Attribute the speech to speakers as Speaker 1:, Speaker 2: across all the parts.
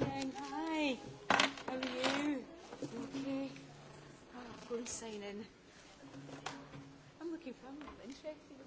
Speaker 1: morning. Hi. How are you? Okay. Oh, ah, I'll go and sign in. I'm looking for, a little interesting.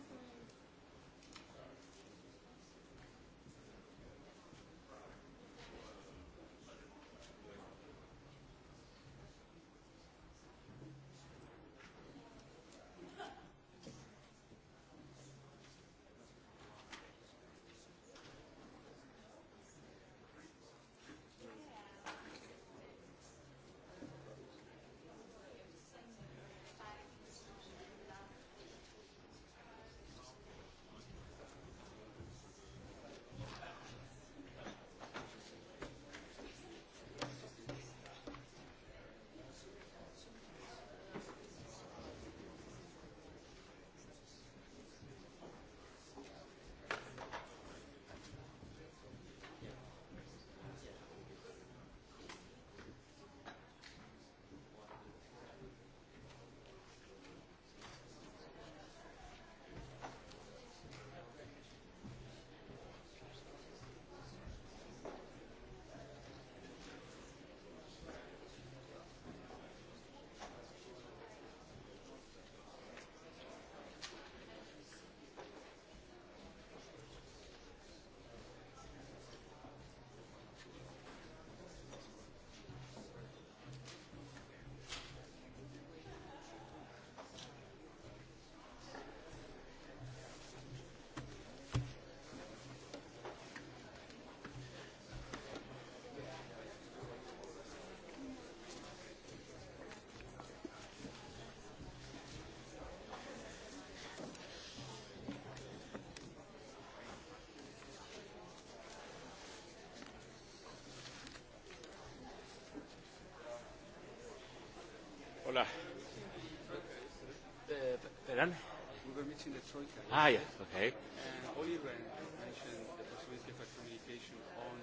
Speaker 2: Hola. Pardon?
Speaker 1: We were meeting the Troika. Ah, yes, okay. And Oliver mentioned the possibility of a communication on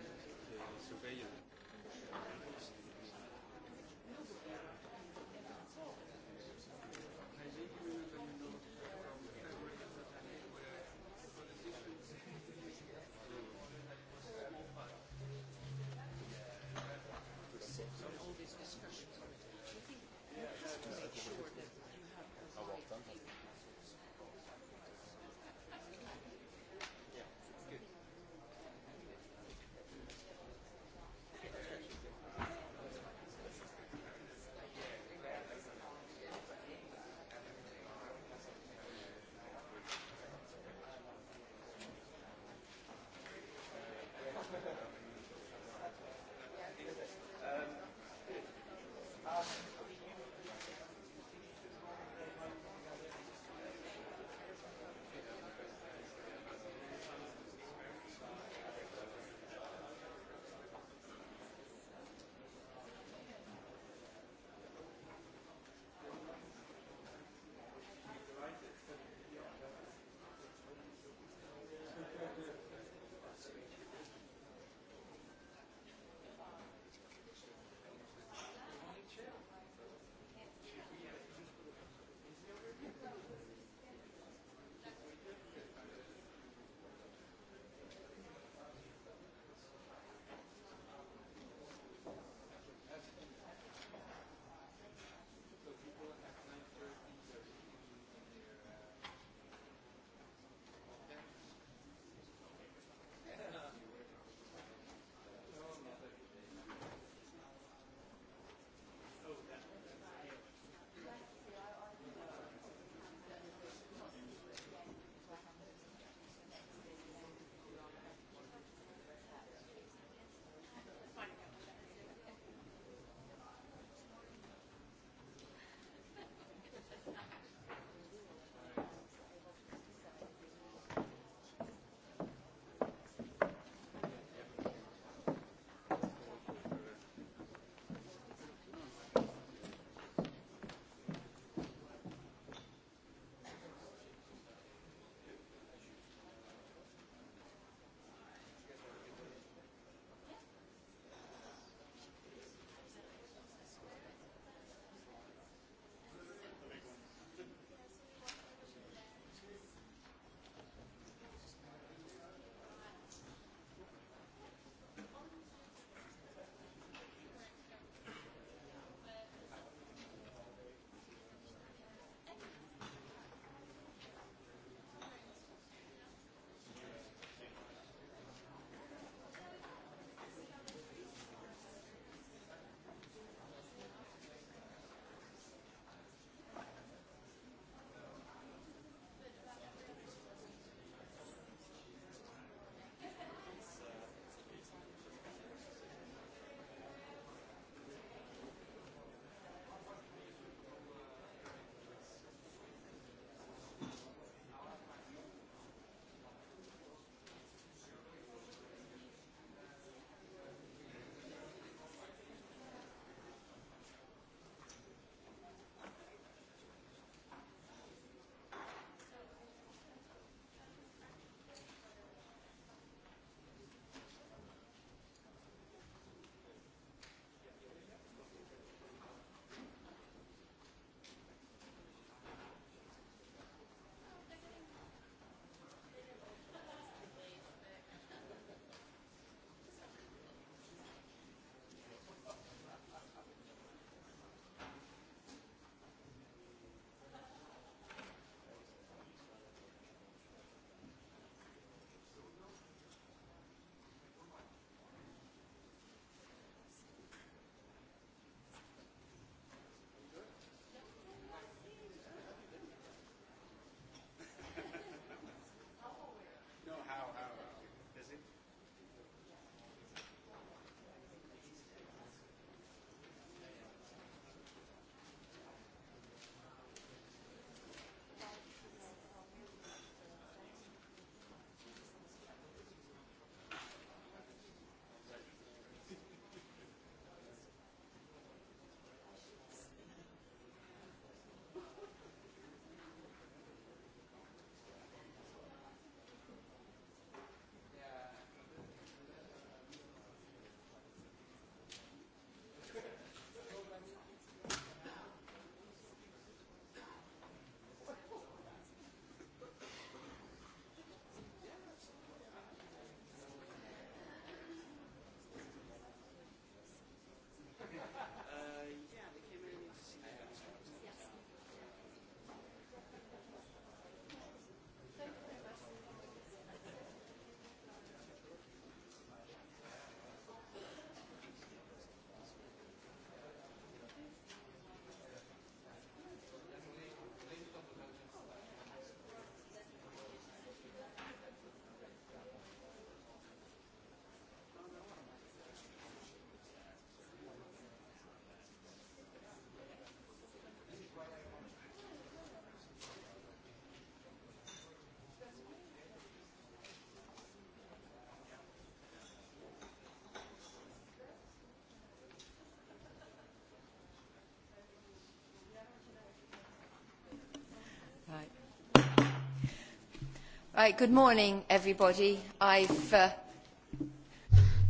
Speaker 3: good morning everybody. I've uh,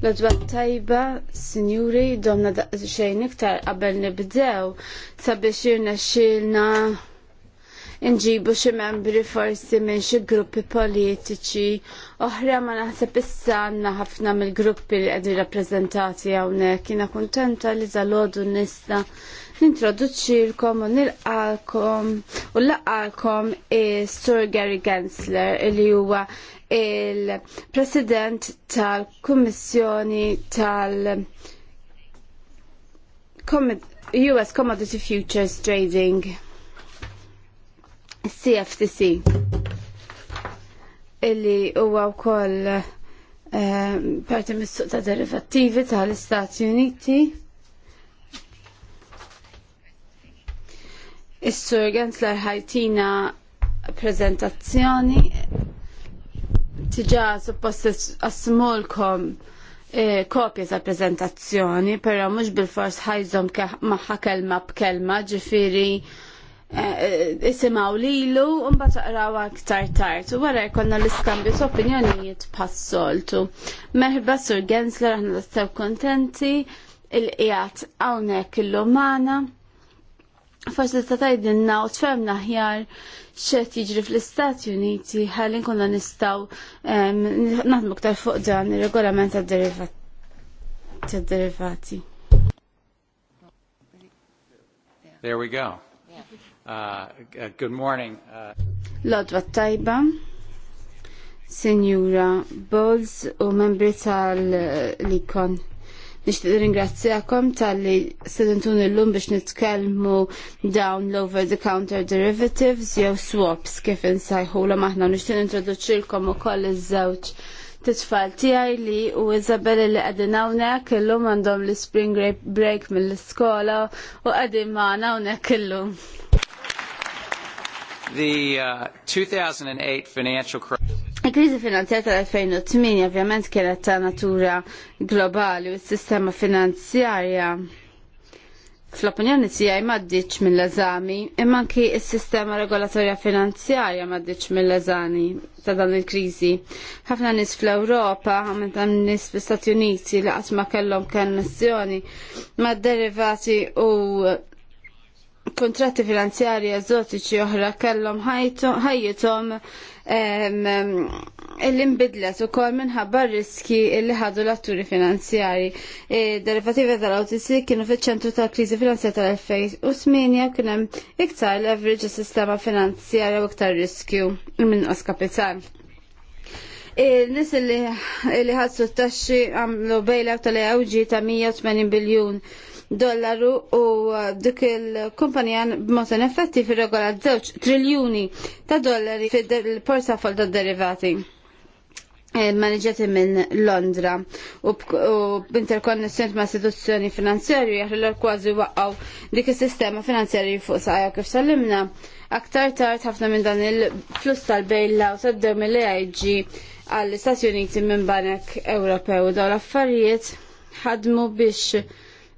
Speaker 1: L-ġba tajba, sinjuri, domna xejn iktar qabel nibdew sabiex jirna xilna nġibu xi membri forsi minn xi gruppi politiċi oħra ma naħseb issa għandna ħafna mill-gruppi li qegħdin rappreżentati hawnhekk. Jiena kuntenta li żalodu nista' nintroduċilkom u nilqalkom u laqalkom is-Sur Gary Gensler li huwa il-President tal-Kummissjoni tal-, -kummissjoni tal US Commodity Futures Trading. CFTC illi huwa wkoll eh, parti mis-suq ta' derivattivi tal-Istati Uniti. Is-Sur Gensler ħajtina prezentazzjoni tiġa suppost assimulkom eh, kopja ta' prezentazzjoni, però mux bil-fors ħajżom maħħa kelma b'kelma, ġifiri Eh, eh, isimaw lilu mbagħad taqraw aktar tard u wara jkollna l-iskambju ta' opinjonijiet bħas-soltu. Merħba Sur Gensler aħna nistgħu kontenti il-qiegħed hawnhekk illumana. Forsi ta' tgħidilna u tfemna aħjar x'qed jiġri fl-Istati Uniti ħalli nkunu nistgħu naħdmu aktar fuq dan ir-regolament tad-derivati.
Speaker 2: There we go. Uh, good morning. Uh.
Speaker 1: Lodwa tajba, Signora Bowles u membri tal-Likon. Nishtiq ringrazzjakom tal-li sedentun illum biex nitkellmu dawn l-over-the-counter derivatives jew swaps kif insajħu l aħna nishtiq introduċilkom ukoll iż-żewġ titfal tijaj li u Isabella li għadin għawnek illum għandhom l-spring break mill-skola u għadin maħna hawnhekk illum.
Speaker 2: The uh, 2008 financial crisis.
Speaker 1: Il-kriżi finanzjarja tal-2008 ovvjament kienet ta' natura globali u s-sistema finanzjarja fl-opinjoni tiegħi m'għaddiċ mill-eżami imma anki s-sistema regolatorja finanzjarja m'għaddiċ mill-eżami ta' dan il-kriżi. Ħafna nies fl-Ewropa, għamint hemm nies fl-Istati Uniti li qatt ma kellhom kannessjoni ma' derivati u kontratti finanzjarji eżotiċi oħra kellhom ħajjithom l inbidlet u kol minħabba riski li ħadu l-atturi finanzjari. E, derivativi tal-OTC kienu fiċ ċentru tal-krizi finanzjarja tal-2008 kienem iktar leverage sistema finanzjarja u iktar riskju minn os kapital. E, nis li ħadsu t-taxxi għamlu bejla tal-EUG ta' 180 biljun dollaru u uh, dik il-kumpanija b'mod effettiv irregola 2 triljuni ta' dollari fil-portafol ta' derivati eh, maniġati minn Londra u b'interkonnessjoni ma' istituzzjoni finanzjarju jaħlu kważi waqqaw dik is-sistema finanzjarju fuq saqajja kif sallimna. Aktar tard ħafna minn dan il-flus tal-bejlaw saddew mill-AIG għall-Istati Uniti minn Banek Ewropew u dawn l-affarijiet ħadmu biex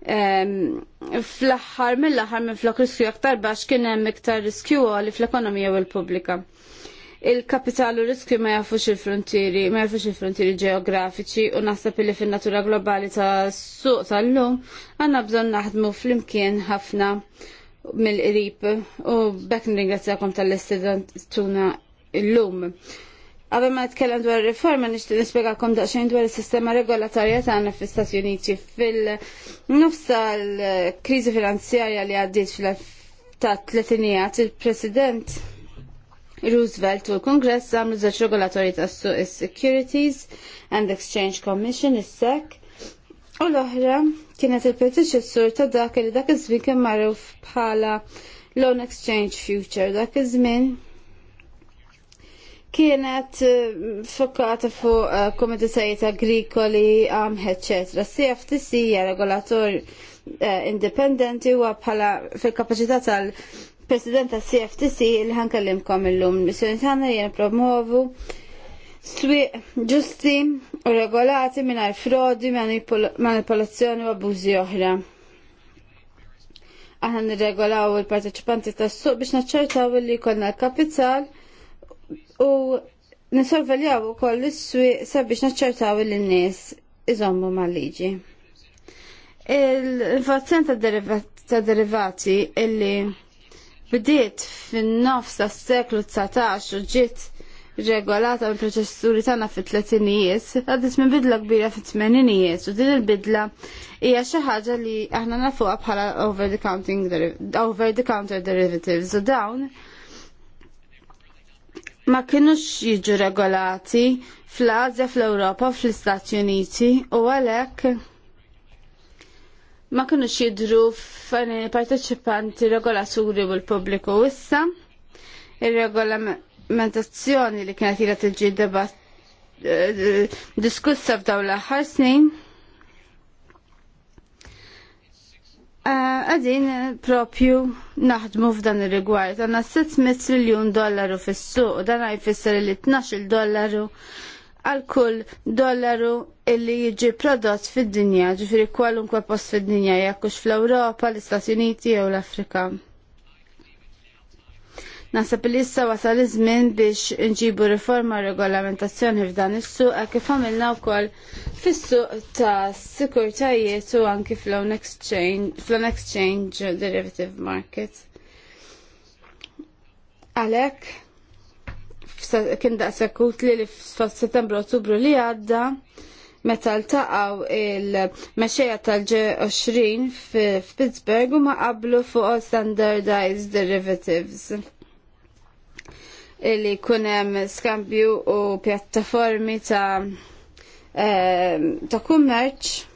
Speaker 1: fl-aħħar mill-aħħar minn flok riskju aktar bax kien hemm iktar riskju għali fl-ekonomija u l-pubblika. Il-kapitalu riskju ma jafux il-frontieri, ma jafux il-frontieri ġeografiċi u naħseb li fin-natura globali ta' suq tal-lum għanna bżonn naħdmu flimkien ħafna mill-qrib u bekk nringrazzjakom tal-istudentuna illum. lum Qabel ma tkellem dwar riforma nixtieq nispjegakom daqsxejn dwar is-sistema regolatorja tagħna fl-Istati Uniti fil-nofsa l-kriżi finanzjarja li għaddiet fil- ta' tletinijat il-President Roosevelt u l-Kongress għamlu żewġ regolatorji tas-suq is-Securities and Exchange Commission is-SEC u l-oħra kienet il-predeċessur ta' dak li dak iż-żmien kien magħruf bħala Loan Exchange Future dak iż-żmien kienet eh, fokkata fuq eh, komoditajiet agrikoli, għam, etc. CFTC hija regolator eh, indipendenti huwa bħala fil-kapaċità tal- President tas CFTC li ħankellimkom illum missjoni tagħna li promovu swieq ġusti u regolati mingħajr frodi, manipolazzjoni u abbużi oħra. Aħna nirregolaw il-parteċipanti tas-suq biex naċċertaw li jkollna l-kapital u nisolvaljaw u koll l issu sabiex naċċertaw l-nis iżommu mal-liġi. Il-vazzjon ta' derivati illi bidiet fin-nofs ta' s-seklu 19 u ġiet regolata mill proċessuri tagħna fit-tletinijiet, għaddis minn bidla kbira fit-tmeninijiet u din il-bidla hija xi ħaġa li aħna nafuha bħala over the counting over the counter derivatives u dawn ma kienux jiġu regolati fl-Azja, fl-Europa, fl-Istati Uniti u għalhekk ma kienux jidru parteċipanti regolaturi u l-pubbliku issa ir-regolamentazzjoni li kienet ilha tiġi eh, eh, diskussa f'dawn l-aħħar snin Eh, għadin eh, propju naħdmu f'dan ir-rigward. Għanna 600 miljon dollaru fis-suq, dan jfisser li 12 dollaru għal kull dollaru illi jiġi prodott fid-dinja, ġifiri kwalunkwe post fid-dinja, jekkux fl-Europa, l-Istati Uniti jew l-Afrika. Nasab li issa wasal iż-żmien biex nġibu riforma regolamentazzjoni f'dan is-suq għal kif għamilna wkoll fis-suq ta' sikurtajiet u anki fl-on exchange, fl exchange derivative market. Għalhekk kien daqshekk utli li f'Settembru Settembru Ottubru li għadda meta ltaqgħu il-mexxejja tal-G20 f'Pittsburgh u ma qablu fuq standardized derivatives li kunem skambju u pjattaformi ta' ehm, ta' kummerċ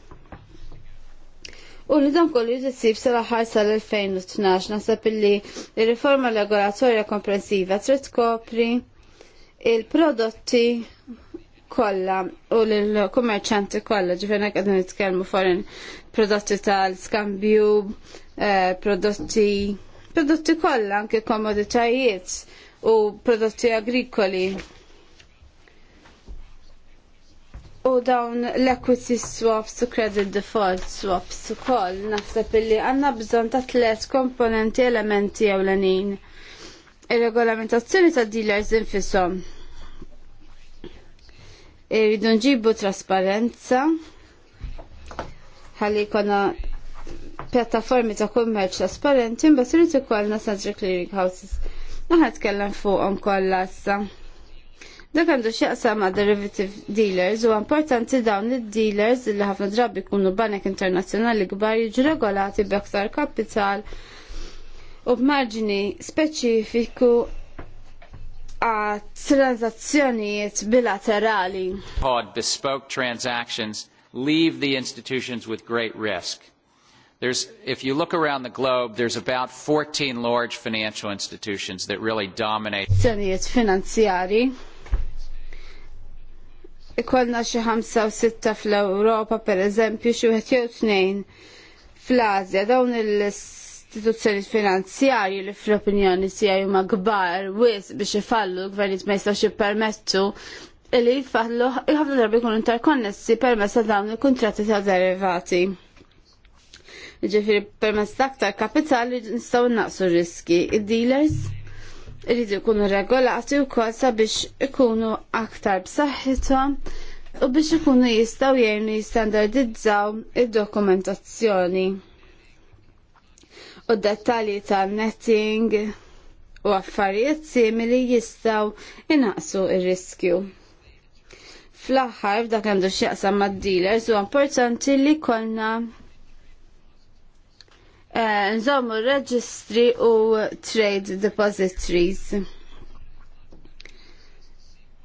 Speaker 1: U li dan kollu jizzib sal-aħħar sal-2012 nasab li il-riforma regolatorja komprensiva trid tkopri il-prodotti kollha u l-kummerċanti kollha ġifier hekk qegħdin nitkellmu forin prodotti tal-skambju, eh, prodotti prodotti kollha anke komoditajiet u prodotti agrikoli. U dawn l-equity swaps u credit default swaps u koll naħseb illi għanna bżon ta' tlet komponenti elementi ewlenin. Ir-regolamentazzjoni ta' dealers infisom. Irridu nġibu trasparenza ħalli konna pjattaformi ta' kummerċ trasparenti, mbagħad irid ikollna Central Clearing Houses ma kellem fuqhom kollha issa. Dak għandu xieqsam ma' derivative dealers u importanti dawn id-dealers li ħafna drabi kunu banek internazzjonali kbar jiġu regolati b'aktar kapital u b'marġini speċifiku għat transazzjonijiet bilaterali.
Speaker 2: Called bespoke transactions leave the institutions with great risk. There's, if you look around the globe, there's about 14 large financial institutions that really dominate.
Speaker 1: Sanijiet finanzjari. Ikollna xi ħamsa u sitta fl-Ewropa pereżempju xi wieħed jew tnejn fl-Asja dawn l-istituzzjoni finanzjarji li fl-opinjoni tiegħi huma kbar wisq biex ifallu l-gvernijiet ma jistgħux jippermettu li jfallu ħafna darba jkunu interkonnessi permezz ta' dawn il-kuntratti ta' derivati. Ġifiri permess aktar kapital li nistaw naqsu riski. Id-dealers irridu jkunu regolati u kol sabiex ikunu aktar b'saħħithom u biex ikunu jistaw jgħinu jistandardizzaw id-dokumentazzjoni u dettalji tal-netting u affarijiet simili jistaw inaqsu ir-riskju. Fl-aħħar f'dak għandu x'jaqsam mad-dealers u importanti li konna Eh, nżommu reġistri u trade depositories.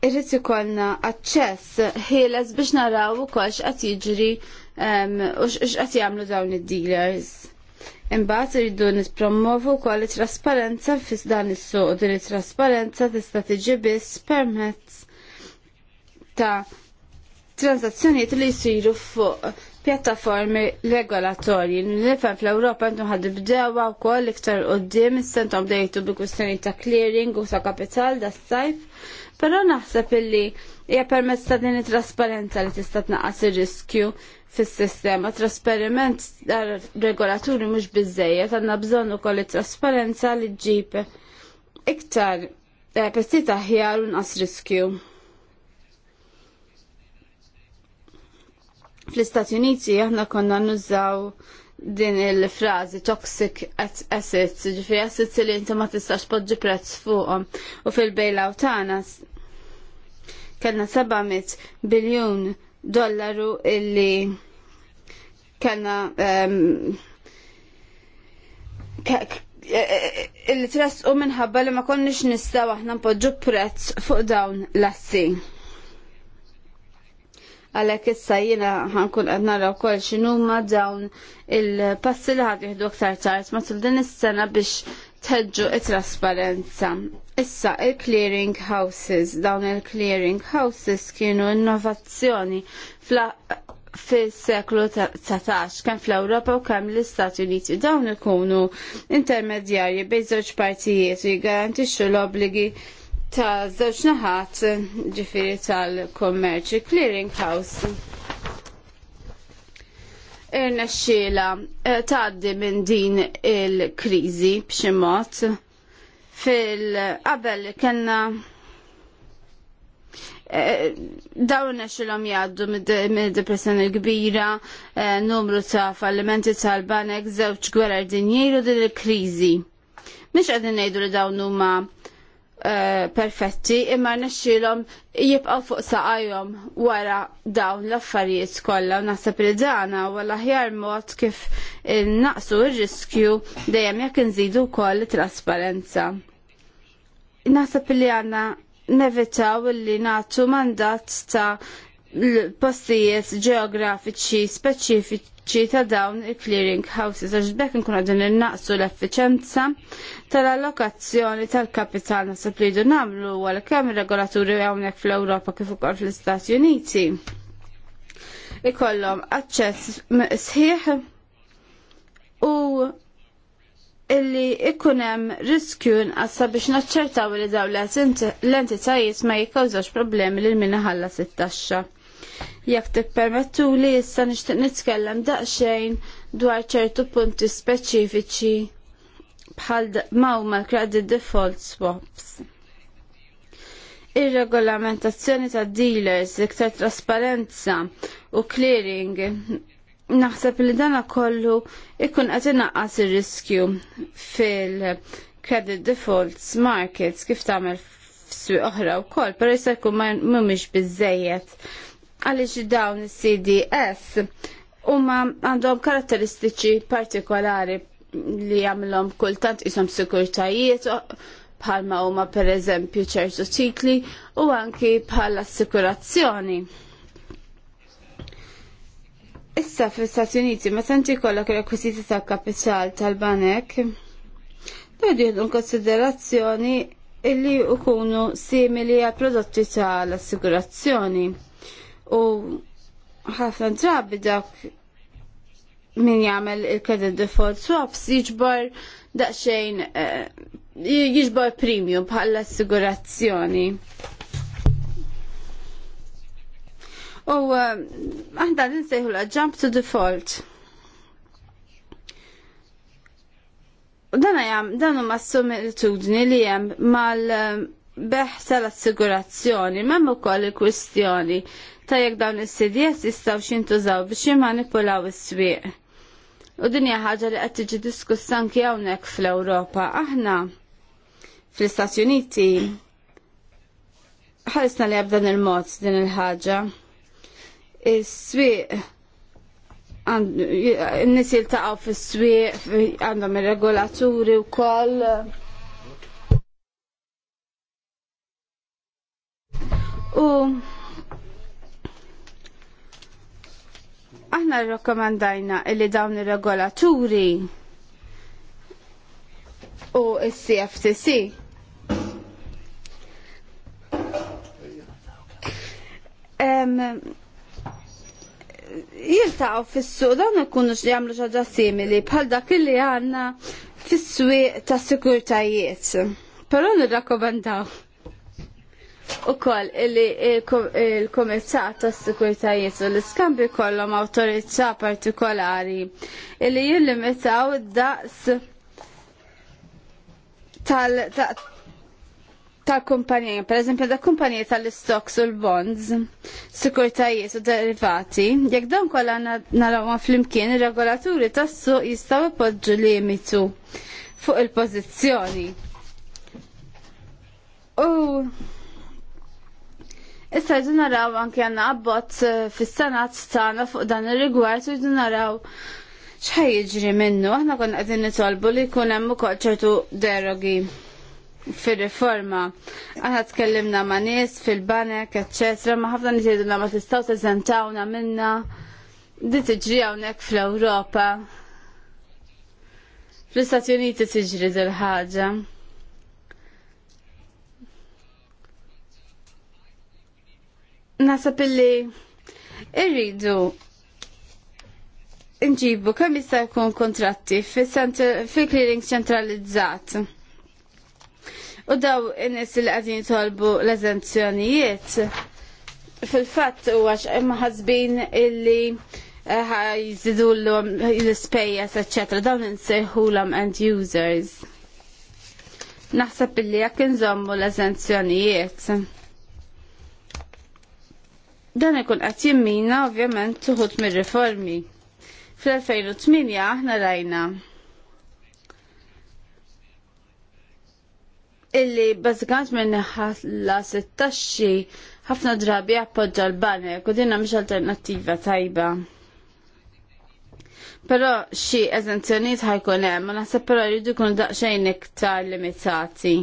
Speaker 1: Irrit ikollna aċċess ħieles biex naraw ukoll x'qed jiġri u x'qed jagħmlu dawn id-dealers. Imbagħad iridu nippromovu wkoll it-trasparenza fis dan is-suq din it-trasparenza tista' tiġi biss permezz ta' transazzjonijiet li jsiru fuq pjattaformi regolatorji. Nifem fl-Ewropa għandu ħad bdewa koll iktar d-dim, s sentom dejtu bi kwistjoni ta' clearing u ta' kapital da' sajf però naħseb illi hija permezz ta' din it-trasparenza li tista' tnaqqas ir-riskju fis-sistema. Trasperiment dar regolaturi mhux biżejjed għandna bżonn ukoll it-trasparenza li ġġib iktar eh, pestita ħjar u nqas riskju. Fl-Istati Uniti aħna konna nużaw din il-frazi toxic assets, ġifiri assets li inti ma tistax podġi prezz fuqhom u fil-bailout tagħna kellna 700 biljun dollaru illi kellna ehm, il tress u minħabba li ma konniex nistaw aħna npoġġu prezz fuq dawn l-assi għalhekk issa jiena ħankun qed kol wkoll x'inhuma dawn il-passi li ħad jieħdu aktar tard matul din is-sena biex tħeġġu it-trasparenza. Issa il-clearing houses, dawn il-clearing houses kienu innovazzjoni fil-seklu 19 kemm fl-Ewropa u kemm l-Istati Uniti dawn ikunu intermedjarji bejn żewġ partijiet u jgarantixxu l-obligi ta' żewġ naħat ġifiri tal-Commerċi Clearing House. Irna xxiela eh, tgħaddi minn din il-kriżi b'xi mod fil-qabel kellna eh, dawn xilom jaddu mid-depressjoni kbira, eh, numru ta' fallimenti tal-banek, zewċ gwerar dinjiru din il-krizi. Mux għadin nejdu li dawn huma Eh, perfetti imma nexxilhom jibqgħu fuq saqajhom wara dawn l-affarijiet kollha u naħseb li dana wala ħjar mod kif naqsu r-riskju dejjem jekk inżidu wkoll trasparenza. Naħseb li għandna nevitaw li nagħtu mandat ta' postijiet ġeografiċi speċifiċi benefiċċji ta' dawn il-clearing houses għax bekk nkun għadin innaqsu l-effiċenza tal-allokazzjoni tal-kapital nasab li jdu nagħmlu għal kem regolaturi hawnhekk fl-Ewropa kif ukoll fl-Istati Uniti. Ikollhom aċċess sħiħ u illi ikunem riskju għassa biex naċċertaw li daw l-entitajiet ma jikawżax problemi lil minna ħalla sit-taxxa. Jekk tippermettu li issa nixtieq nitkellem daqsxejn dwar ċertu punti speċifiċi bħal mawma credit default swaps. Ir-regolamentazzjoni ta' dealers, iktar trasparenza u clearing naħseb li dana kollu ikun qed inaqqas ir-riskju fil-credit defaults markets kif tagħmel f'swieq oħra wkoll, però jista' jkun mhumiex biżejjed għaliex dawn is-CDS huma għandhom karatteristiċi partikolari li jagħmlhom kultant ishom sikurtajiet bħalma huma pereżempju ċertu ċikli u anki bħal assikurazzjoni. Issa fl-Istati Uniti meta inti jkollok rekwiżiti tal kapital tal-banek, tgħidu jieħdu konsiderazzjoni illi jkunu simili għal prodotti tal-assigurazzjoni u ħafna drabi dak min jagħmel il-credit default swaps jiġbor daqsxejn eh, jiġbor premium bħal assigurazzjoni. U eh, aħna ninsejħu la jump to default. U dan jam, dan huma s-somiritudni li hemm mal eh, beħ tal-assigurazzjoni, m'hemm ukoll il-kwistjoni ta' jekk dawn is-CDS jistgħu xintużaw biex jimmanipulaw is-swieq. U din hija ħaġa li qed tiġi diskuss anki hawnhekk fl-Ewropa. Aħna fl-Istati Uniti ħarisna li jabdan il-mod din il-ħaġa. Is-swieq n-nis jiltaqaw fis-swieq għandhom ir-regolaturi wkoll. U Aħna rrakkomandajna li dawn ir-regolaturi u s-CFTC jiltaqgħu fis-suq dawn ikunu jagħmlu xi ħaġa simili bħal dak li għandna fis-swieq tas-sikurtajiet. Però nirrakkomandaw u koll illi il-Komitat tas sikurtajiet u l-iskambju kollom autorizza partikolari illi jillimitaw id-daqs tal-kumpanija, per eżempju, da kumpanija tal-istoks u l-bonds, sikurtajiet u derivati, jekk dan kollha narawha flimkien ir-regolaturi tas-suq jistgħu ipoġġu limitu fuq il-pożizzjoni. U Issa jridu naraw anke għandna abbozz eh, fis-senat Stana fuq dan ir-rigward u jridu naraw x'ħaj jiġri minnu. Aħna konna qegħdin nitolbu li jkun hemm ukoll ċertu derogi fir-riforma. Aħna tkellimna ma' nies fil-banek, eccetera, ma ħafna nies jgħidulna ma tistaw teżentawna minna. Di tiġri hawnhekk fl-Ewropa. Fl-Istati Uniti tiġri dil ħaġa. nasab illi irridu nġibu kemm jista' jkun kontratti fil-clearing ċentralizzat. U daw in-nies li qegħdin jitolbu l-eżenzjonijiet fil-fatt huwa imma ħażbin illi eh, jżidu l-ispejjeż eċċetra dawn insejħulhom end users. Naħseb illi jekk inżommu l-eżenzjonijiet Dan ikun qed jimmina ovvjament tuħut mir-riformi. Fl-2008 aħna rajna illi bazzikant minn ħalla 16 ħafna drabi appoġġa l-banek u dinna mhix alternattiva tajba. Però xi eżenzjonijiet ħajkun hemm, ma naħseb però jridu jkunu daqsxejn iktar limitati.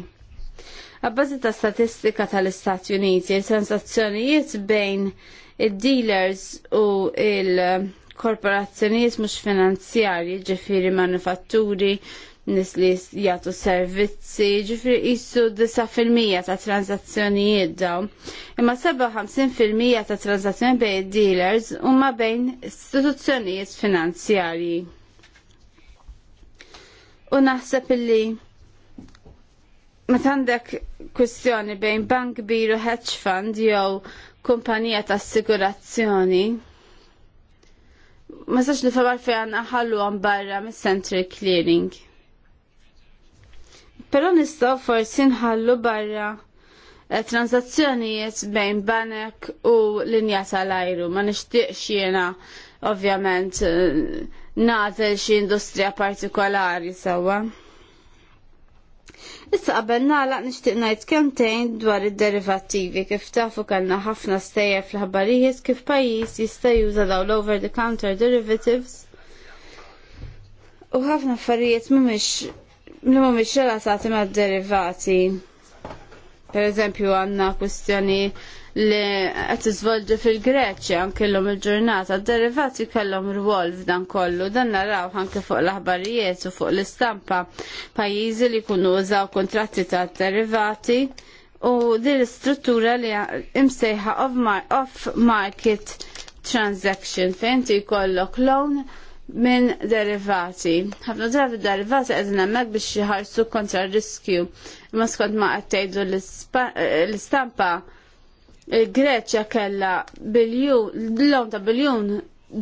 Speaker 1: Għabbażi ta' statistika tal-Istati Uniti, il-transazzjonijiet bejn il-dealers u il-korporazzjonijiet mux finanzjarji, ġifiri manufatturi, nis li jgħatu servizzi, ġifri jissu 9% ta' tranzazzjonijiet daw. Imma 57% ta' transazzjonijiet bejn dealers huma bejn istituzzjonijiet finanzjarji. U naħseb illi ma għandek kwestjoni bejn bank kbir u hedge fund jew kumpanija ta' assigurazzjoni. Ma sax li fabar fej ħallu għan barra mis central clearing. Pero nistaw forsi nħallu barra eh, transazzjonijiet bejn banek u linja tal-ajru. Ma nishtiqx jena ovvjament eh, nazel xie industrija partikolari sawa. So. Issa qabel nagħlaq nixtieq ngħid kemmtejn dwar id-derivattivi kif tafu kellna ħafna stejjer fl-ħabarijiet kif pajjiż jista' juża dawn l-over the counter derivatives. U ħafna affarijiet mhumiex li mhumiex relatati mad-derivati. Per eżempju għandna kwistjoni li qed iżvolġu fil-Greċja kellhom il-ġurnata derivati kellhom rwol f'dan kollu dan naraw anke fuq l-aħbarijiet u fuq l-istampa pajjiżi li jkunu użaw kontratti ta' derivati u din l-istruttura li imsejħa off-market transaction fejn jkollok loan minn derivati. ħafna drabi derivati għedin għemmek biex jħarsu kontra riskju. Ma skont ma għattejdu l-istampa il-Greċja kella biljun, l-lom ta' biljun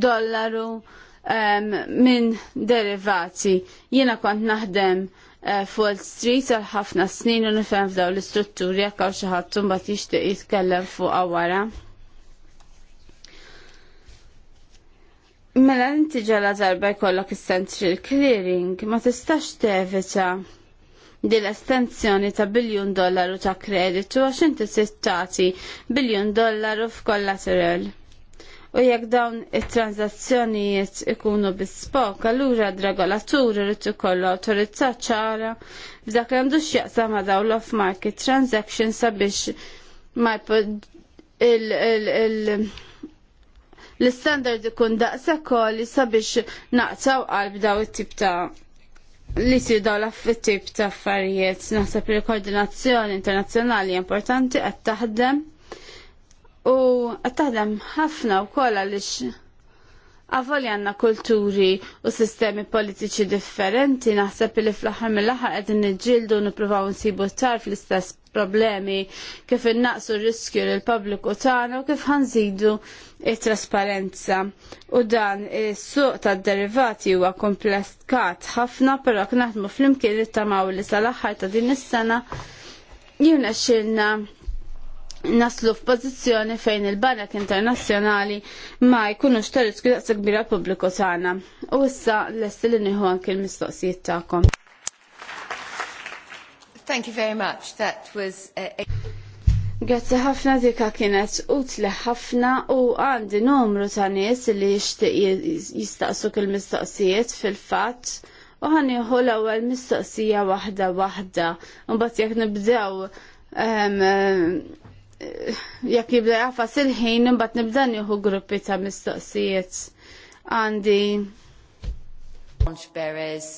Speaker 1: dollaru um, minn derivati. Jiena kont naħdem uh, eh, full street għal ħafna snin u nifhem f'daw l-istrutturi jekk hawn xi ħadd imbagħad jixtieq jitkellem fuq awara. Mela inti ġala darba jkollok is-central clearing ma tistax tevita di l-estensjoni ta' biljun dollaru ta' kreditu għax inti sittati biljun dollaru f'kollateral. U jekk dawn it transazzjonijiet ikunu bispok, allura d-regolatur irid ikollu awtorità ċara f'dak li għandux jaqsam ma' l-off-market transaction sabiex ma' l-standard ikun daqsa kolli sabiex naqsaw qalb daw it-tip ta' li sidaw l-affittib ta' affarijiet naħseb li koordinazzjoni internazzjonali importanti qed taħdem u qed taħdem ħafna wkoll għaliex għavoli għanna kulturi u sistemi politiċi differenti, naħseb li fl-axar mill-axar għedin nġildu nipruvaw nsibu tar fl-istess problemi kif innaqsu r-riskju l-pubbliku tagħna u kif ħanżidu it-trasparenza u dan is-suq tad-derivati huwa kompleskat ħafna però naħdmu flimkien li tamaw li sal-aħħar ta' din is-sena jiena xilna naslu f'pożizzjoni fejn il-Banek Internazzjonali ma jkunux ta' riskju kbira pubbliku tagħna. U issa lesti li nieħu anke l-mistoqsijiet tagħkom. Thank you very much. That was uh, Grazzi ħafna dika kienet utli ħafna u għandi numru ta' nies li jixtieq jistaqsuk il-mistoqsijiet fil-fatt u ħanieħu l-ewwel mistoqsija waħda waħda u mbagħad jekk nibdew jekk jibda jafas il-ħin imbagħad nibda nieħu gruppi ta' mistoqsijiet. Għandi Launch Beres,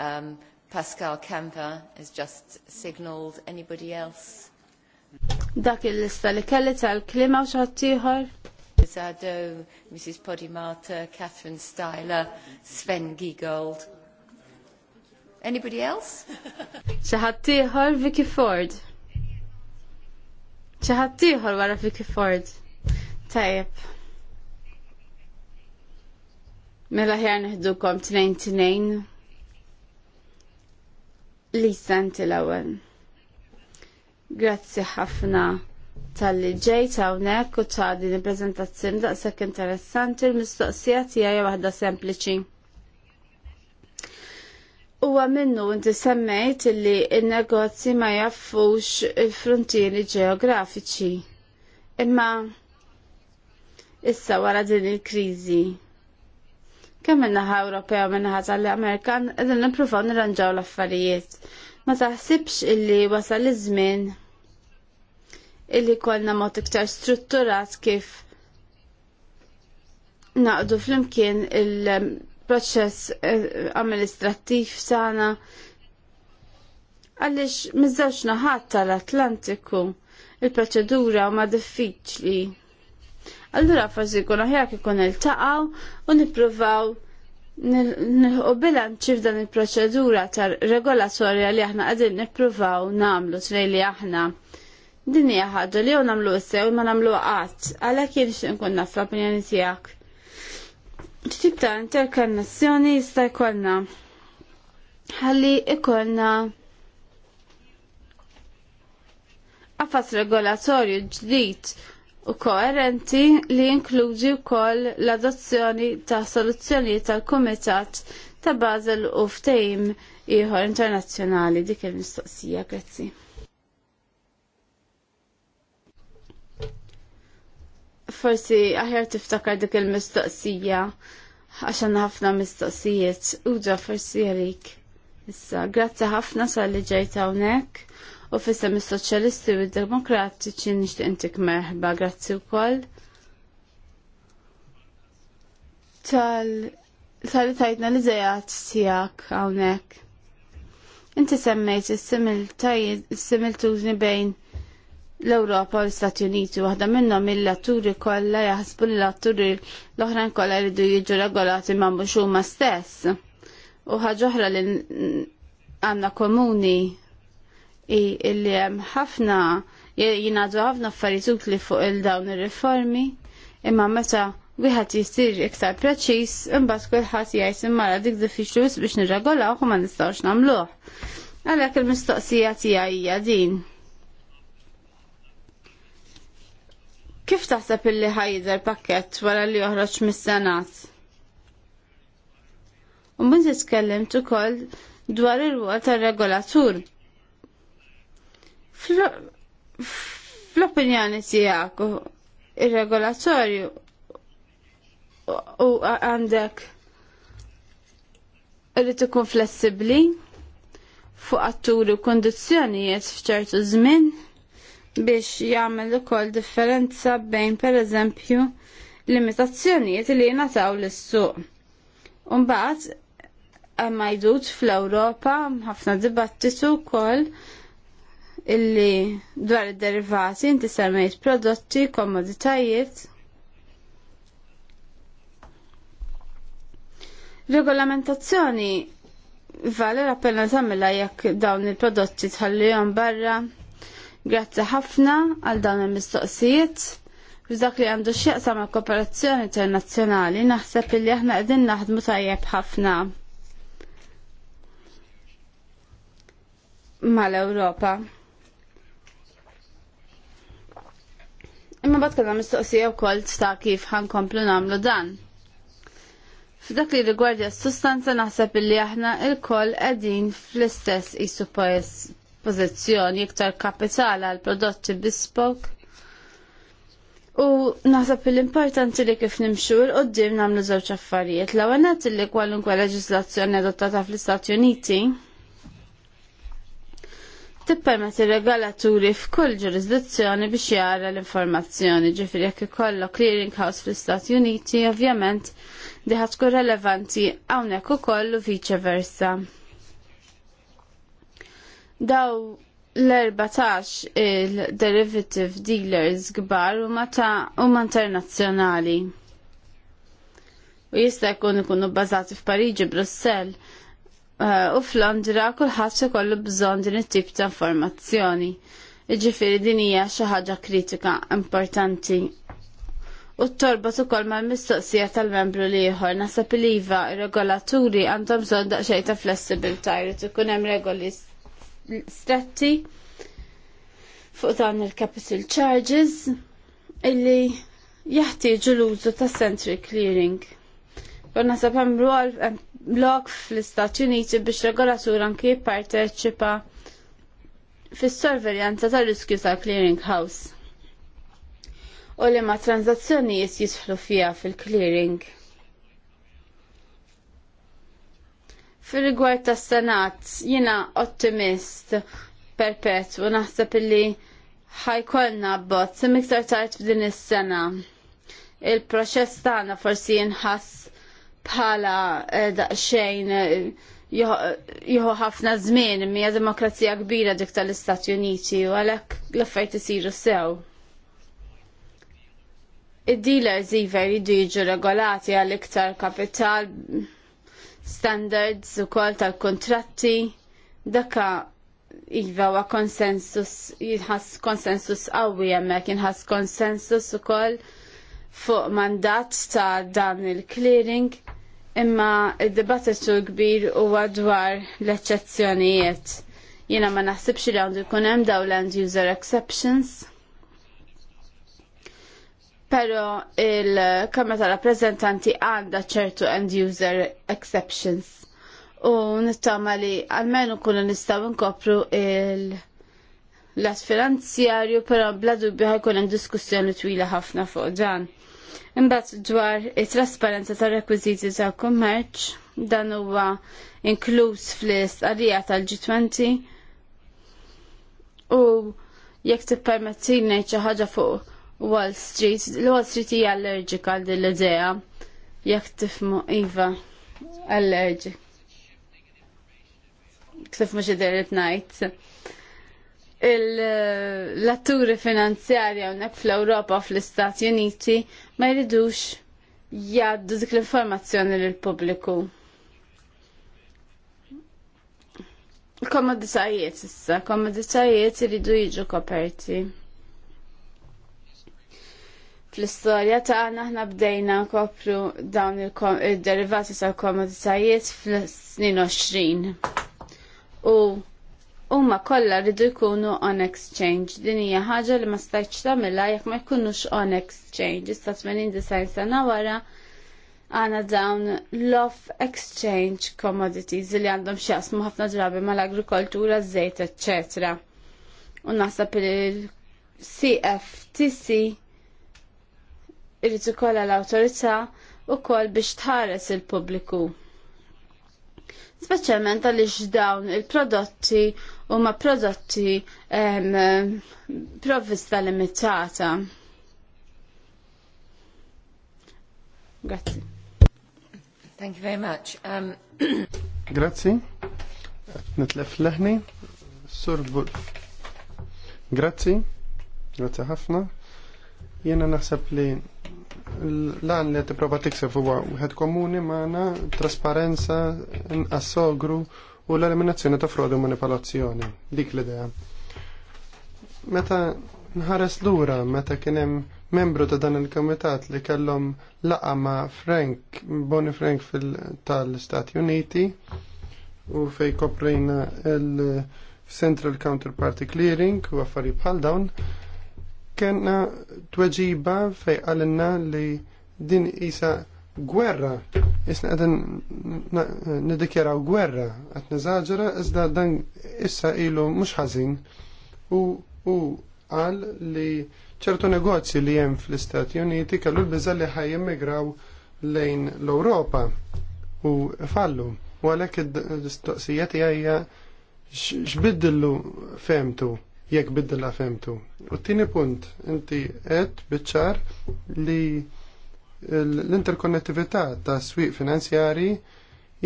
Speaker 1: um, Pascal Kemper has just signaled anybody else. Dak il-lista li kelli tal-klima u xaħtiħor. Zado, Mrs. Podimata, Catherine Styler, Sven Giegold. Anybody else? ċaħattiħor Vicky Ford. ċaħattiħor wara Vicky Ford. Tajib. Mela ħjar t-nejn t-nejn. Lisa, inti l-ewwel. Grazzi ħafna tal-li ġejt hawnhekk u ta' din il-preżentazzjoni daqshekk interessanti l-mistoqsija tiegħi waħda sempliċi. Huwa minnu inti semmejt li n-negozji ma jaffux il-frontieri ġeografiċi. Imma issa wara din il-kriżi kemm minnaħa Ewropea minnaħa tal-Amerikan qegħdin nippruvaw nirranġaw l-affarijiet ma taħsibx illi wasal iż-żmien illi kollna mod iktar strutturat kif naqdu flimkien il-proċess eh, amministrattiv sana għalix mizzawx naħat tal-Atlantiku il-proċedura ma diffiċli. Allura fażi kun aħjar kikun il-taqaw u nipruvaw nilħu bilanċi f'dan il-proċedura tar regolatorja li aħna għadin nippruvaw namlu li aħna. Din hija li li jew nagħmlu issew ma nagħmlu qatt, għalhekk kien xin kun nafra opinjoni tiegħek. Ġtib ta' interkarnazzjoni jista' jkollna ħalli ikollna qafas regolatorju ġdid u koerenti li jinkludi wkoll l-adozzjoni ta' soluzzjonijiet tal-Kumitat ta' Basel u ftehim ieħor internazzjonali dik il-mistoqsija, grazzi. Forsi aħjar tiftakar dik il-mistoqsija għaxan ħafna mistoqsijiet uġa forsi għalik. Issa, grazzi ħafna sal-li ġejta hawnhekk u fissem is-soċjalisti u il demokratiċi nixtieq intik meħba, grazzi wkoll tal li tajtna li zajat sijak hawnhekk. Inti semmejt il-simil similtużni bejn l-Ewropa u l-Stati Uniti waħda minnhom il-latturi kollha jaħsbu l-latturi l-oħrajn kollha jridu jiġu regolati ma' mhux huma stess. U ħaġa oħra li għandna komuni illi hemm ħafna jingħadu ħafna affarijiet li fuq il-dawn ir-riformi imma meta wieħed jisir iktar preċiż imbagħad kulħadd jgħid mara dik diffiċli biex nirregolaw u ma nistgħux nagħmluh. Għalhekk il-mistoqsija tiegħi hija din. Kif taħseb illi ħajder pakket wara li joħroġ mis-Senat? Umbun titkellimt ukoll dwar ir-rwol tar-regolatur Fl-opinjoni tijak il-regolatorju u għandek irid ikun flessibli fuq atturi u kundizzjonijiet fċertu żmien biex jagħmel ukoll differenza bejn pereżempju limitazzjonijiet li jingħataw lis-suq. Umbagħad hemm majdut fl-Ewropa ħafna dibattitu wkoll illi dwar id-derivati inti semmejt prodotti, komoditajiet. Regolamentazzjoni vale la pena tagħmilha jekk dawn il-prodotti tħallihom barra. Grazzi ħafna għal dawn il-mistoqsijiet. F'dak li għandu xieqsa ma' kooperazzjoni internazzjonali naħseb li aħna qegħdin naħdmu tajjeb ħafna mal-Ewropa. Imma bat kellha mistoqsija wkoll ta' kif ħankomplu nagħmlu dan. F'dak li rigwardja s-sustanza naħseb illi aħna il-koll qegħdin fl-istess isu pożizzjoni iktar kapitala għal prodotti bispok. U naħseb l-importanti li kif nimxu l-qoddim namlu żewġ affarijiet. L-ewwel li kwalunkwe leġislazzjoni adottata fl-Istati Uniti tippermet ir regalaturi f'kull ġurisdizzjoni biex jara l-informazzjoni ġifir jekk ikollok clearing house fl-Istati Uniti, ovvjament diħat tkun relevanti hawnhekk ukoll u vice versa. Daw l-14 il-derivative dealers gbar u ma internazzjonali. U jista' jkun ikunu bbażati f'Pariġi, Brussell, Eh, u f'Londra kulħadd kollu bżonn din it-tip ta' informazzjoni. Iġifieri din hija xi ħaġa kritika importanti. U t torba ukoll mal-mistoqsija tal-membru li ieħor nasab li iva regolaturi għandhom bżonn daqsxejn ta' flessibilità jrid ikun hemm regoli stretti fuq dawn il-capital charges illi jaħtieġu l-użu ta' centric clearing. U nasab hemm rwol hemm blok fl-Istati Uniti biex regolatur anki jipparteċipa fis-sorveljanza tal-riskju tal-clearing house u li ma tranzazzjonijiet jisħlu fija fil-clearing. Fil-rigward tas senat jina ottimist perpet u naħseb illi ħajkolna bot sem iktar tard f'din is-sena. Il-proċess tagħna forsi jinħass bħala eh, daqxejn eh, jħu ħafna żmien mija demokrazija kbira dik tal-Istati Uniti u għalhekk l-affarijiet isiru sew. Id-dealers iver jridu jiġu regolati għal iktar kapital standards ukoll tal-kontratti daka iva wa konsensus jinħass konsensus qawwi hemmhekk jinħass konsensus ukoll fuq mandat ta' dan il-clearing Imma id-dibattitu kbir huwa dwar l-eċċezzjonijiet. Jiena ma naħsibx li għandu jkun hemm dawn land user exceptions. Pero il-Kamra tal-Rappresentanti għandha ċertu end user exceptions u nittama li għalmenu kunu nistaw nkopru il- l-as finanzjarju, pero bla biħaj kunem hemm diskussjoni twila ħafna fuq dan. Imbagħad dwar it-trasparenza tar-rekwiżiti ta' kummerċ dan huwa inkluż fl-istqarrija tal-G20 u jekk tippermetti ngħid xi ħaġa fuq Wall Street, l-Wall Street hija allerġika għal din l-idea jekk tifmu iva allerġik. Kif mhux idher ngħid l-atturi finanzjarja unnek fl-Europa fl-Istati Uniti ma jridux jaddu dik l-informazzjoni l-pubbliku. Komoditajiet issa, komoditajiet iridu jiġu koperti. Fl-istorja tagħna aħna bdejna nkopru dawn il-derivati tal-komoditajiet fl-snin 20. U Uma kollha rridu jkunu on exchange. Din hija ħaġa li ma stajtx tagħmilha jekk ma jkunux on exchange. Issa 89 sena wara għana dawn l-off exchange commodities li għandhom xjasmu ħafna drabi mal-agrikoltura, żejt, etc. U naħseb il-CFTC irid ukoll l-awtorità wkoll biex tħares il-pubbliku. Speċjalment għaliex dawn il-prodotti huma prodotti um, provvista limitata. Grazie.
Speaker 3: Thank you very much. Um...
Speaker 4: Grazie. Nitlef leħni. Sur Bulf. Grazie. Grazie ħafna. Jena naħseb li l-għan li għati prova tikseb huwa wieħed komuni maħna trasparenza, inqas sogru u l-eliminazzjoni ta' frodi u manipolazzjoni. Dik l-idea. Meta nħares lura, meta kien hemm membru ta' dan il-komitat li kellhom laqa ma' Frank, Bonnie Frank tal-Stati Uniti u fej koprejna il-Central Counterparty Clearing u għaffari bħal dawn, kena tweġiba fej għalina li din isa' gwerra. Isna għedin nidikjeraw gwerra, għat nizagġera, iżda dan issa ilu mux ħazin u għal li ċertu negozji li jem fl-Istati Uniti kellu l-biza li ħaj immigraw lejn l-Europa u fallu. U għalek id-istoqsijiet jgħajja xbiddillu femtu, jekk biddilla femtu. U t-tini punt, inti għed bieċar li l-interkonnettività ta' swieq finanzjari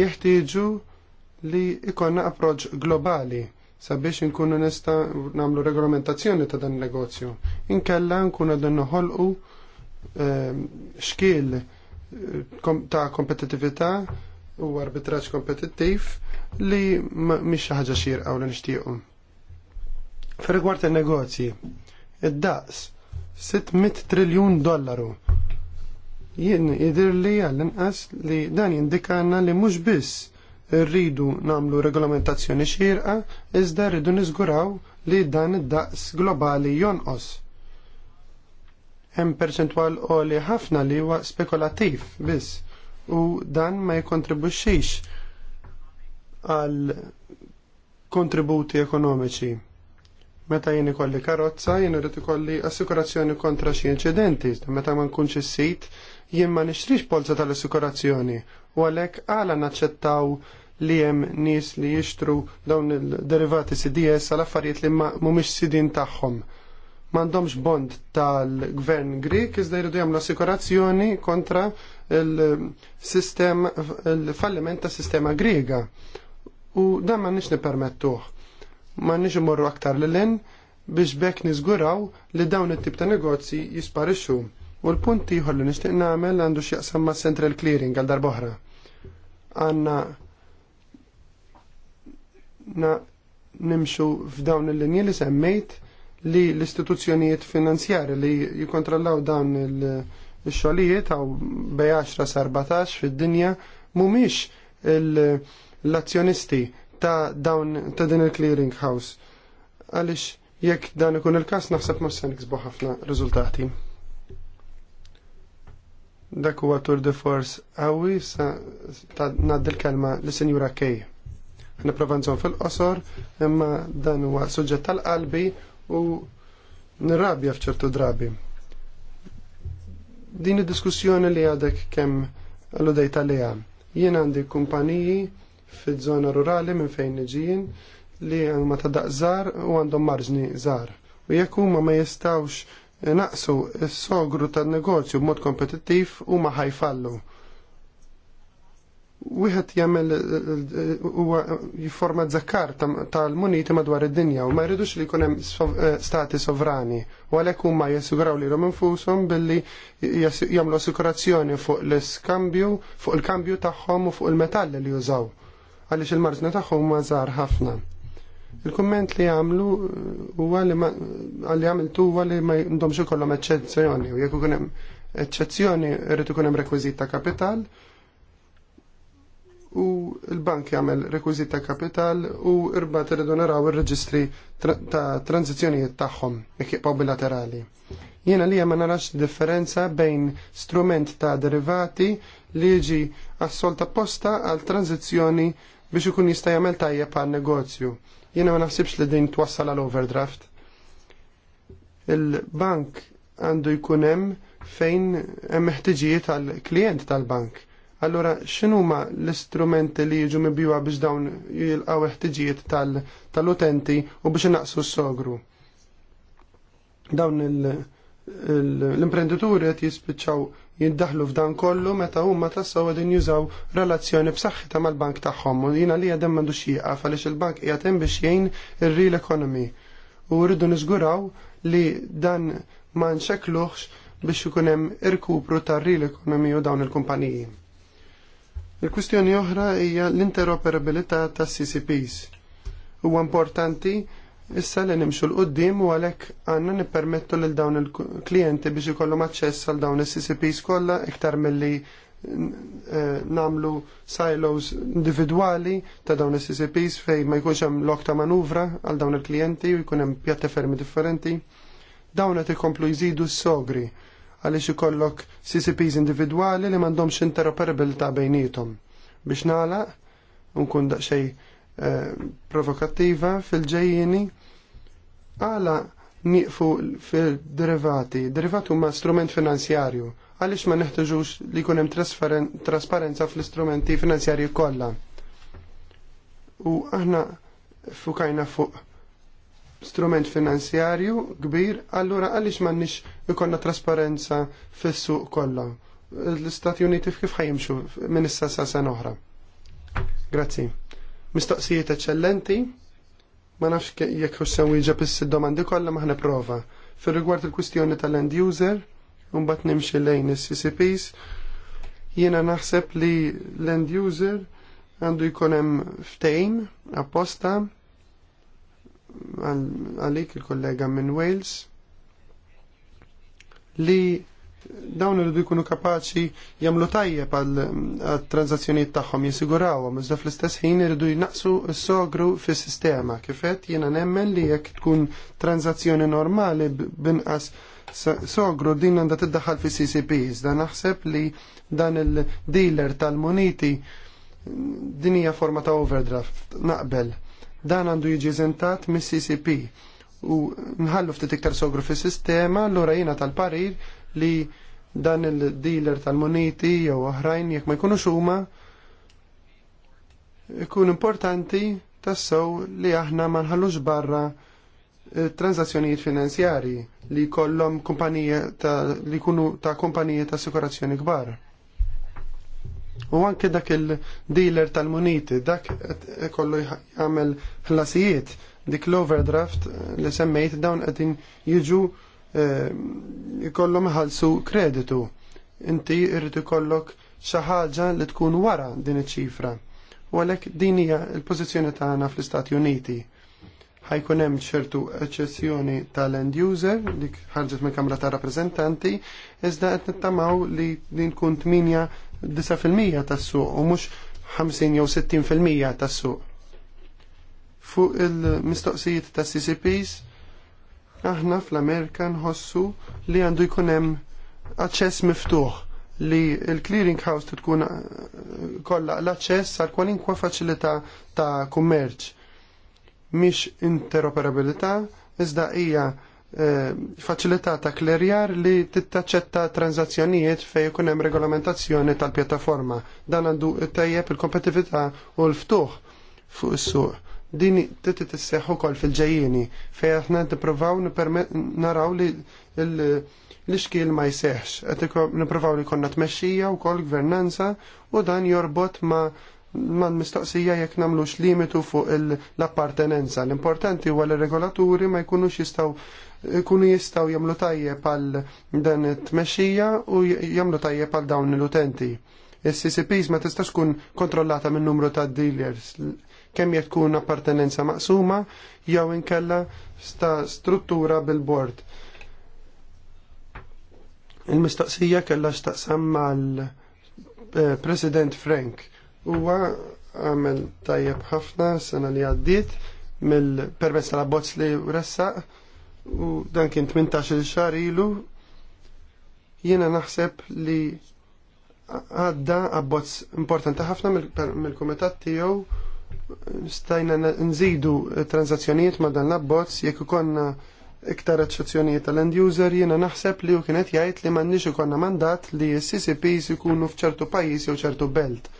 Speaker 4: jeħtieġu li ikonna approċ globali sabiex inkunu nista namlu regolamentazzjoni ta' dan negozju. Inkella nkunu dan noħolqu ehm, xkiel eh, ta' kompetitività u arbitraġġ kompetittiv li mhix ħaġa xierqa u nixtiequ. Fir rigward in-negozji, id-daqs 600 triljun dollaru jien li għall-inqas li dan jindikanna li mhux biss rridu namlu regolamentazzjoni xirqa, iżda rridu niżguraw li dan id-daqs globali jonqos. Hemm perċentwal qoli ħafna li huwa spekulattiv biss u dan ma jkontribwixxix għal kontributi ekonomiċi. Meta jien ikolli karozza, jien irid ikolli assikurazzjoni kontra xi inċidenti, meta ma nkunx is-sit jien ma nixtrix polza tal-assikurazzjoni u għalhekk għala naċċettaw li hemm nies li jixtru dawn il-derivati CDS għal affarijiet li mhumiex sidin tagħhom. M'għandhomx bond tal-gvern Grik iżda jridu jagħmlu assikurazzjoni kontra il-falliment tas sistema Griega. U dan ma nix nipermettuħ. Ma nix imorru aktar l-len biex bekk nizguraw li dawn it-tip ta' negozji jisparixxu. U l-punt ieħor li nixtieq nagħmel għandu x'jaqsam ma' Central Clearing għal darb'oħra. Għandna na nimxu f'dawn il-linji li semmejt li l-istituzzjonijiet finanzjari li jikontrollaw dawn il-xogħlijiet għaw bej 10 sa 14 fid-dinja mhumiex l-azzjonisti ta' dawn ta' din il-clearing house. Għaliex jekk dan ikun il-każ naħseb ma se niksbu ħafna riżultati. Dak huwa Tour de Force qawwi sa ngħaddi l-kelma lis-Sinjura Kej. Nipprova nżomm fil-qosor, imma dan huwa suġġett tal-qalbi u nirrabja f'ċertu drabi. Din id-diskussjoni li għadek kemm l-udejta li għam. Jien għandi kumpaniji fil-żona rurali minn fejn niġijin li huma ta' daqżar u għandhom marġni żgħar. U jekk huma ma jistawx naqsu s-sogru tan-negozju mod kompetittiv huma ħajfallu. Wieħed jagħmel huwa jifforma żakkar tal-muniti madwar id-dinja u ma jridux li jkun hemm eh, stati sovrani u għalhekk huma jassiguraw lilhom infushom billi jagħmlu assikurazzjoni fuq l-iskambju, fuq il-kambju tagħhom u fuq il-metalli li jużaw għaliex il-marġna tagħhom huma żgħar ħafna. Il-komment li għamlu uh, huwa li għalli għamiltu huwa li ma jdomx ikollhom eċċezzjoni u jekk ikun hemm eċċezzjoni irid ikun hemm rekwiżit ta' kapital u l-bank jagħmel rekwiżita kapital u irba iridu naraw ir-reġistri ta' tranzizzjonijiet tagħhom jekk jibqgħu bilaterali. Jiena li ma narax differenza bejn strument ta' derivati li jiġi assolta posta għal tranzizzjoni biex ikun jista' jagħmel tajjeb għal negozju Jiena ma naħsibx li din twassal għal overdraft. Il-bank għandu jkun hemm fejn hemm ħtiġijiet għall klient tal-bank. Allura x'inhuma l-istrumenti li jiġu mibjuha biex dawn jilqgħu ħtiġijiet tal-utenti u biex inaqsu s-sogru? Dawn il- l-imprenditori qed jispiċċaw jiddaħlu f'dan kollu meta huma tassaw qegħdin jużaw relazzjoni b'saħħitha mal-bank tagħhom u jiena li għadhem m'għandux jieqaf għaliex il-bank qiegħed hemm biex jgħin ir-real economy. U rridu niżguraw li dan ma nxekluħx biex ikun hemm irkupru tar-real economy u dawn il-kumpaniji. Il-kwistjoni oħra hija l-interoperabilità tas-CCPs. Huwa importanti issa li nimxu l-qoddim u għalek għanna nippermettu l dawn il-klienti biex ikollhom aċċess għal dawn is-CCPs kollha iktar milli eh, namlu silos individuali ta' dawn il ccps fej ma jkunx hemm lok ta' manuvra għal dawn il-klijenti u jkun hemm fermi differenti. Dawn qed ikomplu jżidu s-sogri għaliex ikollok CCPs individwali li m'għandhomx ta' bejnietom. Biex nagħlaq nkun daqsxejn Eh, provokattiva fil-ġejjini għala niqfu fil-derivati. Derivati huma strument finanzjarju. Għaliex ma neħtieġux li jkun hemm trasparenza fl-istrumenti finanzjarji kollha. U aħna fukajna fuq strument finanzjarju kbir, allura għaliex nix ikonna trasparenza fis-suq kollha. L-Istati Uniti kif ħajimxu minn issa sa sena oħra. Grazzi. Mistoqsijiet eċċellenti, ma nafx jekk hux sew biss id domandi kollha maħna prova. Fir-rigward il-kwistjoni tal-end user, mbagħad nimxi lejn is-CCPs, jiena naħseb li l-end user għandu jkun hemm ftejn apposta għalik il-kollega minn Wales li dawn li jkunu kapaċi jagħmlu tajjeb għal transazzjonijiet tagħhom jisigurawhom, iżda fl-istess ħin iridu jnaqsu s-sogru fis-sistema. Kif qed jiena nemmen li jekk tkun transazzjoni normali binqas sogru din għandha tiddaħħal fis CCPs. Dan naħseb li dan il-dealer tal-muniti din hija forma ta' overdraft naqbel. Dan għandu jiġi eżentat mis-CCP u nħallu ftit iktar sogru fis-sistema, l-ora jiena tal-parir li dan il-dealer tal-moneti jew oħrajn jekk ma jkunux huma ikun importanti tassew li aħna ma nħallux barra eh, transazzjonijiet finanzjarji li kollhom kumpanija li jkunu ta' kumpanija ta' assikurazzjoni kbar. U anke dak il-dealer tal-muniti, dak kollu jagħmel ħlasijiet, dik l-overdraft eh, li semmejt dawn qed jiġu jikollom eh, ħalsu kreditu. Inti irrid ikollok xi ħaġa li tkun wara din iċ-ċifra. U għalhekk din hija l-pożizzjoni tagħna fl-Istati Uniti. Ħajkun hemm ċertu eċċessjoni tal-end user li ħarġet mill kamra ta' rappreżentanti, iżda qed nittamaw li din tkun 8-9% tas-suq u mhux 50 jew 60% tas-suq. Fuq il-mistoqsijiet tas-CCPs, aħna fl-Amerika nħossu li għandu jkun hemm aċċess miftuħ li l-clearing house tkun eh, kollha l-aċċess għal kwalinkwa faċilità ta' kummerċ. Mhix interoperabilità, iżda hija eh, faċilità ta' klerjar li tittaċċetta tranzazzjonijiet fejn ikun hemm regolamentazzjoni tal-pjattaforma. Dan għandu tajjeb il-kompetitività u l-ftuħ fuq is-suq din titi tisseħ ukoll fil-ġejjieni fejn aħna nippruvaw naraw li l-xkiel ma jseħx. Qed nippruvaw li konna tmexxija wkoll gvernanza u dan jorbot ma' man mistoqsija jekk namlux limitu fuq l-appartenenza. L-importanti huwa għal regolaturi ma jkunux jistaw kunu jistaw jamlu tajje pal dan it-tmexxija u jamlu tajje pal dawn l-utenti. Is-CCPs ma tistax kun kontrollata minn numru ta' dealers kemm jekk tkun appartenenza maqsuma jew inkella sta struttura bil-bord. Il-mistoqsija kellha x'taqsam mal-President eh, Frank. Huwa għamel tajjeb ħafna sena li għaddiet mill-permess tal-abbozz li ressaq u dan kien 18 xahar ilu jiena naħseb li għadda abbozz importanti ħafna mill-kumitat tiegħu stajna nżidu transazzjonijiet ma dan l-abbozz jekk ikonna iktar eċċezzjonijiet tal-end user jiena naħseb li u kienet jgħid li m'għandniex ikonna mandat li s-CCPs ikunu f'ċertu pajjiż jew ċertu belt.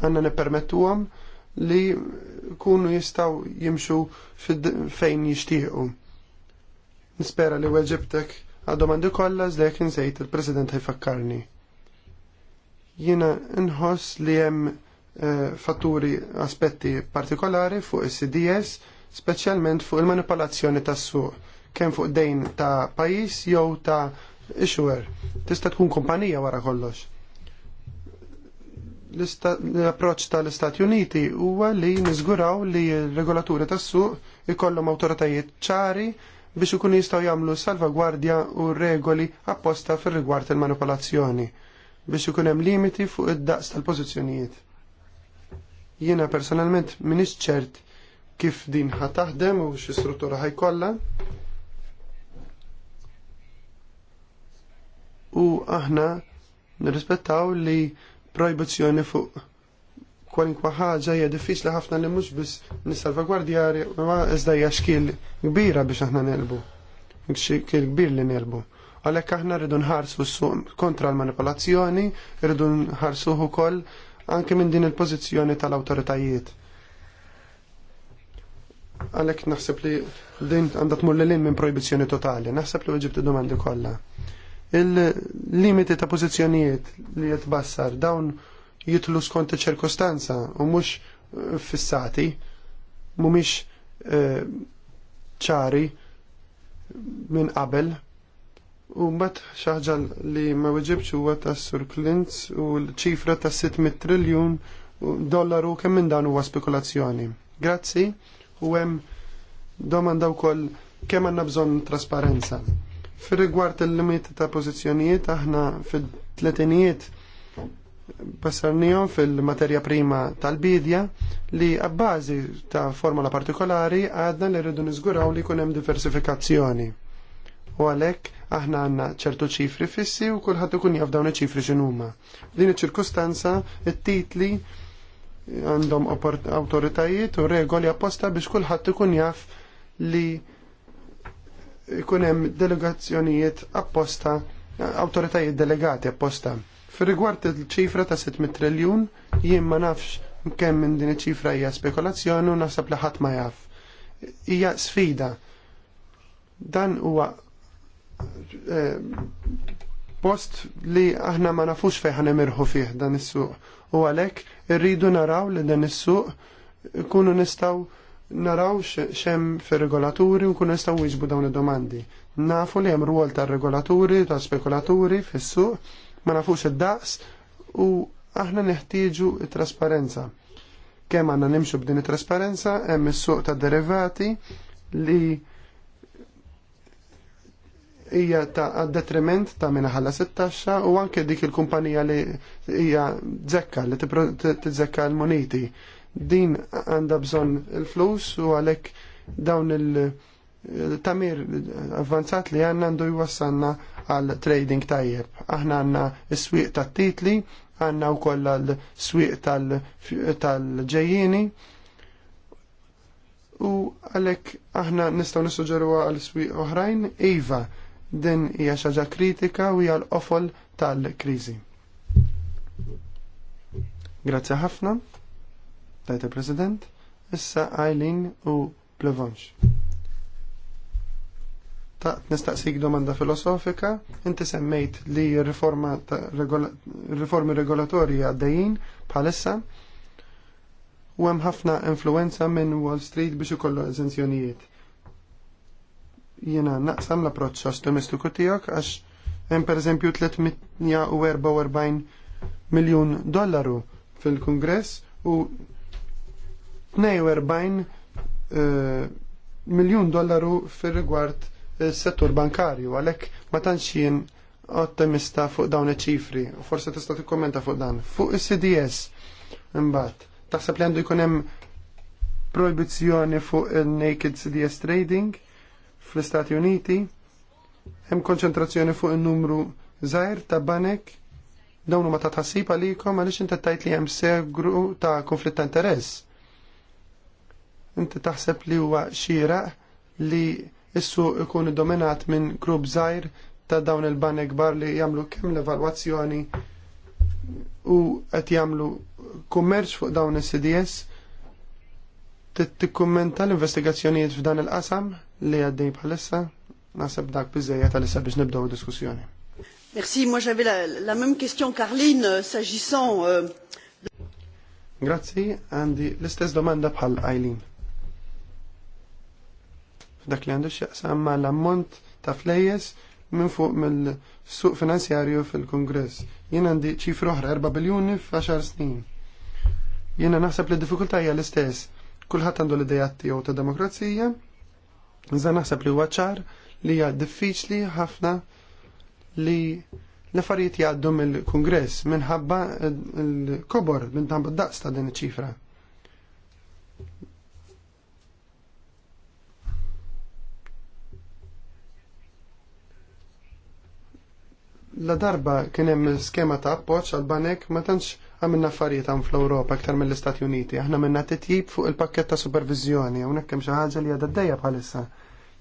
Speaker 4: Għandna nippermettuhom li kunu jistaw jimxu fejn jixtiequ. Nispera li weġibtek għad-domandi kollha żdejk insejt il-President ħajfakkarni. Jiena nħoss li hemm Eh, fatturi aspetti partikolari fuq is-CDS, speċjalment fuq il-manipolazzjoni tas-suq, kemm fuq dejn ta' pajjiż jew ta' issuer. Tista' tkun kumpanija wara kollox. L-approċċ tal-Istati Uniti huwa li niżguraw li r-regolaturi tas-suq ikollhom awtoritajiet ċari biex ikun jistgħu jagħmlu salvagwardja u regoli apposta fir-rigward il-manipolazzjoni biex ikun hemm limiti fuq id-daqs tal-pożizzjonijiet. Jiena personalment minix ċert kif din ħa taħdem u xi struttura ħajkollha. U aħna nirrispettaw li projbizzjoni fuq kwalinkwa ħaġa hija diffiċli ħafna li mhux biss nissalvagwardjari ma iżda hija xkil kbira biex aħna nelbu. Xkil kbir li nelbu. Għalhekk aħna rridu nħarsu kontra l-manipolazzjoni, rridu nħarsu ukoll anke minn din il-pożizzjoni tal-awtoritajiet. Għalhekk naħseb li din għandha tmur lil minn proibizjoni totali, naħseb li weġibt domandi kollha. Il-limiti ta' pożizzjonijiet li jitbassar dawn jitlu skont ċerkostanza u mhux eh, fissati, mhumiex eh, ċari minn qabel U mbagħad xaħġa li ma weġibx huwa tas-Sur Klintz u l-ċifra ta' 600 triljun dollaru kemm minn dan huwa spekulazzjoni. Grazzi u hemm domanda wkoll kemm għandna bżonn trasparenza. Fir-rigward il-limit ta' pożizzjonijiet aħna fid-tletinijiet passarnijom fil-materja prima tal-bidja li għabbażi ta' formula partikolari għadna li rridu nizguraw li kunem diversifikazzjoni u għalhekk aħna għandna ċertu ċifri fissi u kulħadd ikun jaf dawn ċifri x'inhuma. Din iċ-ċirkustanza it-titli għandhom awtoritajiet u regoli apposta biex kulħadd ikun jaf li ikun hemm delegazzjonijiet apposta, awtoritajiet delegati apposta. Fir-rigward il-ċifra ta' 700 triljun, jien ma nafx kemm minn din iċ-ċifra hija spekulazzjoni u naħseb li ħadd ma jaf. Hija sfida. Dan huwa Eh, post li aħna ma nafux fejn ħanemirħu fih dan is-suq. U għalhekk irridu naraw li dan is-suq ikunu nistgħu naraw xem fir-regolaturi u nkunu nistgħu wieġbu dawn id-domandi. Nafu li hemm rwol tar-regolaturi, ta' spekulaturi fis-suq, ma nafux id-daqs u aħna neħtieġu trasparenza. Kemm għandna nimxu b'din it-trasparenza hemm is-suq tad-derivati li hija ta' detriment ta' minna ħalla 16 u anke dik il-kumpanija li hija zekka li tiżekka l-moniti. Din għandha bżonn il-flus u għalhekk dawn il-tamir avvanzat li għanna għandu jwassanna għal trading tajjeb. Aħna għanna s-swiq ta' titli, għanna u koll l-swiq tal-ġejjini u għalek aħna nistaw nissuġeru għal-swiq oħrajn, Iva, Din hija xi ħaġa kritika u hija l-qofol tal-kriżi. Grazzi ħafna, tajt il-President, issa Eileen u Plevonx. Ta' nistaqsik domanda filosofika, inti semmejt li riformi regolatorji għaddejjin bħalissa u hemm ħafna influenza minn Wall Street biex ikollu eżenzjonijiet. Jiena naqsam l-approċċ għax-domestiku tiegħek għax hemm eżempju 344 miljun dollaru fil-Kungress u 42 miljon eh, miljun dollaru fil-rigward settur bankarju, għalek ma tantx jien ottimista fuq dawn iċ-ċifri, u forse tista' tikkommenta fuq dan. Fuq is-CDS imbagħad, taħseb li għandu jkun hemm proibizzjoni fuq il-naked CDS trading? Fl-Istati Uniti hemm konċentrazzjoni fuq in-numru żgħir ta' banek dawn huma ta' tħassib għalikom għaliex inti tajt li hemm segru ta' konflitt ta' interess. Inti taħseb li huwa xieraq li issu ikun dominat minn grupp żgħir ta' dawn il-banek kbar li jagħmlu kemm l-evalwazzjoni u qed jagħmlu kummerċ fuq dawn is-CDS tikkummenta l-investigazzjonijiet f'dan il-qasam li għaddej bħalissa nasab dak bizzejja tal-issa biex nibdaw diskussjoni.
Speaker 1: Merci, moi j'avais la, la même question Carline euh, s'agissant euh...
Speaker 4: Grazzi, għandi l-istess domanda bħal Eileen. Dak li għandu x'jaqsam ma l-ammont ta' flejjes minn fuq mill-suq finanzjarju fil-Kongress. Jien għandi ċifru oħra 4 biljuni f'10 snin. Jiena naħseb li d-diffikultà hija l-istess. Kulħadd għandu l-idejat tiegħu ta' demokrazija, Iżda naħseb li waċar li hija diffiċli ħafna li l-affarijiet jgħaddu mill-Kungress minħabba l-kobor minħabba daqs ta' din iċ-ċifra. La darba kien hemm skema ta' appoġġ għal banek ma tantx għamilna affarijiet għam fl-Europa aktar mill-Istati Uniti. Aħna minna titjib fuq il pakketta ta' supervizjoni, hawnhekk hemm xi ħaġa li għadha d bħalissa.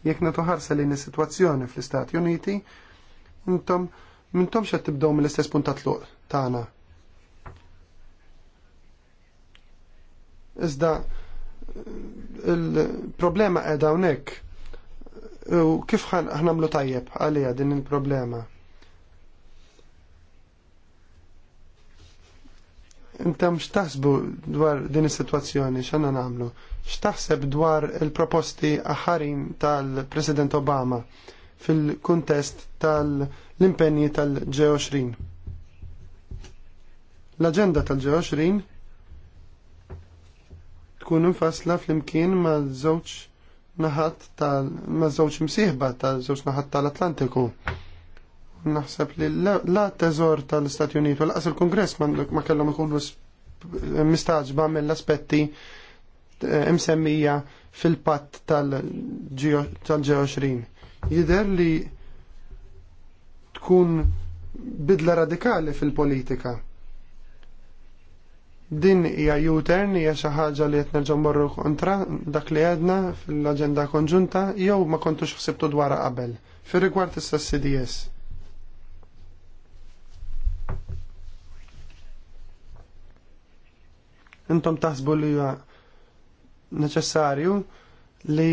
Speaker 4: Jekk netuħarsa li is-sitwazzjoni fl-Istati Uniti, intom mintom xa tibdow mill-istess punt ta' tluq tagħna. Iżda il-problema qiegħda hawnhekk u kif għamlu tajjeb għalija din il-problema? intom xtaħsbu dwar din is-sitwazzjoni x'għandna nagħmlu? X'taħseb dwar il-proposti aħarim tal-President Obama fil-kuntest tal-impenji tal-G20? L-aġenda tal-G20 tkun infasla fl-imkien ma' żewġ naħat tal ma' żewġ msieħba ta' żewġ naħat tal-Atlantiku naħseb li la teżor tal-Istati Uniti, laqas il-Kongress ma kellhom ikunu mistaġba mill-aspetti eh, msemmija fil-patt tal-G20. Jider li tkun bidla radikali fil-politika. Din hija U-turn hija xi ħaġa li qed nerġgħu morru kontra dak li għedna fil-aġenda konġunta jew ma kontux ħsibtu dwar qabel. Fir rigward is CDS intom taħsbu li huwa neċessarju li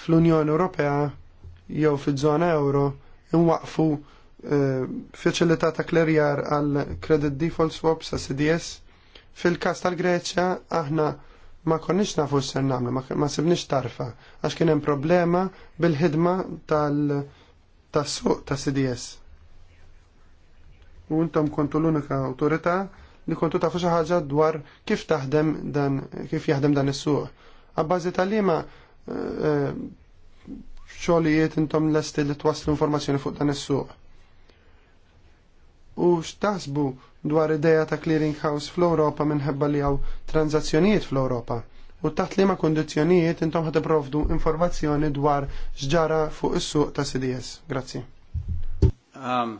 Speaker 4: fl-Unjoni Ewropea jew fiż-żona euro inwaqfu eh, faċilità ta' klerjar għal credit default swaps sa' CDS. Fil-kas tal-Greċja aħna ma konniex nafu s-ser namlu, ma sibniex tarfa, għax kien hemm problema bil-ħidma tal-suq ta' CDS. U intom kontu l-unika autorità li kontu tafu ħaġa dwar kif taħdem dan kif jaħdem dan is-suq. Abbażi tal-liema eh, eh, xogħlijiet intom lesti li twaslu informazzjoni fuq dan is-suq. U x'taħsbu dwar ideja ta' clearing house fl-Ewropa minħabba li għaw tranzazzjonijiet fl-Ewropa. U taħt liema kondizzjonijiet intom ħat provdu informazzjoni dwar x'ġara fuq is-suq ta' CDS. Grazzi.
Speaker 2: Um,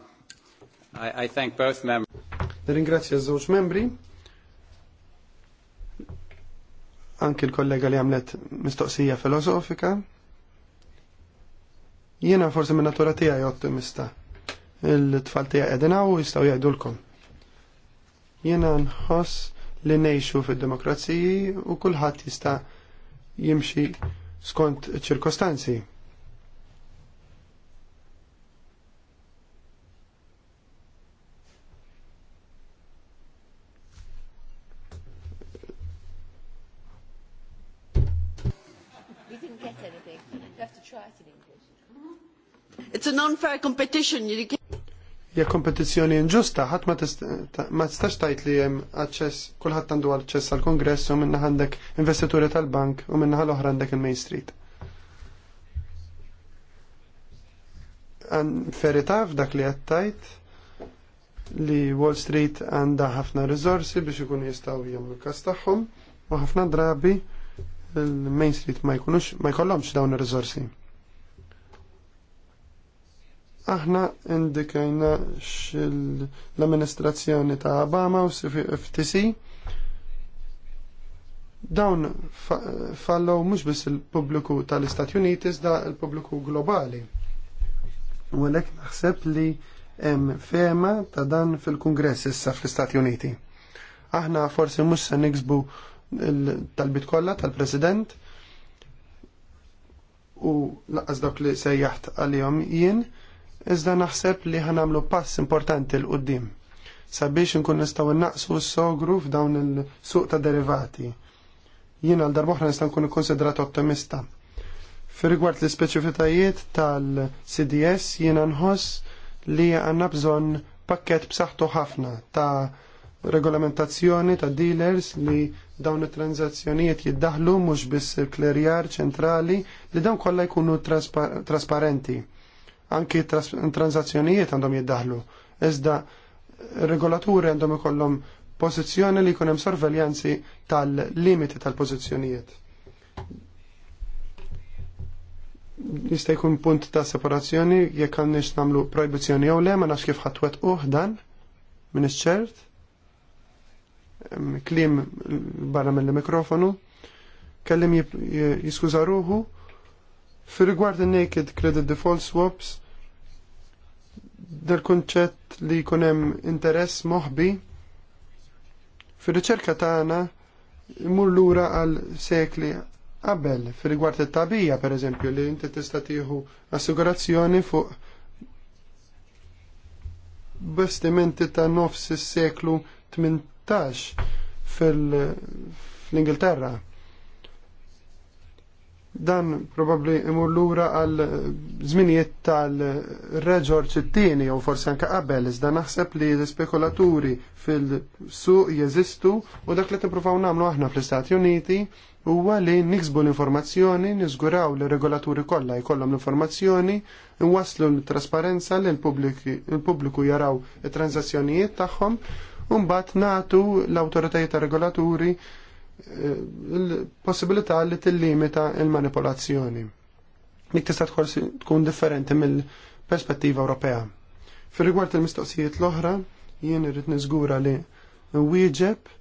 Speaker 2: I, I thank both members.
Speaker 4: Ringrazzja żewġ membri anki l-kollega li għamlet mistoqsija filosofika. Jiena forse minn natura tiegħi ottimista. Il-tfal tiegħi qegħdin u jistgħu jgħidulkom. Jiena nħoss li ngħixu fid-demokraziji u kulħadd jista' jimxi skont ċirkostanzi.
Speaker 1: It's an unfair competition.
Speaker 4: Ja kompetizzjoni inġusta, ħadd ma tistax tajt li hemm aċċess, kulħadd għandu aċċess għall kongress u minna għandek investituri tal-bank u minna l-oħra għandek il-Main Street. Ferita f'dak li għattajt li Wall Street għanda ħafna rizorsi biex ikun jistaw l kas tagħhom u ħafna drabi il-Main Street ma jkunux ma jkollhomx dawn ir rizorsi Aħna indikajna l-amministrazzjoni ta' Obama u FTC. Dawn fallow mhux biss il-pubbliku tal-Istati Uniti iżda l-pubbliku globali. U għalhekk naħseb li hemm fema ta' dan fil-Kungress issa fl-Istati Uniti. Aħna forsi mhux se niksbu tal-bit kollha tal-President u laqqas dawk li sejjaħt għalihom jien iżda naħseb li ħanamlu pass importanti l-qoddim sabiex nkun nistaw naqsu s-sogru f'dawn il-suq ta' derivati. Jien l-darbohra nistaw nkun konsidrat ottimista. Fi rigward l-ispeċifitajiet tal-CDS jiena nħoss li għandna bżonn pakket b'saħħtu ħafna ta' regolamentazzjoni ta' dealers li dawn it-tranzazzjonijiet jiddaħlu mhux biss il-klerjar ċentrali li dawn kollha jkunu traspar trasparenti anki transazzjonijiet għandhom jiddaħlu. Iżda regolaturi għandhom ikollhom pożizzjoni li jkun hemm sorveljanzi tal-limiti tal-pożizzjonijiet. Jista' jkun punt ta' separazzjoni jekk għandniex nagħmlu prohibizzjoni jew le ma nafx kif ħatwet uħ dan minn iċ-ċert. Klim barra mill-mikrofonu. Kellim jiskuża ruħu Fi rigward il-naked credit default swaps, dal kunċett li kunem interess moħbi, fi riċerka tagħna imur lura għal sekli qabel fi rigward it-tabija per eżempju li inti tista' tieħu assigurazzjoni fuq bastimenti ta' nofs is-seklu 18 fil-Ingilterra dan probabli imur lura għal żminijiet tal-reġor ċittini jew forsi anke qabel iżda naħseb li l-spekulaturi fil-suq jeżistu u dak li tippruvaw nagħmlu aħna fl-Istati Uniti huwa li niksbu l-informazzjoni, niżguraw l regolaturi kollha jkollhom l-informazzjoni, nwaslu l-trasparenza li l-pubbliku jaraw it-transazzjonijiet tagħhom u mbagħad nagħtu l autoritajiet regolaturi regolaturi il-possibilità li tillimita il-manipolazzjoni. Nik tista' tkun differenti mill-perspettiva Ewropea. Fir rigward il-mistoqsijiet l-oħra, jien irrid niżgura li wieġeb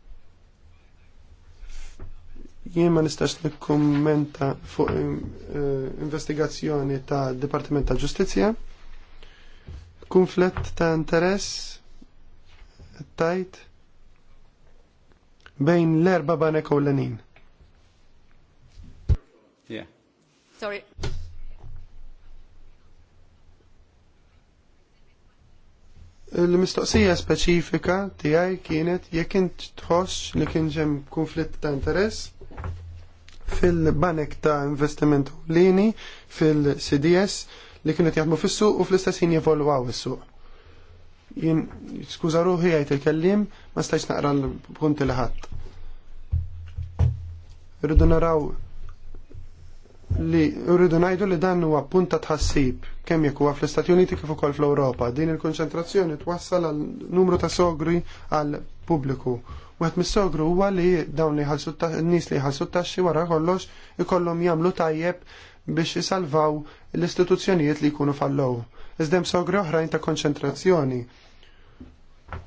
Speaker 4: jien ma nistax nikkumenta fuq eh, investigazzjoni ta' Dipartiment ta' Ġustizzja. Kunflett ta' interess tajt bejn l-erba banek u l-lenin. Yeah. Sorry. Il-mistoqsija speċifika tiegħi kienet jekk int tħoss li kien ġem konflitt ta' interess fil-banek ta' investiment lini fil-CDS li kienet jaħdmu fis-suq u fl istessin jevolwaw is-suq jien skuża ruħi għajt il-kellim ma stajx naqra l-punti li ħadd. rridu naraw li rridu ngħidu li dan huwa punta tħassib kemm jekk huwa fl-Istati Uniti kif ukoll fl-Ewropa. Din il-konċentrazzjoni twassal għal numru ta' sogri għal pubbliku. Wieħed mis-sogru huwa li dawn li ħalsu nies li ħalsu taxxi wara kollox ikollhom jagħmlu tajjeb biex isalvaw l-istituzzjonijiet li jkunu fallow. Iżdem sogri oħrajn ta' konċentrazzjoni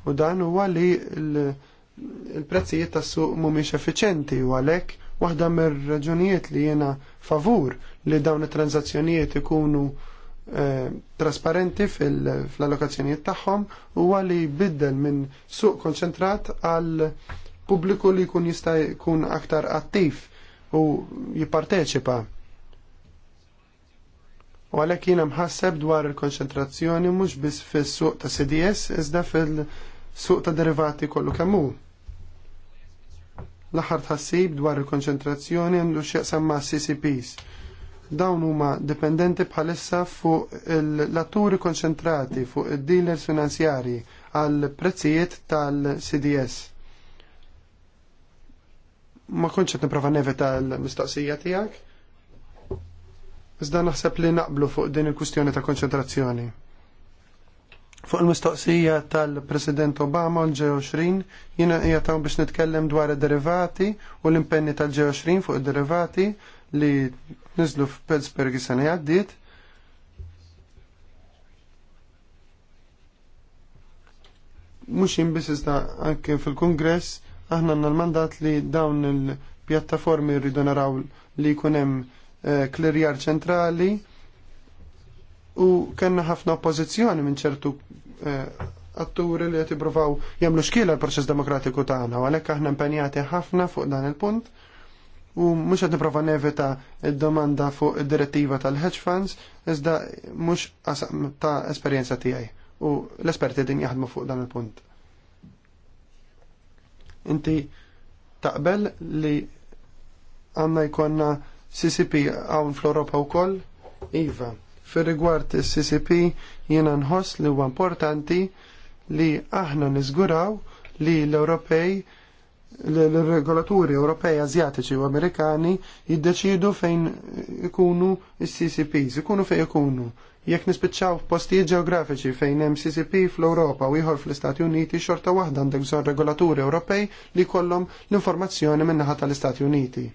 Speaker 4: U dan huwa li l-prezzijiet tas-suq mhumiex effiċenti u għalhekk waħda mir-raġunijiet li jiena favur li dawn it-tranzazzjonijiet ikunu eh, trasparenti fil-allokazzjonijiet tagħhom huwa li jbiddel minn suq konċentrat għal pubbliku li jkun jista' jkun aktar attiv u jipparteċipa U għalhekk jiena mħasseb dwar il-konċentrazzjoni mhux biss fis-suq ta' CDS iżda fil-suq ta' derivati kollu kemm hu. L-aħħar tħassib dwar il-konċentrazzjoni għandu x'jaqsam ma' CCPs. Dawn huma dipendenti bħalissa fuq l-atturi konċentrati fuq id-dealers finanzjarji għal prezzijiet tal-CDS. Ma konċet niprofa nevita tal mistoqsija tiegħek? Iżda naħseb li naqblu fuq din il-kustjoni ta' konċentrazzjoni. Fuq il-mistoqsija tal-President Obama l g jiena jgħataw biex nitkellem dwar id-derivati u l-impenni tal g fuq id-derivati li nizlu f'Pittsburgh is-sena għaddiet. Mhux biss iżda anke fil-Kungress aħna għanna l-mandat li dawn il-pjattaformi rridu naraw li jkun hemm Eh, klirjar ċentrali u kena ħafna oppożizzjoni minn ċertu eh, atturi li jtibruvaw jamlu xkila l-proċess demokratiku tagħna, għalhekk aħna impenjati ħafna fuq dan il-punt u mhux qed nipprova nevita id-domanda fuq id-direttiva tal-hedge funds iżda mux ta' esperjenza tiegħi u l-esperti din jaħdmu fuq dan il-punt. Inti taqbel li għanna jkonna CCP għawn fl-Europa u koll? Iva, fir rigward il-CCP jena nħoss li huwa importanti li aħna nizguraw li l-Ewropej l-regolaturi Ewropej, Azjatiċi u Amerikani jiddeċidu fejn ikunu il ccp ikunu fejn ikunu. Jekk nispiċċaw postijiet ġeografiċi fejn hemm CCP fl-Ewropa u ieħor fl-Istati Uniti xorta waħda għandek bżonn regolaturi Ewropej li kollom l-informazzjoni min-naħa tal-Istati Uniti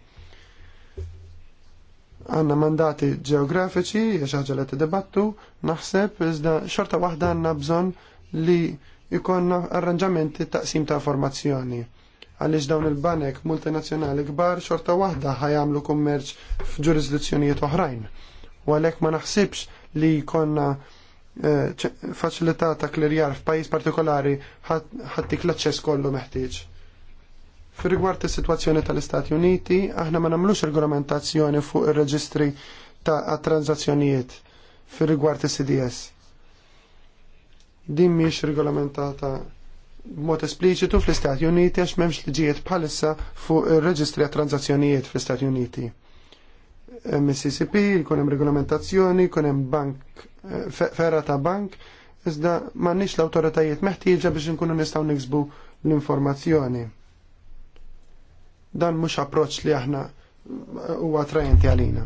Speaker 4: għanna mandati ġeografiċi, xaġa li t-debattu, naħseb, iżda xorta wahda għanna bżon li jikonna arranġamenti taqsim ta' formazzjoni. Għalix dawn il-banek multinazzjonali kbar xorta wahda ħajamlu kummerċ f'ġurisdizzjonijiet oħrajn. U għalek ma naħsibx li jikonna eh, faċilità ta' klirjar f'pajis partikolari ħattik l-aċċess kollu meħtieġ. Fir-rigward is-sitwazzjoni tal-Istati Uniti, aħna ma nagħmlux regolamentazzjoni fuq ir-reġistri ta' transazzjonijiet fir-rigward is-CDS. Din mhix regolamentata b'mod espliċitu fl-Istati Uniti għax m'hemmx liġijiet bħalissa fuq ir-reġistri ta' tranzazzjonijiet fl-Istati Uniti. MCCP, jkun hemm regolamentazzjoni, jkun hemm bank ferra ta' bank, iżda m'għandniex l-awtoritajiet meħtieġa biex inkunu nistgħu niksbu l-informazzjoni. Dan mhux approċċ li aħna huwa attrajenti għalina.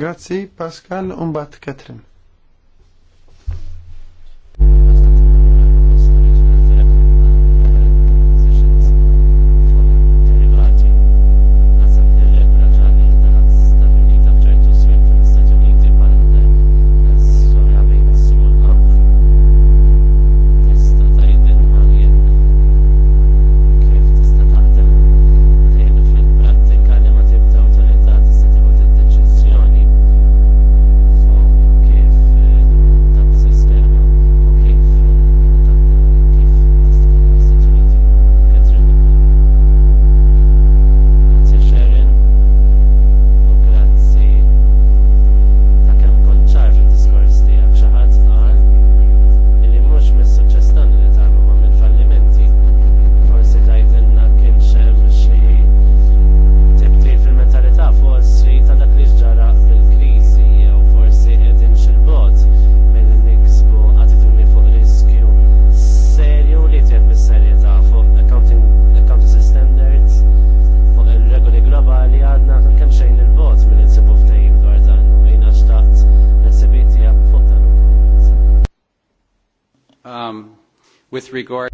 Speaker 4: Grazzi Pascal Umbat Katrin.
Speaker 2: regard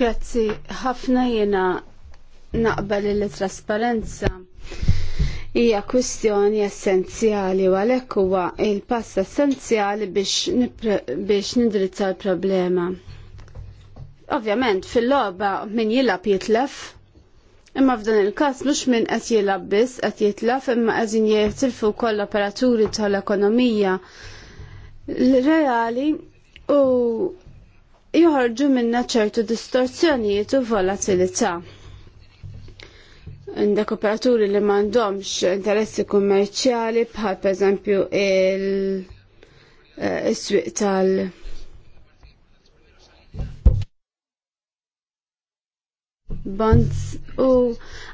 Speaker 1: Grazzi, ħafna jena naqbel il-trasparenza hija kwistjoni essenzjali u għalhekk huwa il-pass essenzjali biex, biex nidrizza l-problema. Ovvjament fil-logħba min jilab jitlef, Imma f'dan il-każ mhux minn qed jilab biss qed jitlaf imma qegħdin jirtilfu wkoll operaturi tal-ekonomija reali u joħorġu minna ċertu distorzjonijiet u volatilità. Indek operaturi li mandomx interessi kummerċjali bħal per eżempju il-swiq eh, tal- bonds u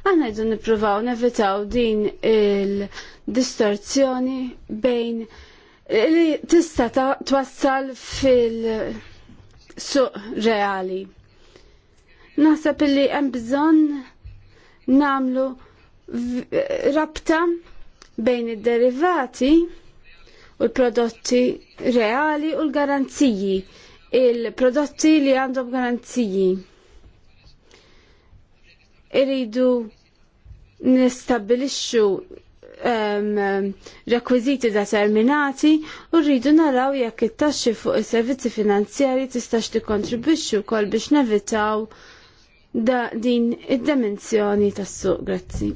Speaker 1: għanna jdu nipruvaw nevitaw din il-distorzjoni bejn li tista' twassal fil- suq reali. Naħseb illi hemm bżonn nagħmlu rabta bejn id-derivati u l-prodotti reali u l-garanziji, il-prodotti li għandhom garanziji. Iridu nistabilixxu um, rekwiziti determinati u rridu naraw jekk it-taxxi fuq is-servizzi finanzjarji tistax tikkontribwixxu wkoll biex nevitaw da din id-dimensjoni tas-suq. Grazzi.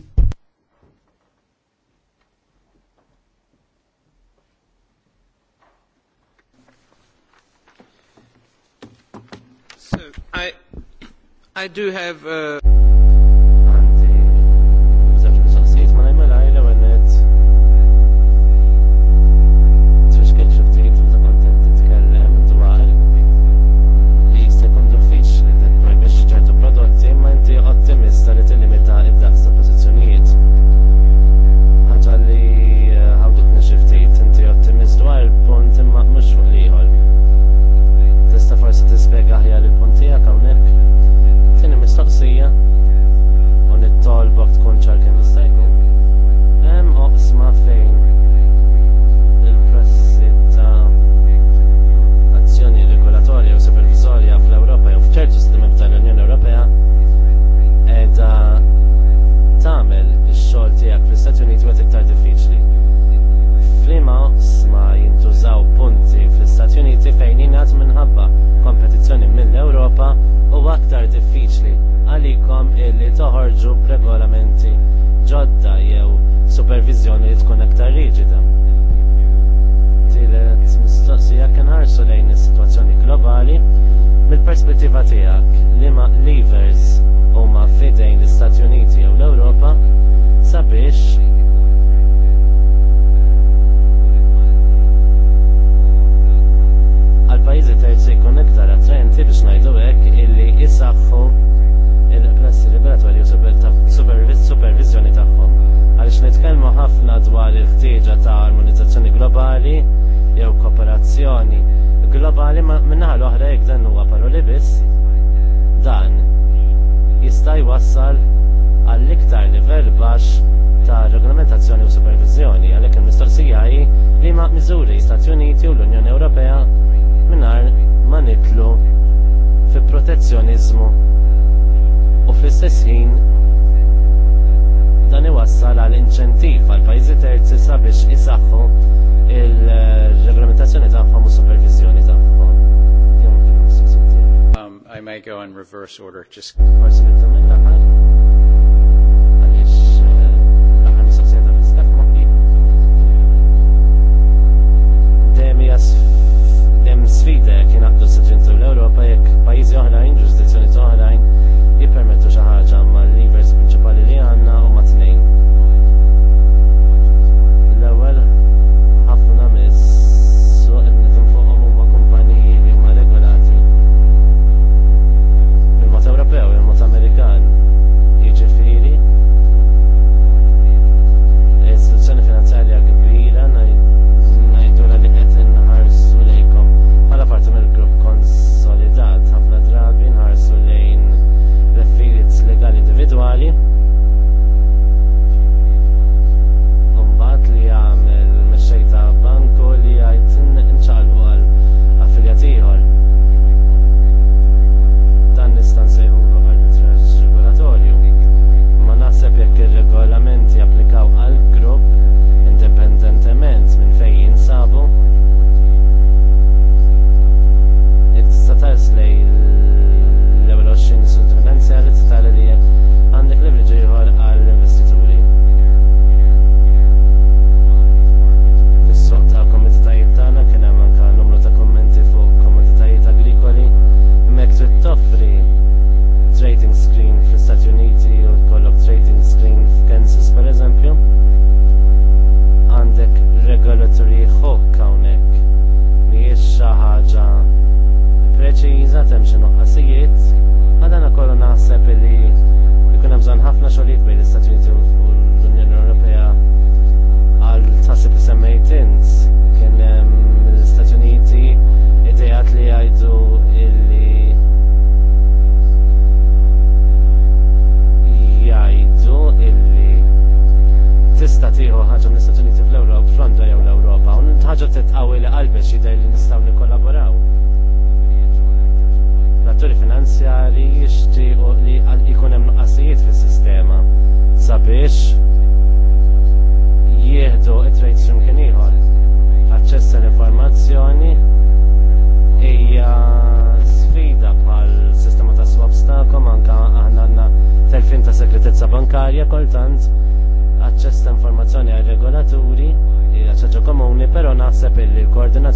Speaker 2: So I I do have uh...
Speaker 3: jħarġu regolamenti ġodda jew supervizjoni li tkun aktar riġida. Tilet mistoqsija kien ħarsu lejn is-sitwazzjoni globali mill-perspettiva tiegħek li ma levers huma fidejn l-Istati Uniti jew l-Ewropa sabiex għal pajjiżi terzi jkun iktar attenti biex ngħidu hekk illi jisaħħu il-prassi liberatorji u supervizjoni tagħhom. Għaliex nitkellmu ħafna dwar il-ħtieġa ta' armonizzazzjoni globali jew kooperazzjoni globali ma minnaħa l-oħra jekk dan huwa paroli biss dan jista' jwassal għall-iktar livell baxx ta' regolamentazzjoni u supervizjoni għalhekk il-mistoqsija li ma' miżuri Stati Uniti u l-Unjoni Ewropea mingħajr ma nitlu fi protezzjonizmu u fl-istessin dan iwassal għal inċentiv għal pajjiżi terzi sabiex isaħħu il-reglamentazzjoni tagħhom u supervizjoni tagħhom.
Speaker 2: Um, I may go in reverse order, just...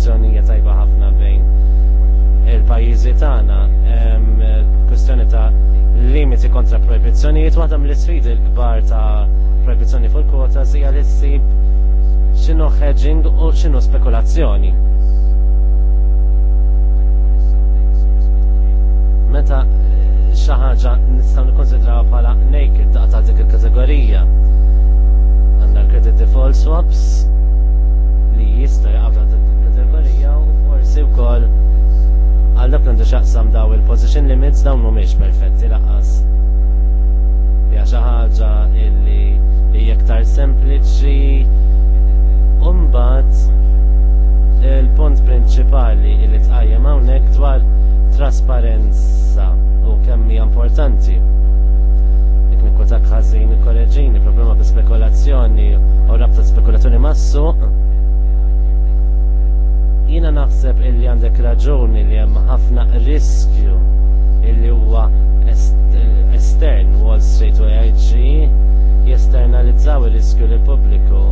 Speaker 3: relazzjonija tajba ħafna bejn il pajizi tagħna. Kwestjoni ta' limiti kontra proibizzjonijiet waħda mill-isfidi l-kbar ta' proibizzjoni fuq kwota hija li ssib x'inhu hedging u x'inhu spekulazzjoni. Meta eh, xi ħaġa nistgħu nikkonsidraw bħala naked ta' dik il-kategorija. Għandna l-credit default swaps li jista' jaqabla kategorija u forsi wkoll għal dak nandu xaqsam daw il-position limits dawn mhumiex perfetti laqas. Hija xi ħaġa illi hija aktar sempliċi u mbagħad il-punt prinċipali illi tqajjem hawnhekk dwar trasparenza u kemm hija importanti. Jekk nikkutak ħażin ikkoreġini, problema bi spekulazzjoni u rabta spekulazzjoni mas-suq Jiena naħseb illi għandek raġuni li hemm ħafna riskju illi huwa estern Wall Street u IG jesternalizzaw ir-riskju li pubbliku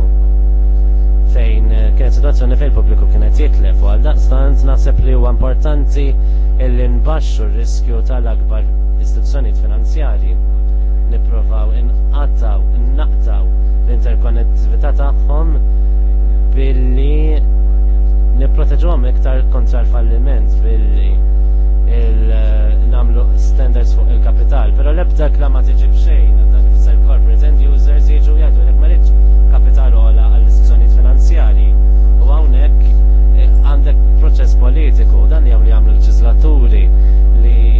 Speaker 3: fejn eh, kien situazzjoni fejn pubbliku kienet jitlef u għaldaqstant naħseb li huwa importanti illi nbaxxu r-riskju tal-akbar istituzzjonijiet finanzjarji nipprovaw inqataw, innaqtaw l-interkonnettività tagħhom billi nipproteġuhom iktar kontra l-falliment billi il-namlu eh, standards fuq il-kapital. Pero l-ebda klama tiġi bxejn, dan ifisser corporate end users jiġu jgħidu l marriċ kapital għala għall-istituzzjonijiet finanzjari. U hawnhekk eh, għandek proċess politiku, dan jew li għamlu l-ġizlaturi li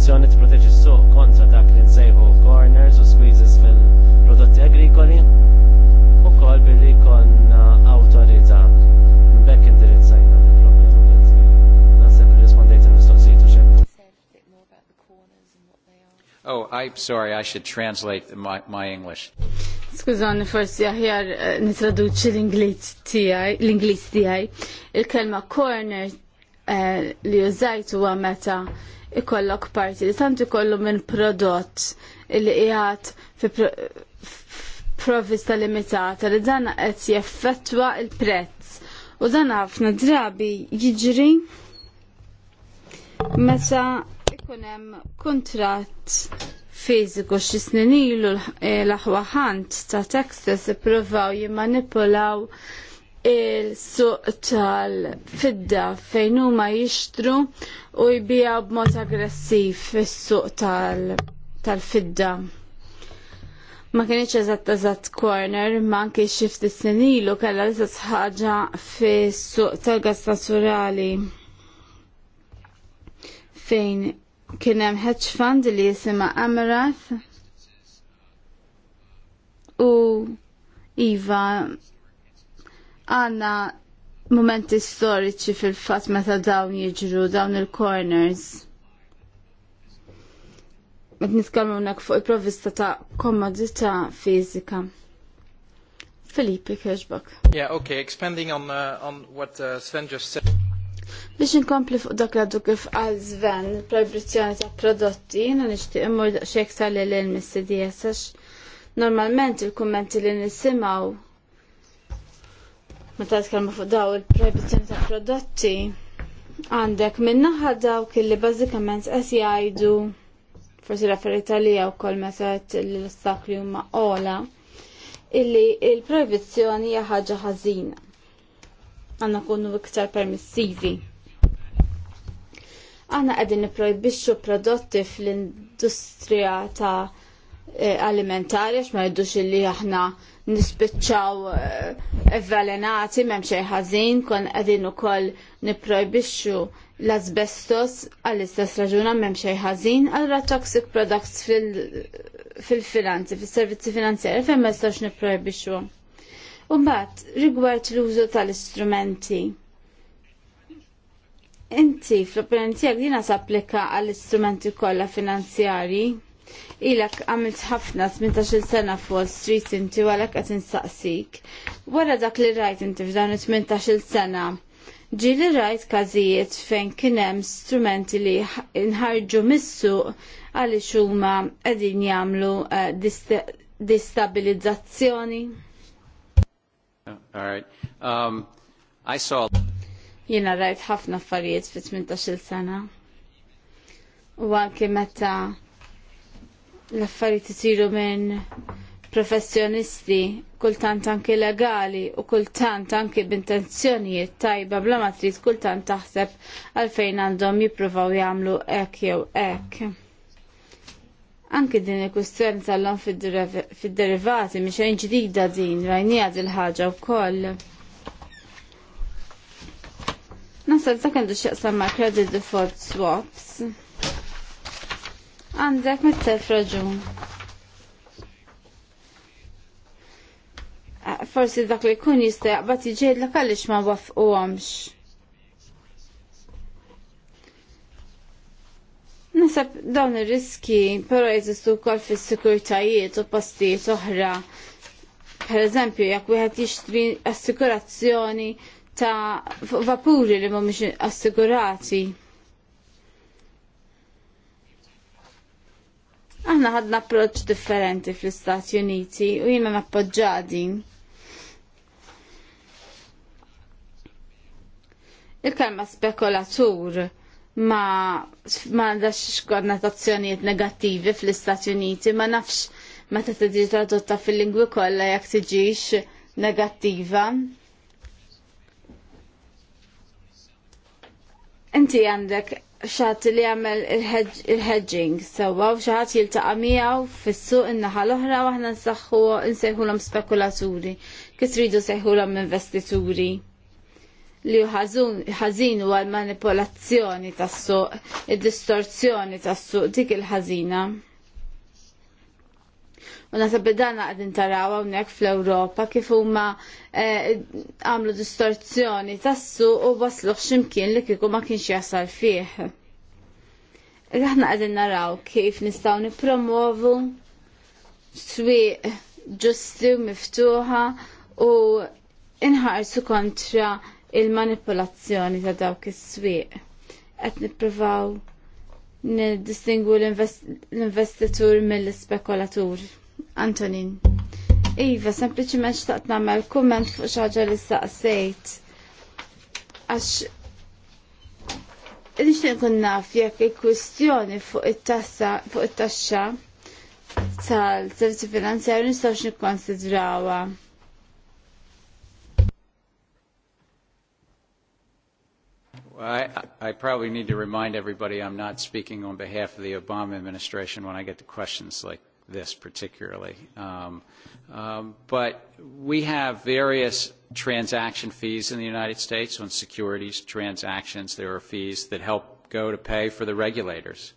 Speaker 3: t-proteġi s-suq kontra dak li nsejħu corners u squeezes fil-prodotti agrikoli u kol billi konna autorita bekk indirizzajna di problema bint. Nasib rispondejt il mistoqsijtu xe.
Speaker 2: Oh, I'm sorry, I should translate my, my English.
Speaker 1: Skużani, forsi aħjar eh, nitraduċi l inglis tijaj. Il-kelma corner eh, li użajtu għameta meta ikollok parti li tant ikollu minn prodott li qiegħed fi provvista limitata li dan qed jeffettwa il-prezz. U dan ħafna drabi jiġri meta ikun hemm kuntratt fiżiku xi snin ilu eh, l-aħwaħant ta' Texas ippruvaw jimmanipulaw il-suq tal-fidda fejn huma jixtru u jbija b'mod aggressiv fis suq tal-fidda. Ma kienx eżatt eżatt corner, ma anke xift is-senilu kellha l-istess ħaġa fis-suq tal-gas naturali fejn kien hemm hedge fund li jisimha Amarath u Iva għanna momenti storiċi fil-fat meta dawn jiġru dawn il-corners. Met nitkellmu unnek fuq il-provista ta' komodità fiżika. Filippi kħeġbak.
Speaker 2: Yeah, okay, expanding on, uh, on what uh, Sven just said.
Speaker 1: Biex inkompli fuq dak għaddu kif għal Sven, proibizjoni ta' prodotti, jina nixtieq immur xejk sal l missi mis-CDS, normalment il-kummenti li nisimgħu meta tkellmu fuq daw il-prohibizzjoni ta' prodotti għandek minnaħa dawk li bażikament qed jgħidu forsi referita li u kol meset l-ostakli huma ola illi il prohibizzjoni hija ħaġa ħażina. Għanna kunu iktar permissivi. Għanna qegħdin niprojbixxu prodotti fl-industrija ta' eh, alimentari għax ma jiddux illi aħna nispiċċaw evvelenati eh, m'hemm xejn ħażin kon qegħdin ukoll nipprojbixxu l-asbestos għall-istess raġuna m'hemm xejn ħażin allura toxic products fil-finanzi, fis-servizzi finanzjari fejn ma jistax nipprojbixxu. U mbagħad rigward l-użu tal-istrumenti. Inti fl-opinjoni tiegħek din applika għall-istrumenti kollha finanzjarji? Ilak għamilt ħafna 18 sena Wall street inti għalek għat insaqsik. Wara dak li rajt inti f'dawn 18 sena. Ġi li rajt kazijiet fejn kienem strumenti li nħarġu missu għalli xuma għedin jamlu eh, distabilizzazzjoni.
Speaker 2: Um,
Speaker 1: Jiena rajt ħafna affarijiet fi 18 sena. U anke meta l-affarijiet isiru minn professjonisti kultant anke legali u kultant anki b'intenzjonijiet tajba bla ma trid kultant taħseb għalfejn għandhom jippruvaw jagħmlu hekk jew hekk. Anke din il-kustjoni tal-lom fid derivati miex għajn ġdida din, rajnija dil ħaġa wkoll. Nasal Nasab ta' kandu xieqsam ma' credit default swaps. Għandek mit-telf raġun. Forsi dak li kun jista' jaqbad jiġejlek l għaliex ma wafquhomx. Nasab dawn ir-riski però jeżistu wkoll fis-sikurtajiet u postijiet oħra. Per eżempju, jekk wieħed jixtri assikurazzjoni ta' vapuri li mhumiex assigurati. Aħna ħadna approċ differenti fl-Istati Uniti u jiena nappoġġadi. Il-kelma spekulatur ma ma dax konnotazzjonijiet negattivi fl-Istati Uniti, ma nafx meta tiġi tradotta fil-lingwi kollha jekk tiġix negattiva. Inti għandek xaħat li għamel il-hedging sewa u xaħat jiltaqa miegħu fis-suq in-naħa l-oħra u aħna nsaħħu nsejħulhom spekulaturi kif tridu sejħulhom investituri li ħażin huwa l-manipolazzjoni tas-suq, id-distorzjoni tas-suq dik il-ħażina. U nasab dan għadin taraw hawnhekk fl-Ewropa kif huma eh, għamlu distorzjoni tassu u wasluħ ximkien li kieku ma kienx jasal fih. Aħna qegħdin naraw kif nistgħu nippromovu swieq ġusti u miftuħa u inħarsu kontra il-manipolazzjoni ta' dawk is-swieq. Qed nippruvaw nidistingu l-investitur mill-ispekulatur. Antonin. Iva, sempliċi sempliciment xtaqt namel komment fuq xaġa li saqsejt. Għax nixtieq nkun naf jek il kustjoni fuq il tassa fuq it-taxxa tal-servizzi finanzjarju nistgħux nikkonsidrawha.
Speaker 2: I, I probably need to remind everybody I'm not speaking on behalf of the Obama administration when I get to questions like this particularly. Um, um, but we have various transaction fees in the United States on securities transactions. There are fees that help go to pay for the regulators.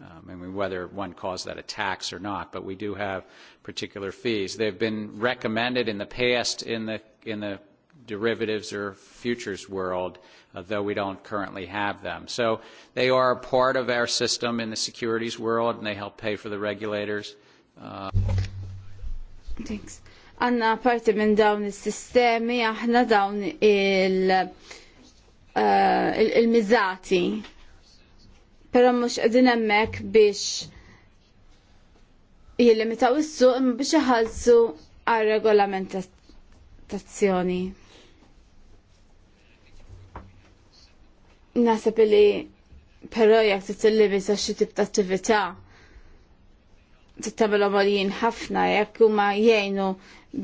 Speaker 2: Um, I mean, whether one calls that a tax or not, but we do have particular fees. They've been recommended in the past in the, in the derivatives or futures world, uh, though we don't currently have them. So they are a part of our system in the securities world, and they help pay for the regulators. Thanks.
Speaker 1: Għanna parti minn dawn is-sistemi aħna dawn eh, il-miżati. Però mhux qegħdin hemmhekk biex jillimitaw is-suq imma biex iħallsu għal regolamentazzjoni. Nasab li però jekk tillimita xi tip ta' attività tittabel għolin ħafna jekk huma jgħinu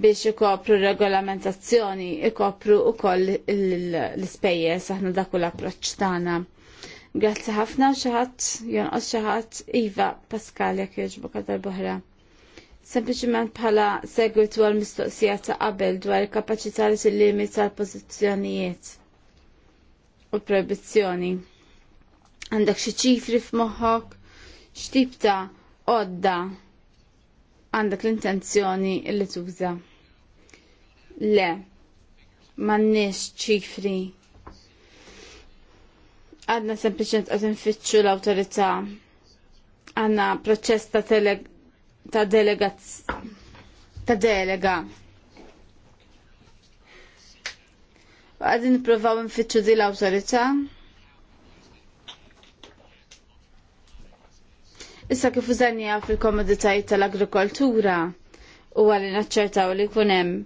Speaker 1: biex ikopru regolamentazzjoni, ikopru u koll l-spejjes aħna dak u l-approċ tagħna. Grazzi ħafna u xaħat, jonqos xaħat, Iva Pascal jekk jogħġbu kadar boħra. Sempliċiment bħala segwitu għal mistoqsija ta' qabel dwar il-kapacità li tillimit tal-pożizzjonijiet u l-proibizzjoni. Għandek xi ċifri f'moħħok, x'tib ta' odda għandek l-intenzjoni li tuża. Le, m'għandniex ċifri. Għadna sempliċement qed nfittxu l-awtorità. Għandna proċess ta' ta' delegaz ta' delega. Għadin niprofaw nfittxu di l-awtorità. Issa kif użanija fil komoditaj tal-agrikoltura u għalli naċċertaw li jkun hemm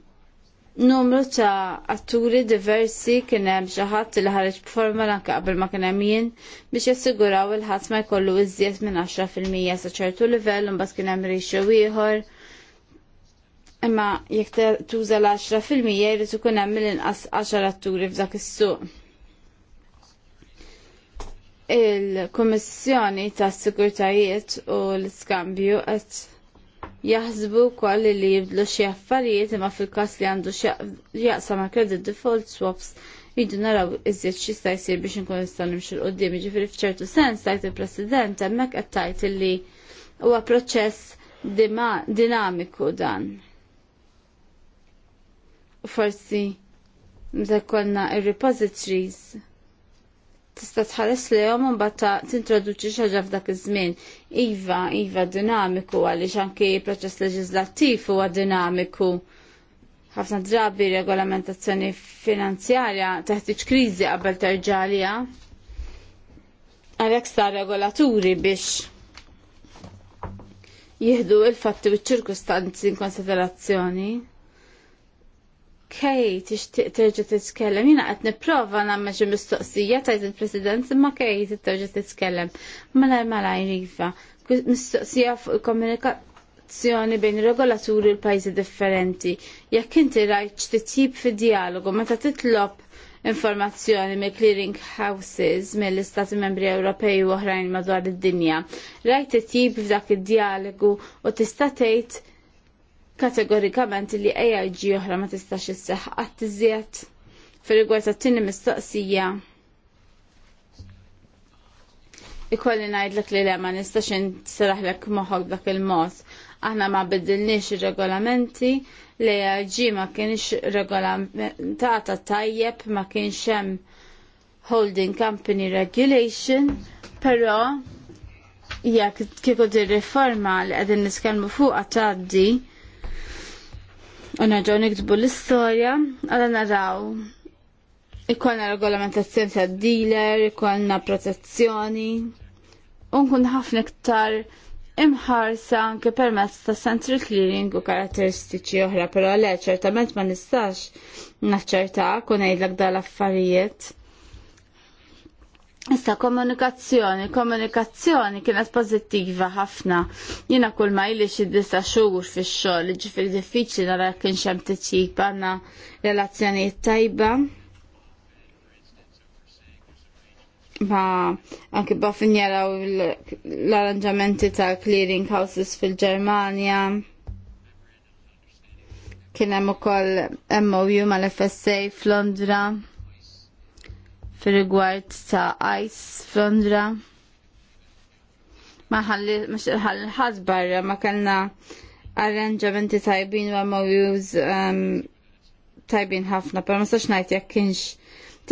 Speaker 1: numru ta' atturi diversi kien hemm xi ħadd li ħarġ b'forma anke qabel ma kien hemm jien biex jassiguraw il ħat ma jkollu iżjed minn 10 fil-mija sa ċertu livell u mbagħad kien hemm rixxu ieħor. Imma jekk tuża l-10 fil-mija jrid ikun hemm mill-inqas 10 atturi f'dak is-suq il kummissjoni tas Sigurtajiet u l-Skambju qed jaħsbu wkoll li jibdlu xi affarijiet imma fil-każ li għandu jaqsam ma' credit default swaps jidu naraw iżjed xi sta jsir biex inkun nistgħu nimxu l qudiem jiġifieri f'ċertu sens tajt il-President hemmhekk qed tajt li huwa proċess dinamiku dan. Forsi meta konna ir-repositories tista' tħares lehom imbagħad tintroduċi xi ħaġa f'dak iż-żmien. Iva, iva dinamiku għaliex anke proċess leġislattiv huwa dinamiku. Ħafna drabi regolamentazzjoni finanzjarja teħtieġ kriżi qabel terġa' għaliha. Għalhekk sa regolaturi biex jieħdu il-fatti u ċ-ċirkustanzi in konsiderazzjoni. Kej, tixtieq terġa' titkellem, jiena qed nipprova nagħmel xi mistoqsija tajt il-President imma kej terġa' titkellem. Mela mela jriva, mistoqsija fuq il-komunikazzjoni bejn regolaturi l pajjiżi differenti. Jekk inti rajt titjib fi dialogu meta titlob informazzjoni mill clearing houses mill-Istati Membri Ewropej u oħrajn madwar id-dinja. Rajt titjib f'dak id-dialogu u tista' tgħid kategorikament li AIG oħra ma tistax isseħ qatt iżjed fil rigward tat-tieni mistoqsija. Ikolli ngħidlek li le ma nistax inseraħlek moħħok dak il-mod. Aħna ma biddilniex ir-regolamenti li AIG ma kienx regolamentata tajjeb ma kienx hemm holding company regulation, però jekk kieku di riforma li qegħdin niskelmu fuq għattaddi u nerġgħu niktbu l-istorja għal naraw Ikollna regolamentazzjoni ta' dealer, ikollna protezzjoni, unkun ħafna iktar imħarsa anke permezz ta' central clearing u karatteristiċi oħra, però le ċertament ma nistax naċċerta kun ngħidlek dal affarijiet. Issa komunikazzjoni, komunikazzjoni kienet pozittiva ħafna. Jiena kull ma ili xid disa xhur fix-xogħol, ġifir diffiċli nara kien xemm titjib għandna relazzjonijiet tajba. Ma anke bafin jaraw l-arranġamenti ta' clearing houses fil-Ġermanja. Kien hemm ukoll MOU mal-FSA f'Londra fil-rigward ta' ICE Flondra. Ma ħadd barra ma kellna arranġamenti tajbin u għamawjuż um, tajbin ħafna, pero ma sax ngħid jek kienx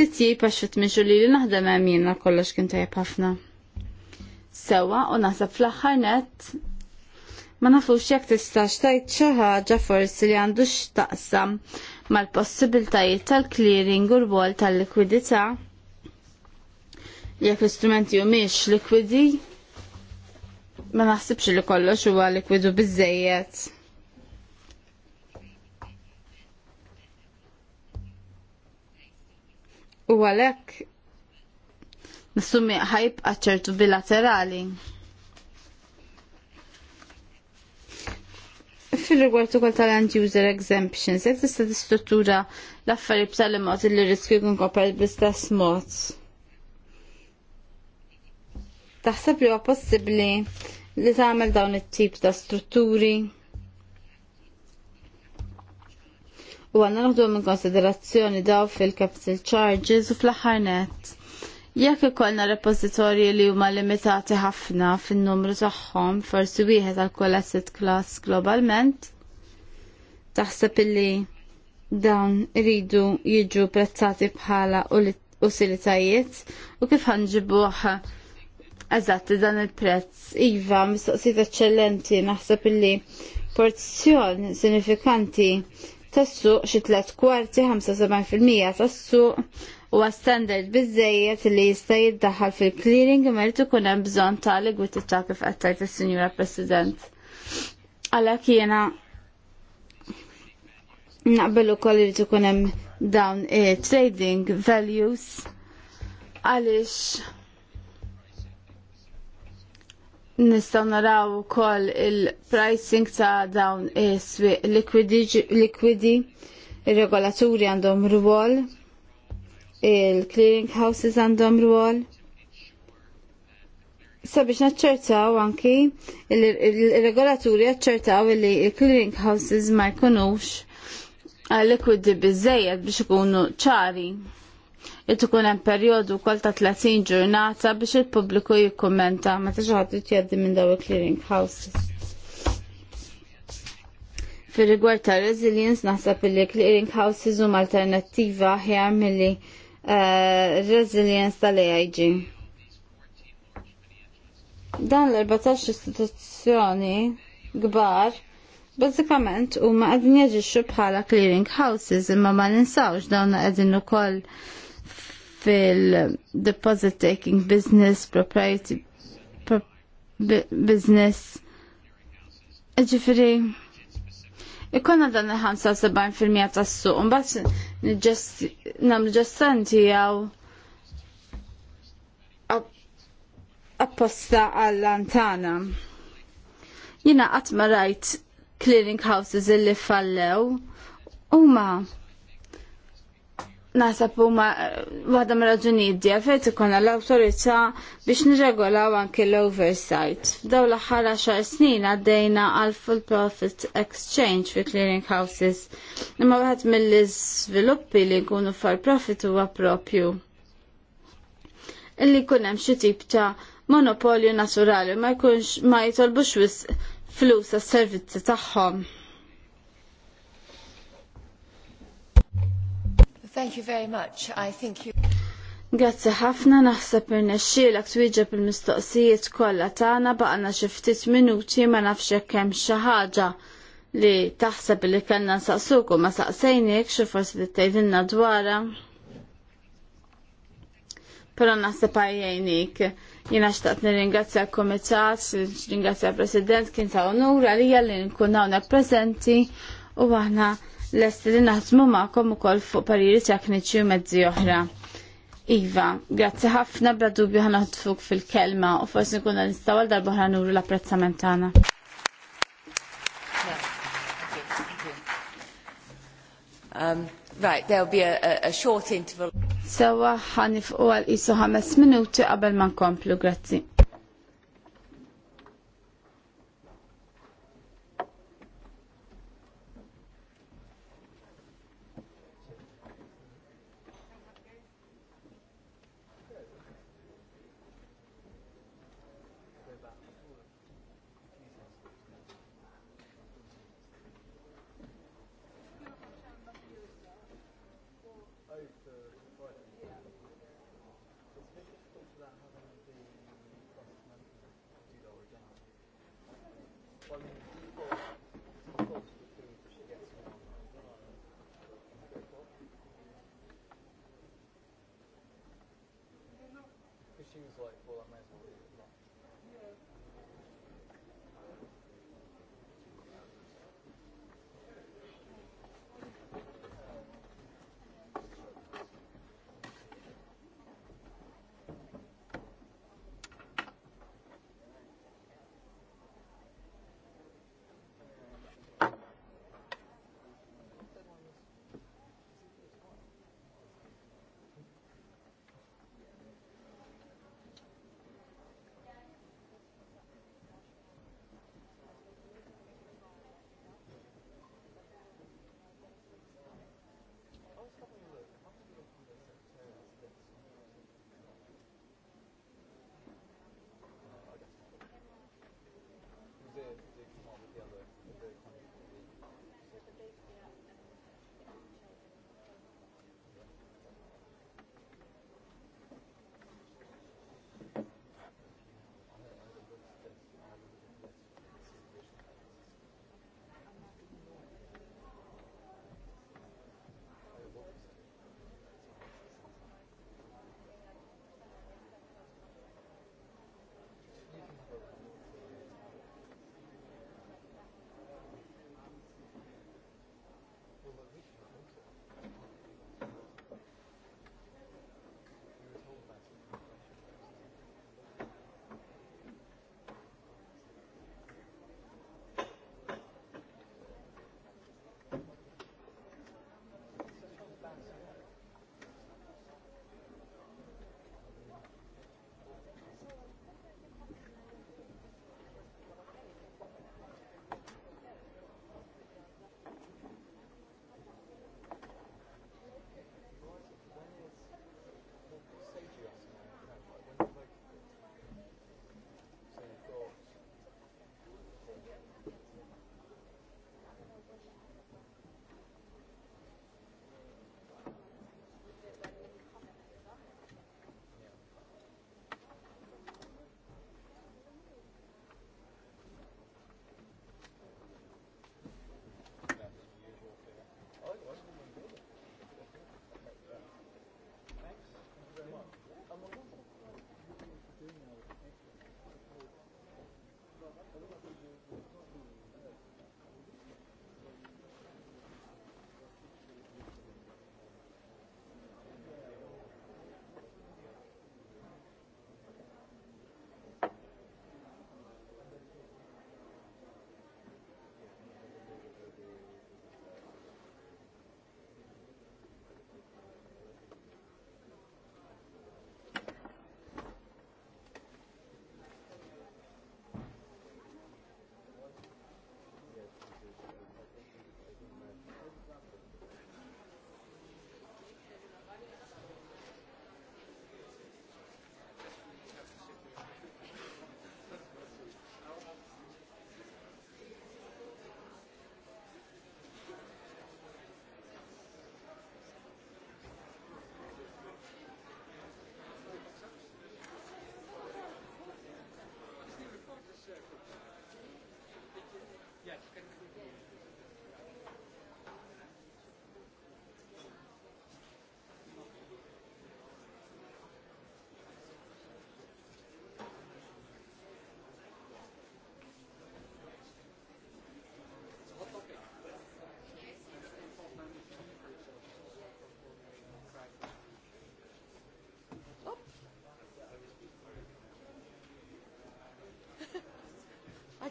Speaker 1: titjib għax fit minxu li li naħdem għamjina kollox kien tajb ħafna. Sewa u naħseb fl-axħar net ma nafux jekk tistax tajt xi ħaġa forsi li għandux taqsam mal-possibiltajiet tal-clearing u l-wol tal-likwidità. tal clearing u l wol tal tal clearing u l wol tal likwidità jekk l-istrumenti mhumiex likwidi ma naħsibx li kollox huwa likwidu bizzejiet. U għalhekk nissummi ħajb għacċertu bilaterali. Fil-rigward kol tal-end user exemptions, jekk tista' tistruttura l-affarijiet b'tal-mod li riskju jkun kopert bl-istess mod. Taħseb li huwa possibbli li tagħmel dawn it-tip ta' strutturi u għanna naħdu minn konsiderazzjoni daw fil-capital charges u fl-aħħar net. Jekk ikollna repożitorji li huma limitati ħafna fin-numru tagħhom, forsi wieħed għal kull asset class globalment, taħseb illi dawn iridu jiġu prezzati bħala u silitajiet u kif ħanġibuħ Eżatt, dan il-prezz. Iva, mistoqsit eccellenti, naħseb illi porzjon sinifikanti tas-suq xi tliet kwarti 75% tas-suq huwa standard biżejjed li jista' jiddaħħal fil-clearing imma jrid ikun hemm bżonn ta' ta' kif qed tgħid is-Sinjura President. Għalhekk jiena naqbel ukoll irid ikun hemm dawn trading values għaliex Nistaw naraw ukoll il-pricing ta' dawn is-swieq likwidi, ir-regolaturi għandhom rwol, il-clearing houses għandhom rwol. Sabiex naċċertaw anki il-regolaturi jaċċertaw li il-clearing houses ma jkunux liquidi bizzejed biex ikunu ċari li tkun hemm perjodu wkoll ta' 30 ġurnata biex il-pubbliku jikkummenta meta xi ħadd jitjeddi minn dawn il-clearing houses. Fir-rigward ta' resilience naħseb li clearing houses huma alternattiva aħjar milli eh, resilience tal-AIG. Dan l-14 istituzzjoni kbar Bazzikament, u ma jaġixxu bħala clearing houses imma ma ninsawx dawn qegħdin u koll fil-deposit taking business, propriety pro business. Ġifiri, ikonna dan il-75% tas-suq, mbagħad namlu ġessanti għaw apposta għall-antana. Jina qatt ma rajt clearing houses illi fallew, huma Nasab huma eh, waħda mir-raġunijiet di għalfejn ikun l-awtorità biex nirregolaw anki l-oversight. F'dawn l-aħħar xar snin għaddejna għal full profit exchange fi clearing houses. Imma waħed mill-iżviluppi li jkunu far profit huwa propju. Illi jkun hemm xi tip ta' monopolju naturali ma jkunx ma jitolbux flus għas-servizzi tagħhom. Thank you very much. I think you... Grazzi ħafna naħseb irnexxielek twieġeb il-mistoqsijiet kollha tagħna baqa'na xi ftit minuti ma nafx hekk hemm xi ħaġa li taħseb li kellna nsaqsuk u ma saqsejnik xi forsi li tgħidilna dwarha. Però naħseb għajjejnik. Jiena xtaqt nirringrazzja l-Kumitat, ringrazzja l-President, kien ta' onura li li nkun hawnhekk preżenti u aħna l-est li naħdmu magħkom ukoll fuq pariri tekniċi u mezzi oħra. Iva, grazzi ħafna bla dubju fuq fil-kelma u forsi nkunu nistgħu għal darba ħra nuru l-apprezzament tagħna. Um, right, there'll be a, a, a short interval. Sewa u għal isu ħames minuti qabel ma nkomplu, grazzi.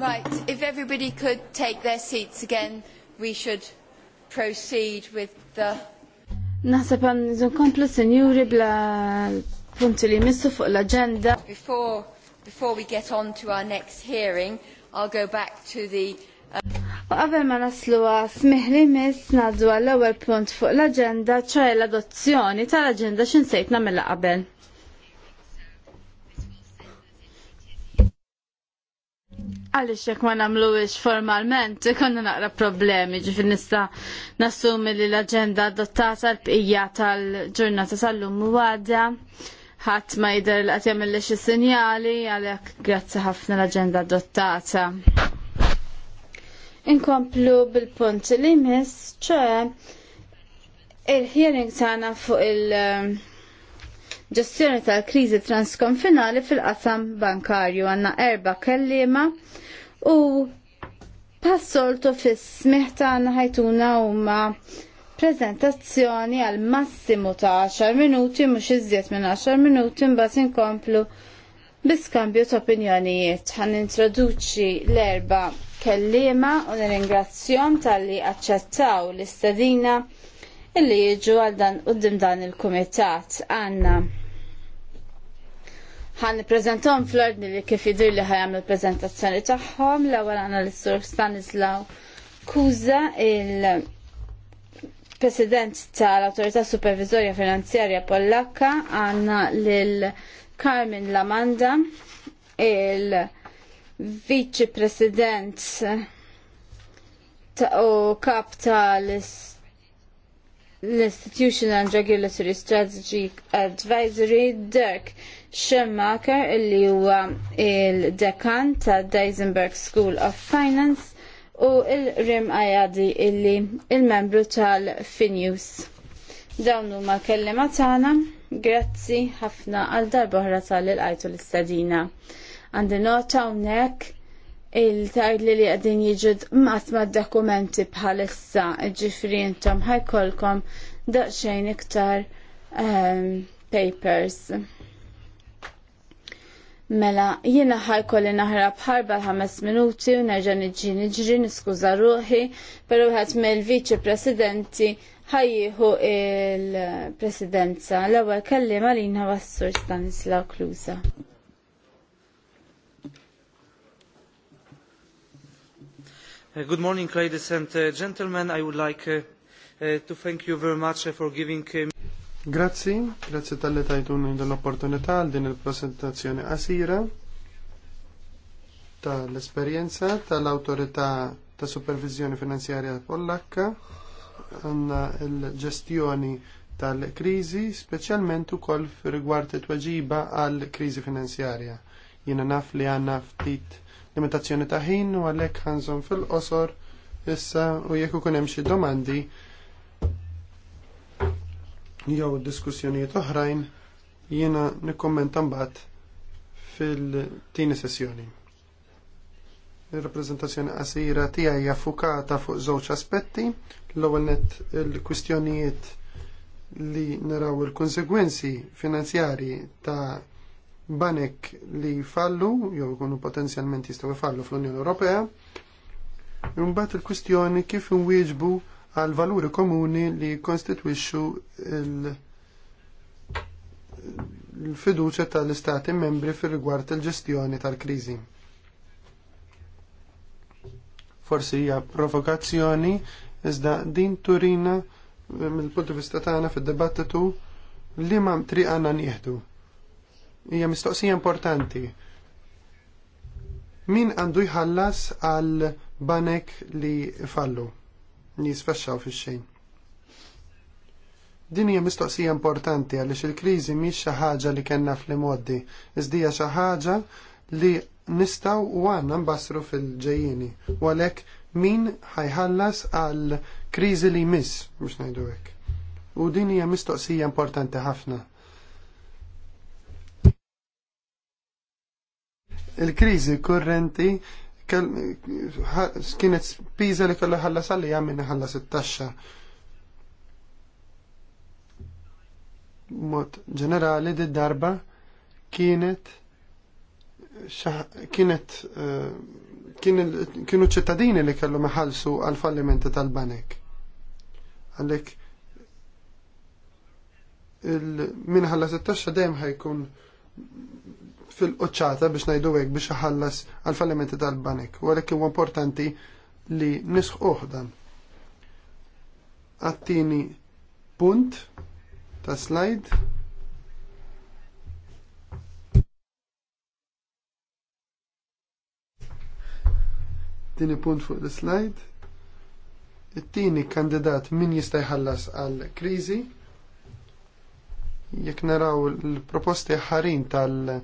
Speaker 1: Right, if everybody could take their seats again, we should proceed with the... Naħseb għan nizun komplu senjuri bla punti li missu fuq l-agenda. Before, before we get on to our next hearing, I'll go back to the... U uh, għavel ma naslu smiħli miss naddu għall-ewel punt fuq l-agenda ċaj l-adozzjoni tal-agenda xinsejtna mill-qabel. Mela Għalix jek ma namluwix formalment, konna naqra problemi ġifin nista nassumi li l-agenda adottata l-bqija tal-ġurnata tal-lum u għadja. ħadd ma jidher li qed jagħmel il sinjali għalhekk grazzi ħafna l-aġenda adottata. Inkomplu bil-punt li mis, ċe il-hearing tagħna fuq il- ġestjoni tal-kriżi transkonfinali fil-qasam bankarju għanna erba kellima u passoltu fis tagħna ħajtuna huma prezentazzjoni għal massimu ta' 10 minuti mhux iżjed minn 10 minuti mbagħad inkomplu biskambju ta' opinjonijiet. Ħan introduċi l-erba kellima u nirringrazzjom tal-li aċċettaw l-istadina illi jiġu għal dan qudiem dan il-kumitat għandna ħan prezentom fl-ordni li kif idir li ħajam il-prezentazzjoni tagħhom l-ewwel għana l-Sur Stanislaw Kuza il- President tal-Autorità Supervizorja Finanzjarja Pollakka għanna lil Carmen Lamanda, il-Vice President u kap tal-Institutional and Regulatory Strategy Advisory Dirk Schumacher illi huwa il-dekan ta' Deisenberg School of Finance u il-Rim Ayadi illi il-membru tal finews Dawn huma kellima tagħna, grazzi ħafna għal darba oħra tal għajtu l-istadina. Għandi nota hawnhekk il-tajt li li għadin jiġud matma dokumenti bħalissa ġifri intom ħajkolkom daqxejn iktar um, papers. Mela, jiena ħajkolli naħrab ħarba ħames minuti u nerġa' niġi niġri niskuża ruħi, però wieħed mill-viċi presidenti ħajjieħu il-presidenza. L-ewwel kelli malina wassur sur Stanislaw Klusa.
Speaker 4: Uh, good morning, ladies and uh, gentlemen. I would like uh, uh, to thank you very much uh, for giving me uh, Grazzi, grazzi tal-li tajtuni opportunità għal din il-presentazzjoni qasira tal-esperjenza tal-autorità ta' supervizjoni finanzjarja pollakka għanna il-ġestjoni tal-krizi, specialment ukoll rigward it-tweġiba għal-krizi finanzjarja. Jiena naf li għanna ftit limitazzjoni ta' ħin u għalhekk ħanżon fil-qosor issa u jekku ikun hemm xi domandi jew diskussjonijiet oħrajn jiena nikkommenta mbagħad fil-tieni sessjoni. Ir-rappreżentazzjoni qasira tiegħi hija fukata fuq żewġ aspetti. L-ewwel nett il-kwistjonijiet li naraw il-konsegwenzi finanzjarji ta' banek li fallu jew ikunu potenzjalment jistgħu jfallu fl-Unjoni Ewropea. Imbagħad il-kwistjoni kif inwieġbu għal valuri komuni li konstitwixxu l-fiduċa tal-istati membri fir rigward il-ġestjoni tal-kriżi. Forsi hija provokazzjoni iżda din turina eh, mill-punt vista tagħna fid-dibattitu li ma triqana nieħdu. Hija mistoqsija importanti. Min għandu jħallas għal banek li fallu? Nisfaxxaw fix-xejn. Din hija mistoqsija importanti għaliex il-kriżi mhix xi ħaġa li kellna fl-imoddi, iżda hija xi ħaġa li nistgħu u għandna nbassru fil-ġejjieni u għalhekk min ħajħallas għal kriżi li jmiss biex ngħidu hekk. U din hija mistoqsija importanti ħafna. Il-kriżi kurrenti kienet spiza li kellu ħallas salli minn ħalla it-taxxa. Mod ġenerali di darba kienet kienet eh, kienu ċittadini li kellu maħalsu għal fallimenti tal-banek. Għallek minn ħallas it-taxxa dejjem ħajkun fil-qoċċata biex ngħidu hekk biex iħallas għal fallimenti tal-banek, u għalek huwa importanti li nisħuh dan. Għattini punt ta' slide. Tini punt fuq l-slide. It-tini kandidat min jista' jħallas għal kriżi jekk naraw l-proposti ħarin tal-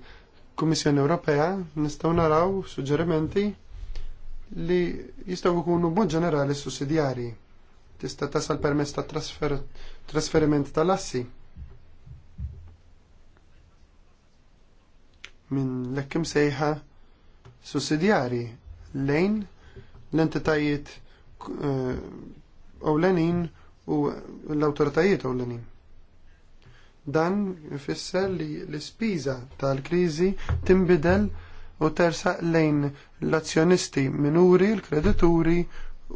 Speaker 4: Kummissjoni Ewropea nistgħu naraw suġġerimenti li jistgħu jkunu mod ġenerali sussidjarji. Tista' tasal permess ta' trasfer, trasferiment tal-assi. Minn lekkim sejħa sussidjarji lejn l-entitajiet eh, ewlenin u l-awtoritajiet ewlenin. Dan ifisser li l-ispiża tal-kriżi timbidel u tersaq lejn l-azzjonisti minuri, l-kredituri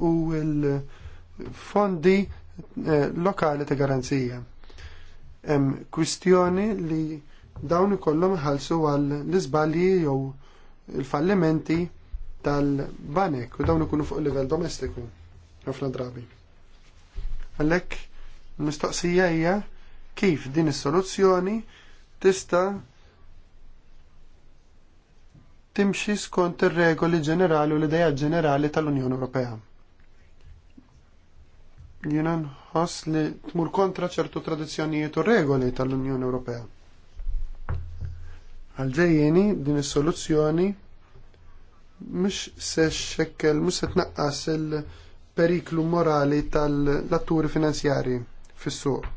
Speaker 4: u l-fondi eh, lokali ta' garanzija. Hemm kwistjoni li dawn ikollhom ħalsu għal l-iżbalji jew il-fallimenti tal-banek u dawn ikunu fuq livell domestiku ħafna drabi. Għalhekk mistoqsija hija kif din is-soluzzjoni tista' timxi skont ir-regoli ġenerali u l-idea ġenerali tal-Unjoni Ewropea. Jiena nħoss li tmur kontra ċertu tradizzjonijiet u regoli tal-Unjoni Ewropea. Għalġejjeni din is-soluzzjoni mhux se xekkel, mhux se tnaqqas il-periklu morali tal-atturi finanzjarji fis-suq.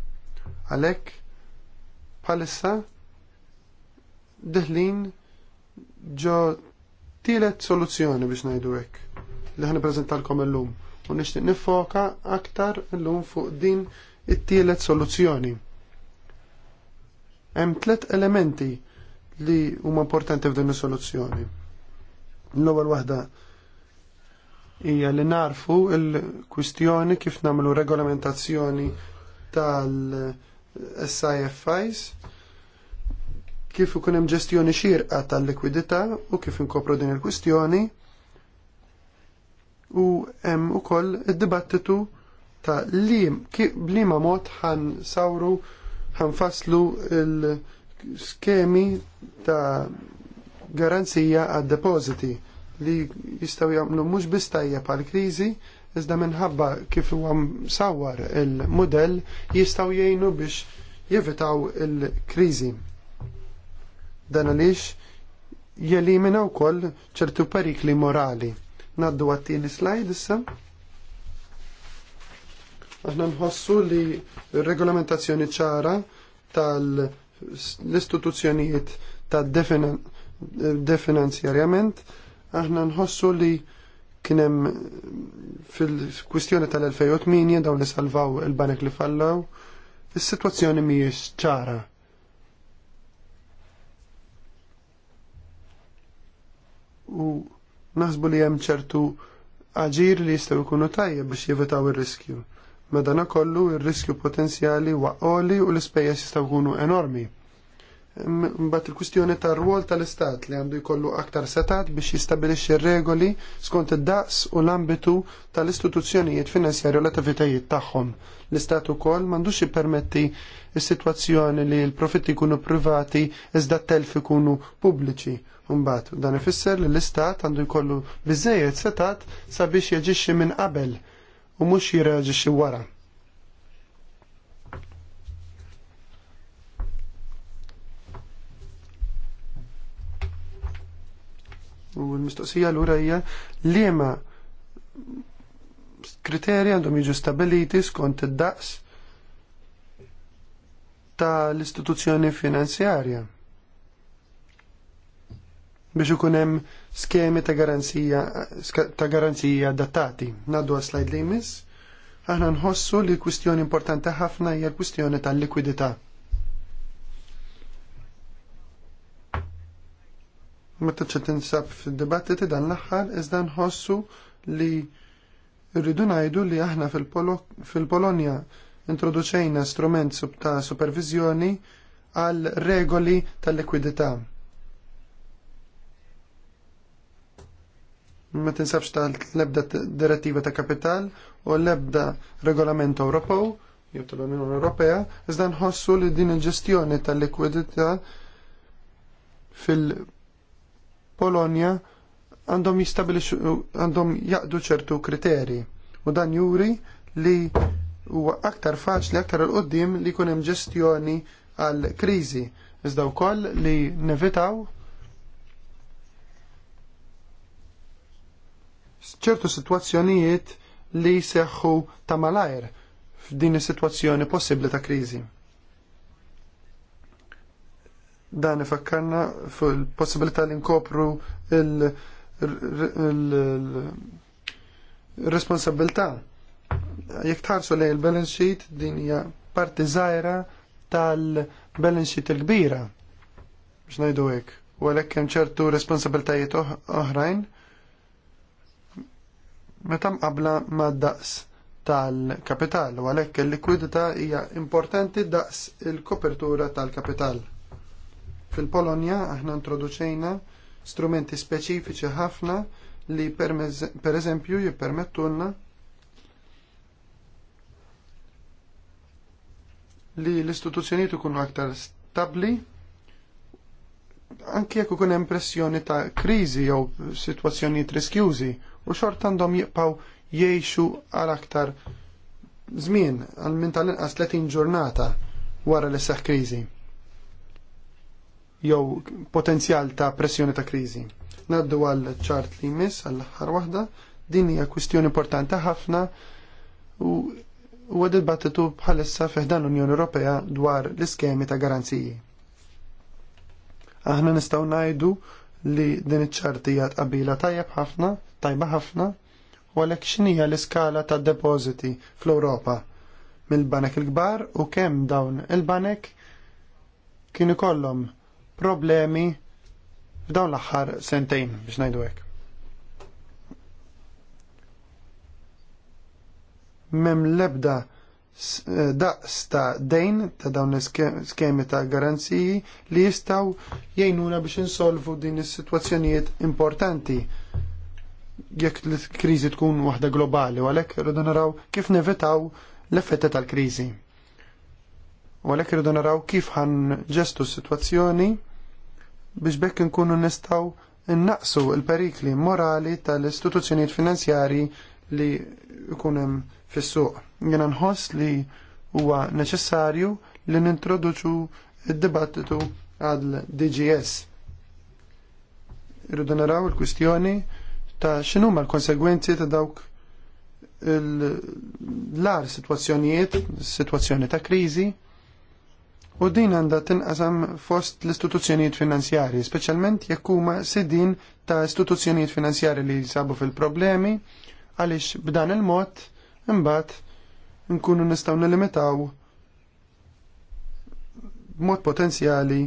Speaker 4: Għalhekk bħalissa deħlin ġo tielet soluzzjoni biex ngħidu hekk li ħan ippreżentalkom illum u nixtieq nifoka aktar illum fuq din it-tielet soluzzjoni. Hemm tliet elementi li huma importanti f'din is-soluzzjoni. L-ewwel waħda hija li narfu l-kwistjoni kif nagħmlu regolamentazzjoni tal- SIFIs kif ikun hemm ġestjoni xirqa tal-likwidità u kif inkopru din il-kwistjoni u hemm ukoll id-dibattitu ta' li bliema mod ħan sawru ħan faslu l-skemi ta' garanzija għad depositi li jistaw jagħmlu mhux biss tajjeb għall kriżi iżda minħabba kif huwa msawwar il-mudell jistgħu jgħinu biex jevitaw il-kriżi. Dan għaliex jelimina wkoll ċertu perikli morali. Naddu għattini slajd issa. Aħna nħossu li regolamentazzjoni ċara tal-istituzzjonijiet tad-definanzjarjament aħna nħossu li kienem fil-kwistjoni tal-2008 dawn li salvaw il-banek li fallaw, il-situazzjoni mi ċara. U naħsbu li hemm ċertu aġir li jistgħu jkunu tajjeb biex jivitaw ir-riskju. Madana kollu il riskju potenzjali waqoli u l-ispejjeż jistgħu jkunu enormi. Mbagħad il-kwistjoni tar-rwol tal-Istat li għandu jkollu aktar setat biex jistabilixxi regoli skont id-daqs u l-ambitu tal-istituzzjonijiet finanzjarju l attivitajiet tagħhom. L-Istat ukoll m'għandux jippermetti s-sitwazzjoni li l-profitti jkunu privati iżda t-telf ikunu pubbliċi. Mbagħad dan ifisser li l-Istat għandu jkollu biżejjed setat sabiex jaġixxi minn qabel u mhux jiraġixxi wara. U l-mistoqsija l hija liema kriterji għandhom jiġu stabiliti skont id-daqs ta' l-istituzzjoni finanzjarja biex ikun hemm skemi ta' garanzija ta' garanzija datati. Naddu għas-slajd li jmiss, aħna nħossu li kwistjoni importanti ħafna hija l-kwistjoni tal-likwidità. tal likwidità Meta ċet insab fid-dibattiti dan l-aħħar iżda nħossu li rridu ngħidu li aħna fil-Polonja introduċejna strument ta' supervizjoni għal regoli tal-likwidità. Ma tinsabx tal-lebda direttiva ta' kapital u l-ebda regolament Ewropew jew tal-Unjoni Ewropea, iżda nħossu li din il-ġestjoni tal-likwidità fil- Polonia għandhom jistabilixu għandhom jaqdu ċertu kriteri u dan juri li huwa aktar faċli aktar il qoddim li jkun hemm ġestjoni għal kriżi iżda wkoll li nevitaw ċertu sitwazzjonijiet li seħħu ta' malajr f'din is-sitwazzjoni possibbli ta' kriżi. Dan ifakkarna fuq il-possibilità li nkopru il-responsabilità. Jekk tħarsu lejn il-balance sheet din hija parti żgħira tal-balance sheet il-kbira biex ngħidu hekk. U għalhekk hemm ċertu responsabiltajiet oħrajn meta mqabla mad daqs tal-kapital u għalhekk il-likwidità hija importanti daqs il-kopertura tal-kapital. Fil-Polonja aħna introduċejna strumenti speċifiċi ħafna li per eżempju jippermettulna li l-istituzzjonijiet ikunu aktar stabbli anki jekk ikun hemm pressjoni ta' kriżi jew sitwazzjonijiet riskjużi u xort għandhom jibqgħu jgħixu għal aktar żmien għal minn tal-inqas 30 ġurnata wara li seħħ kriżi jew potenzjal ta' pressjoni ta' kriżi. Naddu għal ċart li jmiss għall aħħar waħda, din hija kwistjoni importanti ħafna u il dibattitu bħalissa fiħdan l-Unjoni Ewropea dwar l-iskemi ta' garanziji. Aħna nistgħu ngħidu li din iċ hija tqabila tajjeb ħafna, tajba ħafna, u għalhekk x'inhija l-iskala tad depożiti fl-Ewropa mill-banek il-kbar u kemm dawn il-banek kienu kollhom problemi f'dawn l-aħħar sentejn biex ngħidu hekk. Mem lebda eh, daqs ta' dejn ta' dawn l-skemi ta' garanziji li jistaw jgħinuna biex insolvu din is-sitwazzjonijiet importanti jekk l-kriżi tkun waħda globali u għalhekk irridu naraw kif nevitaw l-effetti tal-kriżi. U għalhekk irridu naraw kif ħan ġestu s-sitwazzjoni biex bekk nkunu nistgħu innaqsu l-perikli morali tal-istituzzjonijiet finanzjarji li jkun hemm fis-suq. nħoss li huwa neċessarju li nintroduċu il dibattitu għal DGS. Irridu naraw il-kwistjoni ta' x'inhuma l-konsegwenzi ta' dawk l-lar situazzjonijiet, situazzjoni ta' kriżi U din għandha tinqasam fost l-istituzzjonijiet finanzjarji, speċjalment jekk huma sidin ta' istituzzjonijiet finanzjarji li jsabu fil-problemi, għaliex b'dan il-mod imbagħad nkunu nistgħu nilimitaw b'mod potenzjali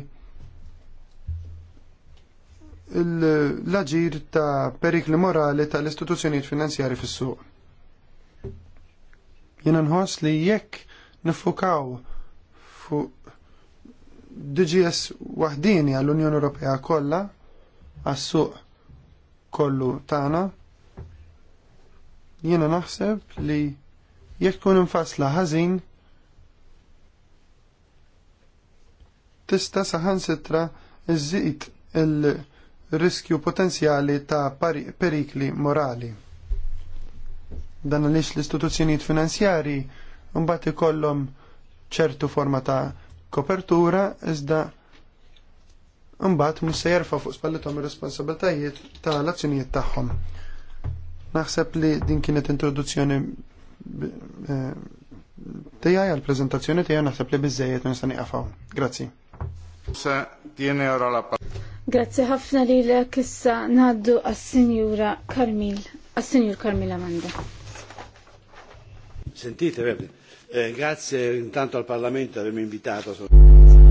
Speaker 4: l-aġir ta' perikli morali tal-istituzzjonijiet finanzjarji fis-suq. Jiena nħoss li jekk nifukaw fuq DGS waħdini għall-Unjoni Ewropea kollha għas-suq kollu tagħna jiena naħseb li jekk tkun infasla ħażin tista saħansitra iżżid il-riskju potenzjali ta' perikli morali. Dan għaliex l-istituzzjonijiet finanzjarji mbagħad ikollhom ċertu forma ta' kopertura iżda mbagħad mhux se jerfa' fuq spallithom ir-responsabiltajiet tal-azzjonijiet tagħhom. Naħseb li din kienet introduzzjoni eh, tiegħi għall preżentazzjoni tiegħi naħseb li biżejjed nista' nieqafgħu. Grazzi.
Speaker 1: Grazzi ħafna lilek issa ngħaddu għas-Sinjura Karmil, għas-Sinjur Karmil Amanda.
Speaker 3: Sentite, vedi. Eh, grazie intanto al Parlamento per avermi invitato.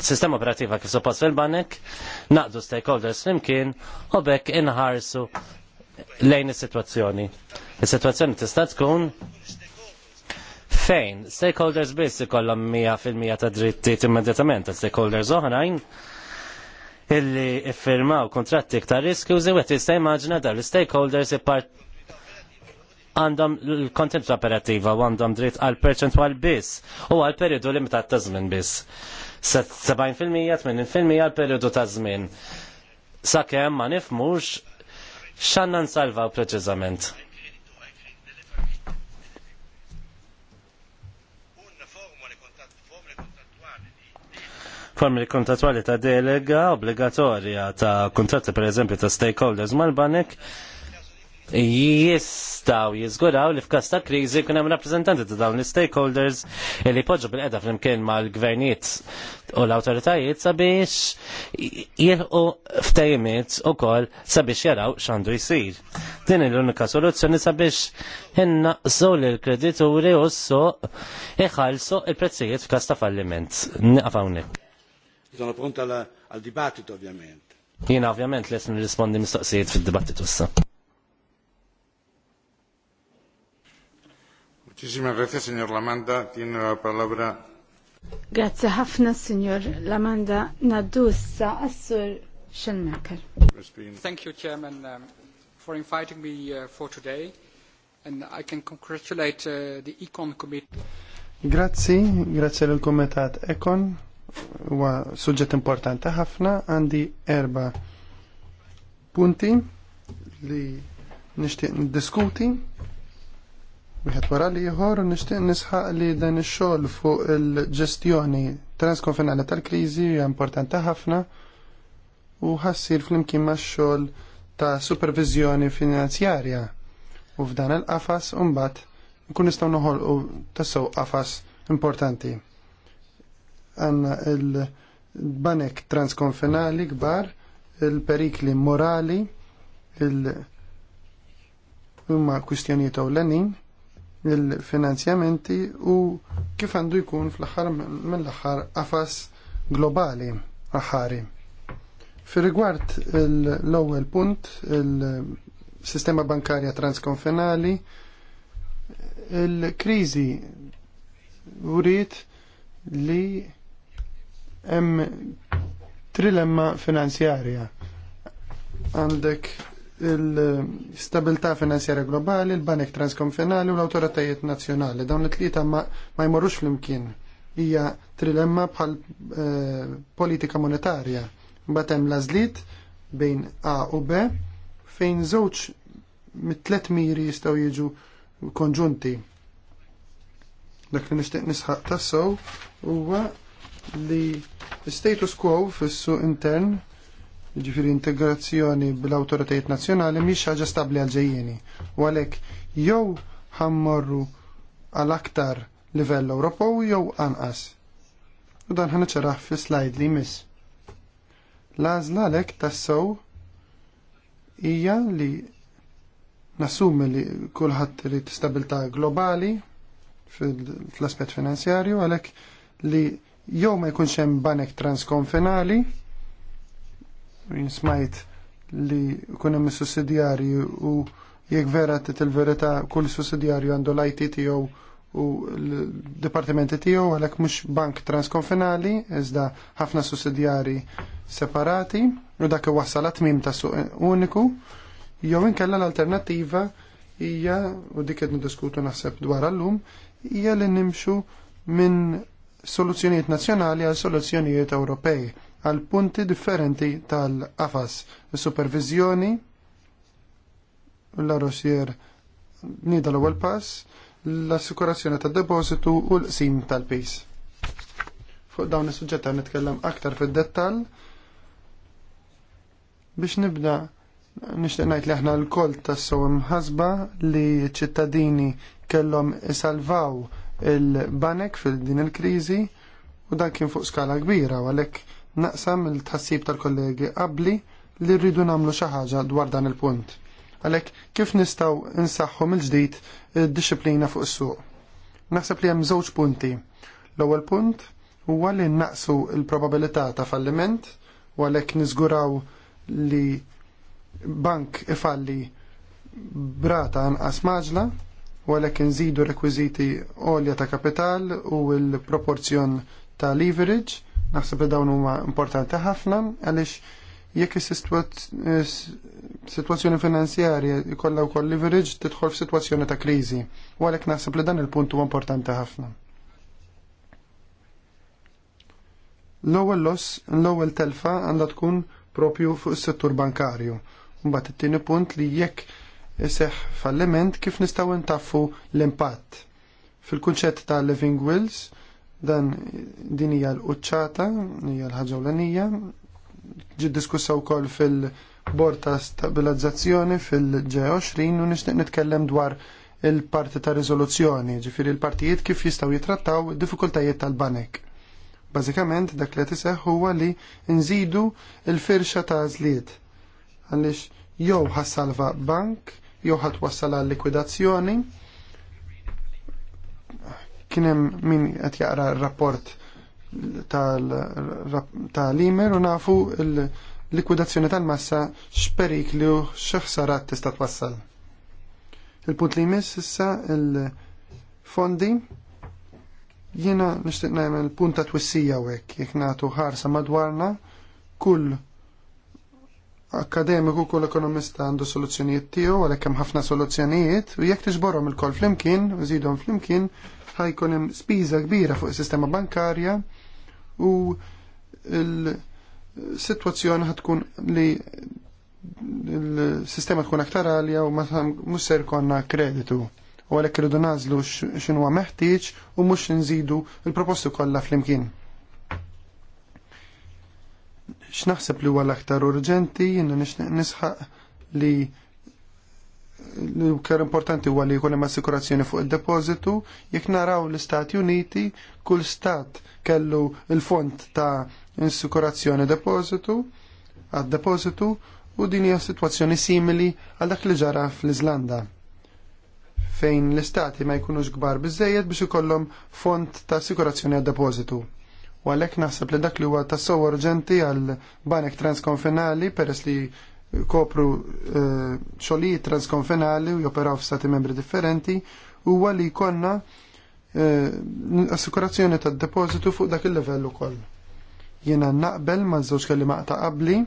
Speaker 3: sistema operativa kif suppost fil-banek, naqdu stakeholders flimkien u bekk inħarsu lejn is-sitwazzjoni. Is-sitwazzjoni tista' tkun fejn stakeholders biss ikollhom 100% ta' drittijiet immedjatament ta' stakeholders oħrajn illi iffirmaw kontratti iktar riski u jista' jimmaġina dawn l-stakeholders għandhom l-kontent operattiva u għandhom dritt għal perċentwal biss u għal periodu limitat ta' żmien biss. 70% 80% għal periodu ta' zmin. Sakemm ma nifmux xanna nsalvaw preċiżament. formi kontratwali ta' delega obbligatorja ta' kontratti per eżempju ta' stakeholders mal-banek jis jistaw jizguraw li f'kas ta' kriżi kun hemm rappreżentanti ta' dawn l-stakeholders li poġġu bil-qeda flimkien mal-gvernijiet u l-awtoritajiet sabiex jilqu ftejmiet ukoll sabiex jaraw x'għandu jsir. Din l-unika soluzzjoni sabiex innaqsu il kredituri u s-suq iħallsu il-prezzijiet f'kas ta' falliment. Nieqaf hawnhekk.
Speaker 4: Sono pronta għal dibattitu ovvjament.
Speaker 3: Jien ovvjament lesni nirrispondi mistoqsijiet fid-dibattitu issa. Muchísimas gracias, señor Lamanda. Tiene la palabra.
Speaker 1: Grazie ħafna, signor Lamanda. Nadussa, assur
Speaker 4: Schenmaker.
Speaker 2: Thank you, Chairman, um, for inviting me uh, for today. And I can congratulate uh, the Econ Committee.
Speaker 4: Grazzi, grazzi l kumitat Econ, huwa suġġett importanti ħafna, għandi erba punti li nixtieq diskuti wieħed wara li ieħor nixtieq nisħaq li dan ix-xogħol fuq il-ġestjoni transkonfinali tal-kriżi hija importanti ħafna u ħassir flimkien max-xogħol ta' supervizjoni finanzjarja u f'dan il-qafas mbagħad nkun nistgħu noħolqu tassew qafas importanti. Għandna il-banek transkonfinali kbar, il-perikli morali, il- kwistjoni kwistjonijiet ewlenin il-finanzjamenti u kif għandu jkun fl axar mill axar qafas globali aħari. Fi rigward l-ewwel punt, il-sistema bankarja transkonfenali, il-kriżi wrid li hemm trilemma finanzjarja għandek il-stabilità finanzjara globali, il-banek transkonfinali u l-autoritajiet nazjonali. Dawn it-tlieta ma, jmorrux flimkien. Hija trilemma bħal eh, politika monetarja. Mbagħad hemm lażlit bejn A u B fejn żewġ mit-tlet miri jistgħu jiġu konġunti. Dak li nixtieq nisħaq tassew huwa li status quo fis-suq intern ġifiri integrazzjoni bil-autoritajiet nazjonali miex ħaġa stabli għalġejjeni. U għalek jew ħammorru għal-aktar livell Ewropew jew anqas. U dan ħana ċaraħ fi slajd li mis. Lazla għalek tassow hija li nassumi li kulħadd trid stabilta globali fl-aspett finanzjarju għalhekk li jew ma jkunx hemm banek transkonfinali smajt li kunem s-sussidjari u jekk vera titil-verita kull sussidjarju għandu l-IT tiegħu u l-departimenti tiegħu għalek mhux bank transkonfinali iżda ħafna sussidjari separati u dak wassal għatmim ta' suq uniku jew inkella l-alternattiva hija u dik qed diskutu naħseb dwar llum hija li nimxu minn soluzzjonijiet nazzjonali għal soluzzjonijiet Ewropej għal punti differenti tal-qafas. Supervizjoni, l-arosjer nida l-ewwel pass, l-assikurazzjoni tad-depositu u l-qsim tal-pis. Fuq dawn is suġġetta nitkellem aktar fid-dettall biex nibda nixtieq ngħid li aħna l-koll tassew ħasba li ċ-ċittadini kellhom isalvaw il-banek fil-din il-kriżi u dan kien fuq skala kbira għalhekk naqsam il-tħassib tal-kollegi qabli li rridu nagħmlu xi ħaġa dwar dan il-punt. Għalhekk kif nistgħu insaħħu mill-ġdid id-disciplina fuq is-suq. Naħseb li hemm żewġ punti. L-ewwel punt huwa li naqsu l-probabilità ta' falliment u għalhekk niżguraw li bank ifalli brata anqas maġla u għalhekk inżidu rekwiżiti għolja ta' kapital u l-proporzjon ta' leverage Naħseb li dawn huma importanti ħafna għaliex jekk is-sitwazzjoni finanzjarja jkollha wkoll leverage tidħol f'sitwazzjoni ta' kriżi. U għalhekk naħseb li dan il-punt huwa importanti ħafna. L-ewwel loss, l-ewwel telfa għandha tkun propju fuq is-settur bankarju. Mbagħad it-tieni punt li jekk iseħ falliment kif nistgħu ntaffu l-impatt. Fil-kunċett ta' living wills, Dan din hija l-quċċata, hija l-ħaġa ewlenija, ġi diskussa wkoll fil-Bord ta' Stabilizzazzjoni fil-G20 u nixtieq nitkellem dwar il-parti ta' riżoluzzjoni, ġifiri l-partijiet kif jistgħu jitrattaw id-diffikultajiet tal-banek. Bażikament dak li tiseħ huwa li nżidu l-firxa ta' zliet. għaliex jew ħassalva bank, jew wassala l likwidazzjoni Kien hemm min qed jaqra r-rapport tal-imer u nafu l-likwidazzjoni tal-massa u x'ħsarat tista' twassal. Il-punt li jmiss issa il-fondi jiena nixtieq nagħmel punt ta' twissija hekk jekk nagħtu ħarsa madwarna kull akademiku kull ekonomista għandu soluzzjonijiet tiegħu għalhekk hemm ħafna soluzzjonijiet u jekk tixborhom il-kol flimkien u żidhom flimkien ħajkun hemm spiża kbira fuq is-sistema bankarja u l-sitwazzjoni ħatkun li l-sistema tkun aktar għalja u mhux ser konna kreditu. U għalhekk irridu nażlu x'inhu meħtieġ u mhux nżidu l-proposti kollha flimkien. X'naħseb li huwa l-aktar urġenti, jiena nisħaq li l-iktar importanti huwa li jkun hemm assikurazzjoni fuq id-depożitu, jekk naraw l-Istati Uniti, kull stat kellu l-fond ta' assikurazzjoni depożitu għad-depożitu u din hija sitwazzjoni simili għal dak li ġara fl-Iżlanda fejn l-istati ma jkunux kbar bizzejed biex ikollhom fond ta' assikurazzjoni għad-depożitu u għalek naħseb li dak li huwa tassew urġenti għal banek transkonfinali peress li kopru eh, xogħlijiet transkonfenali u joperaw f'stati membri differenti huwa li jkollna eh, assikurazzjoni tad-depożitu fuq dak il-livell koll. Jena naqbel ma' żewġ kelli ta' qabli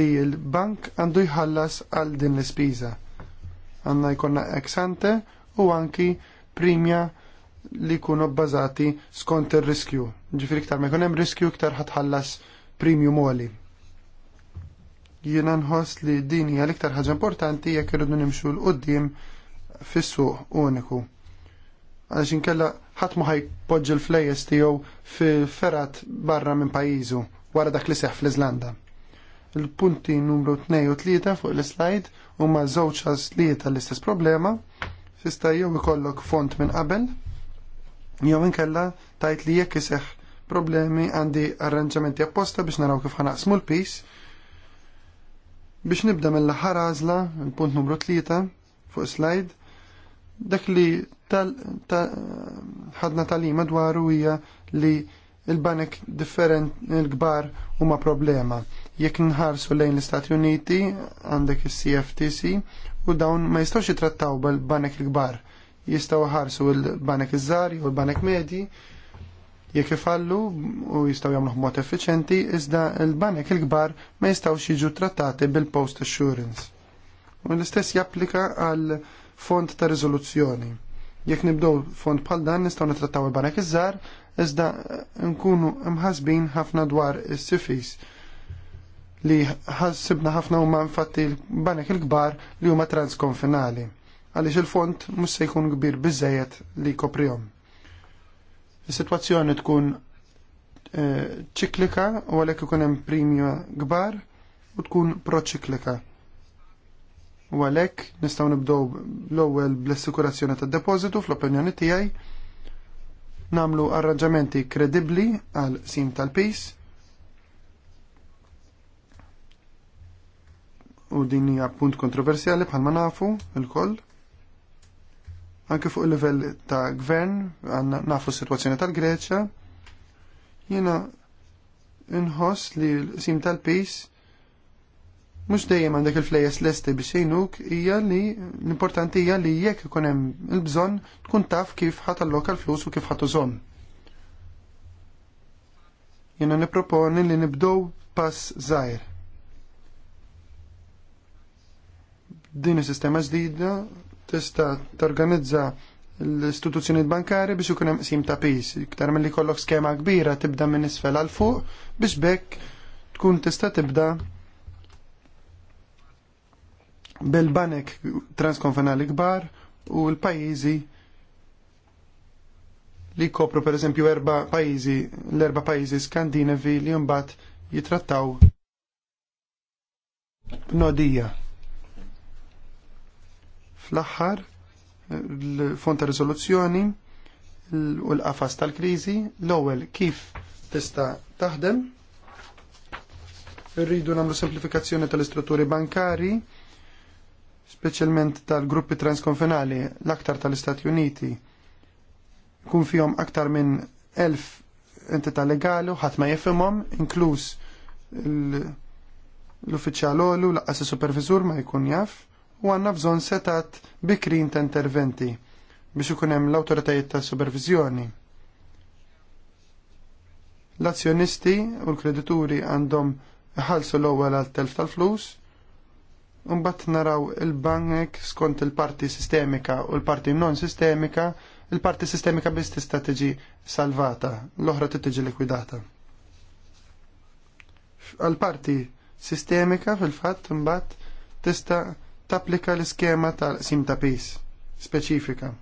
Speaker 4: li l-bank għandu jħallas għal din l-ispiża. Għanna jkollna ex ante u anki primja li jkunu bbażati skont ir-riskju. Ġifieri ktar ma jkun hemm riskju ktar ħatħallas premium għali jiena nħoss li din hija l-iktar ħaġa importanti jekk irridu nimxu l qudiem fis-suq uniku. Għaliex inkella ħadd ma ħajpoġġi l-flejjes tiegħu fil-ferat barra minn pajjiżu wara dak li seħħ fl-Iżlanda. Il-punti numru 2 u 3 fuq l-slide huma żewġ għażliet tal-istess problema. Tista' jew ikollok font minn qabel, jew inkella tajt li jekk iseħħ problemi għandi arranġamenti apposta biex naraw kif ħanaqsmu l piece Biex nibda mill-aħħar għażla, il-punt numru 3 fuq slide, dak li ħadna talima dwaru hija li il-banek different il-kbar huma problema. Jekk nħarsu lejn l-Istati Uniti għandek is-CFTC u dawn ma jistawx jitrattaw bil-banek il-kbar. Jistgħu ħarsu il banek iż-żar jew l-banek medji jekk ifallu u jistgħu jagħmlu b'mod effiċjenti iżda l-banek il-kbar ma jistgħux jiġu trattati bil-post assurance. U l-istess japplika għal fond ta' riżoluzzjoni. Jekk nibdew fond bħal dan nistgħu nitrattaw il-banek iż-żgħar iżda nkunu mħasbin ħafna dwar is-sifis li ħassibna ħafna huma infatti l-banek il-kbar li huma transkonfinali għaliex il-font mhux se jkun kbir biżejjed li jkoprihom. Is-sitwazzjoni tkun eh, ċiklika u għalhekk ikun hemm premja kbar u tkun proċiklika. U għalhekk nistgħu nibdew l-ewwel bl-assikurazzjoni tad-depożitu fl-opinjoni tiegħi namlu arranġamenti kredibbli għal sim tal-pis u din hija punt kontroversjali bħalma nafu il-koll anke fuq il-livell ta' gvern, għanna nafu s-situazzjoni tal-Greċja, jena nħoss li l-sim tal-pis mux dejjem għandek il-flejes l-esti biex jenuk, hija li l-importanti hija li jekk ikun hemm il-bżonn tkun taf kif ħat allokal flus u kif ħat użom. Jena niproponi li nibdow pass żgħir. Din is-sistema ġdida tista' torganizza l-istituzzjoni bankari biex ikun hemm qsim ta' pis. Iktar milli kollok skema kbira tibda minn isfel għal fuq biex bekk tkun tista' tibda bil-banek transkonfenali kbar u l-pajjiżi li kopru per eżempju erba pajjiżi l-erba pajjiżi skandinavi li mbagħad jitrattaw nodija. Fl-aħħar, l fonta ta' u l-qafas tal-kriżi, l-ewwel kif tista' taħdem, rridu nagħmlu semplifikazzjoni tal-istrutturi bankari, speċjalment tal-gruppi transkonfenali l-aktar tal-Istati Uniti kun fihom aktar minn elf entità legali u ħadd ma jifhimhom, inkluż l-uffiċjal olu laqqas is-supervisur ma jkun jaf u għanna bżon setat bikrin ta' interventi biex ikun hemm l-awtoritajiet ta' supervizjoni. L-azzjonisti u l-kredituri għandhom ħalsu l-ewwel għal telf tal-flus, u naraw il-bank skont il-parti sistemika u l-parti non sistemika, il-parti sistemika biss tista' tiġi salvata, l-oħra tiġi likwidata. Għal-parti sistemika fil-fatt imbagħad tista' tapplika l-iskema tal-qsim ta' pis speċifika.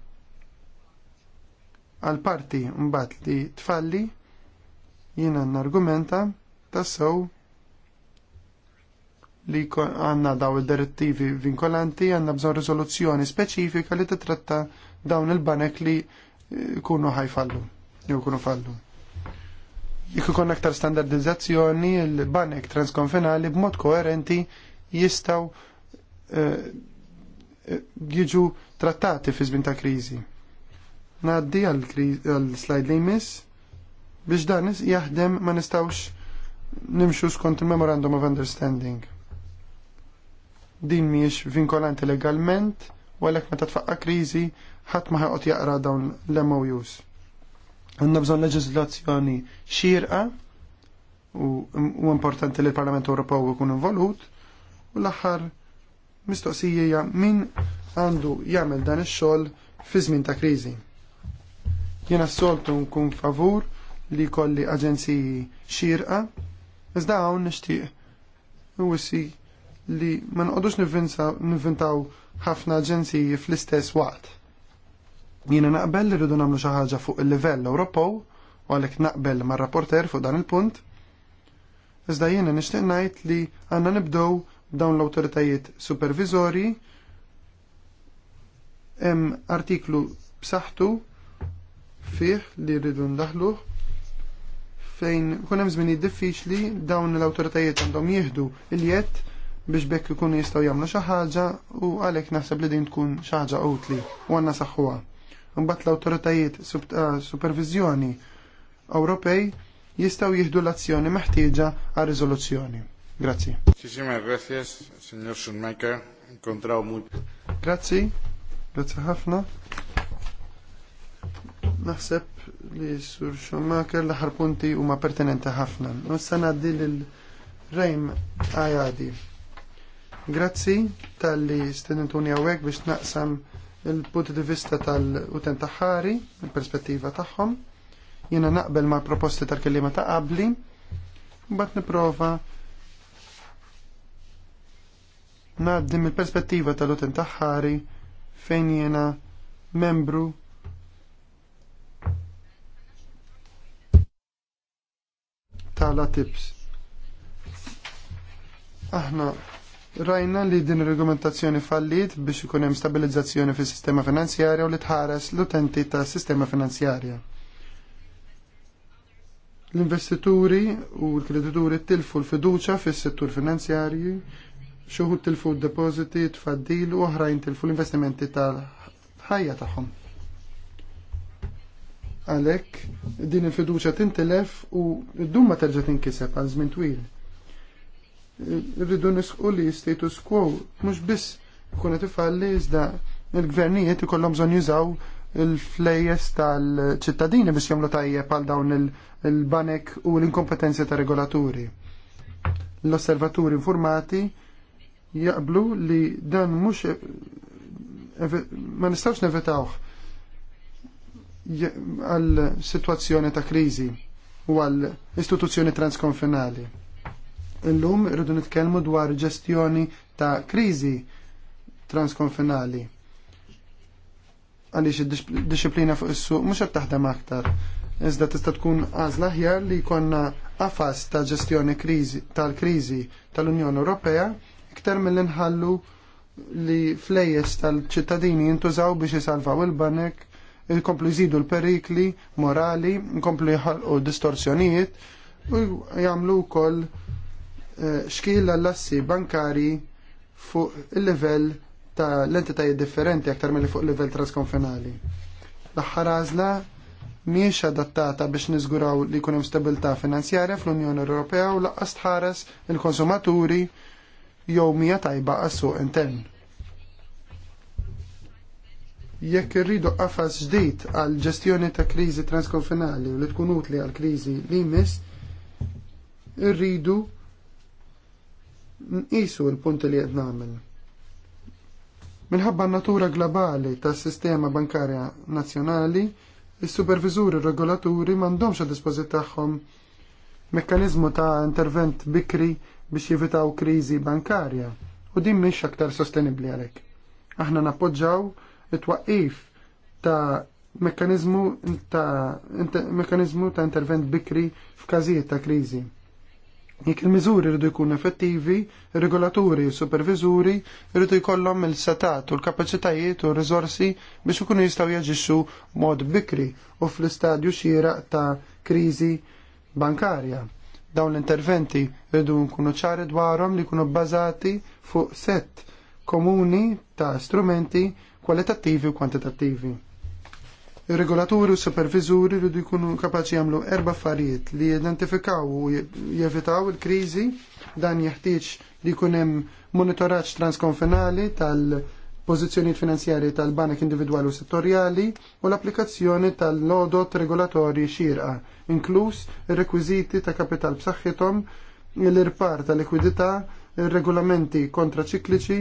Speaker 4: Għal parti mbagħad li tfalli jiena n-argumenta tassew li għanna daw il-direttivi vinkolanti għanna bżon rizoluzzjoni speċifika li titratta dawn il-banek li eh, kunu ħajfallu, jew kunu fallu. Jik ikun aktar standardizzazzjoni, il-banek transkonfinali b'mod koerenti jistaw Eh, eh, jiġu trattati fi żmien ta' kriżi. Ngħaddi għall-slide li jmiss biex dan jaħdem ma nistawx nimxu skont il-Memorandum of Understanding. Din miex vinkolanti legalment u għalhekk meta tfaqqa kriżi ħadd ma ħaqot jaqra dawn l-MOUs. Għandna bżonn leġiżlazzjoni xierqa u importanti li l-Parlament Ewropew ikun involut u l-aħħar mistoqsija min għandu jagħmel dan ix-xogħol fi żmien ta' kriżi. Jiena s-soltu nkun favur li kolli aġenziji xirqa, iżda hawn nixtieq wissi li ma noqogħdux nivvintaw ħafna aġenziji fl-istess waqt. Jiena naqbel li rridu nagħmlu xi ħaġa fuq il-livell Ewropew u għalhekk naqbel mar-rapporter fuq dan il-punt. Iżda jiena nixtieq ngħid li għandna nibdew dawn l-autoritajiet supervizori hemm artiklu b'saħħtu fih li rridu ndaħluh fejn kun hemm żmien diffiċli dawn l-awtoritajiet għandhom jieħdu il-jett biex bekk ikunu jistgħu jagħmlu xi ħaġa u għalhekk naħseb li din tkun xi ħaġa utli u għandna saħħuha. Imbagħad l-awtoritajiet eh, supervizjoni Ewropej jistgħu jieħdu l-azzjoni meħtieġa għar riżoluzzjoni. Grazzi.
Speaker 3: Muchísimas gracias, señor Encontrado muy...
Speaker 4: Grazzi, grazzi ħafna. Naħseb li sur Schumacher l-ħar punti huma pertinenti ħafna. Nussa naddi l-Rejm Ajadi. Grazzi tal-li stendentuni għawek biex naqsam il-punti di vista tal-utent taħħari, il-perspettiva tagħhom. Jiena naqbel ma' proposti tal-kellima ta' qabli, bat niprofa naddim mill-perspettiva tal utin taħħari fejn jena membru tala tips. Aħna rajna li din ir-regumentazzjoni fallit biex ikun hemm stabilizzazzjoni fis sistema finanzjarja u li tħares l-utenti ta' sistema finanzjarja. L-investituri u l-kredituri tilfu l-fiduċa fis settur finanzjarji xuħu tilfu depositi, tfaddil u oħrajn tilfu l-investimenti tal-ħajja tagħhom. Għalhekk din il-fiduċja tintilef u d-dum ma terġa' tinkiseb għal żmien twil. Rridu nisqu li status quo mhux biss ikun qed iżda il-gvernijiet ikollhom bżonn jużaw il-flejjes tal-ċittadini biex jagħmlu tajjeb għal dawn il-banek u l-inkompetenzi tar regolaturi. L-osservaturi informati jaqblu li dan mhux ma nistgħux nevetawx għal situazzjoni ta' kriżi u għal istituzzjoni transkonfinali. Illum irridu nitkellmu dwar ġestjoni ta' kriżi transkonfinali. Għaliex id-disciplina fuq is-suq mhux qed taħdem aktar. Iżda tista' tkun għażla ħjar li jkollna qafas ta' ġestjoni tal-kriżi tal-Unjoni Ewropea iktar mill-inħallu li flejjes tal-ċittadini jintużaw biex jisalvaw il-banek, jkomplu jżidu l-perikli morali, jkomplu jħalqu distorsjonijiet u jagħmlu wkoll eh, xkil l-assi bankari fuq il-livell ta' l-entitajiet differenti aktar mill fuq livell transkonfinali. L-aħħar għażla mhijiex adattata biex niżguraw li jkun hemm stabilità finanzjarja fl-Unjoni Ewropea u laqqas tħares il-konsumaturi jew mija tajba għassu enten. intern. Jekk irridu qafas ġdid għal ġestjoni ta' kriżi transkonfinali u li tkun utli għal kriżi li jmiss, irridu nqisu l-punti li qed nagħmel. Minħabba natura globali tas sistema bankarja nazzjonali, is-superviżuri regolaturi m'għandhomx a dispożit tagħhom mekkaniżmu ta' intervent bikri biex jivitaw kriżi bankarja u din mhix aktar sostenibbli għalhekk. Aħna nappoġġaw it-twaqqif ta' mekkanizmu ta' mekkanizmu ta' intervent bikri f'każijiet ta' kriżi. Jekk il-miżuri rridu jkunu effettivi, regolaturi u superviżuri rridu jkollhom il-setat u l-kapaċitajiet u r-riżorsi biex ikunu jistgħu jaġixxu mod bikri u fl-istadju xieraq ta' kriżi bankarja Dawn l-interventi rridu nkunu ċari dwarhom li jkunu bbażati fuq set komuni ta' strumenti kwalitattivi u kwantitattivi. Ir-regolaturi u supervizuri rridu jkunu kapaċi jagħmlu erba' affarijiet li jidentifikaw u jevitaw il-kriżi dan jeħtieġ li jkun hemm monitoraġġ transkonfinali tal- pożizzjonijiet finanzjarji tal-banek individwali u settorjali u l-applikazzjoni tal-lodot regolatorji xirqa, inkluż il rekwiżiti ta' kapital b'saħħithom, l-irpar ta' likwidità, ir-regolamenti kontraċikliċi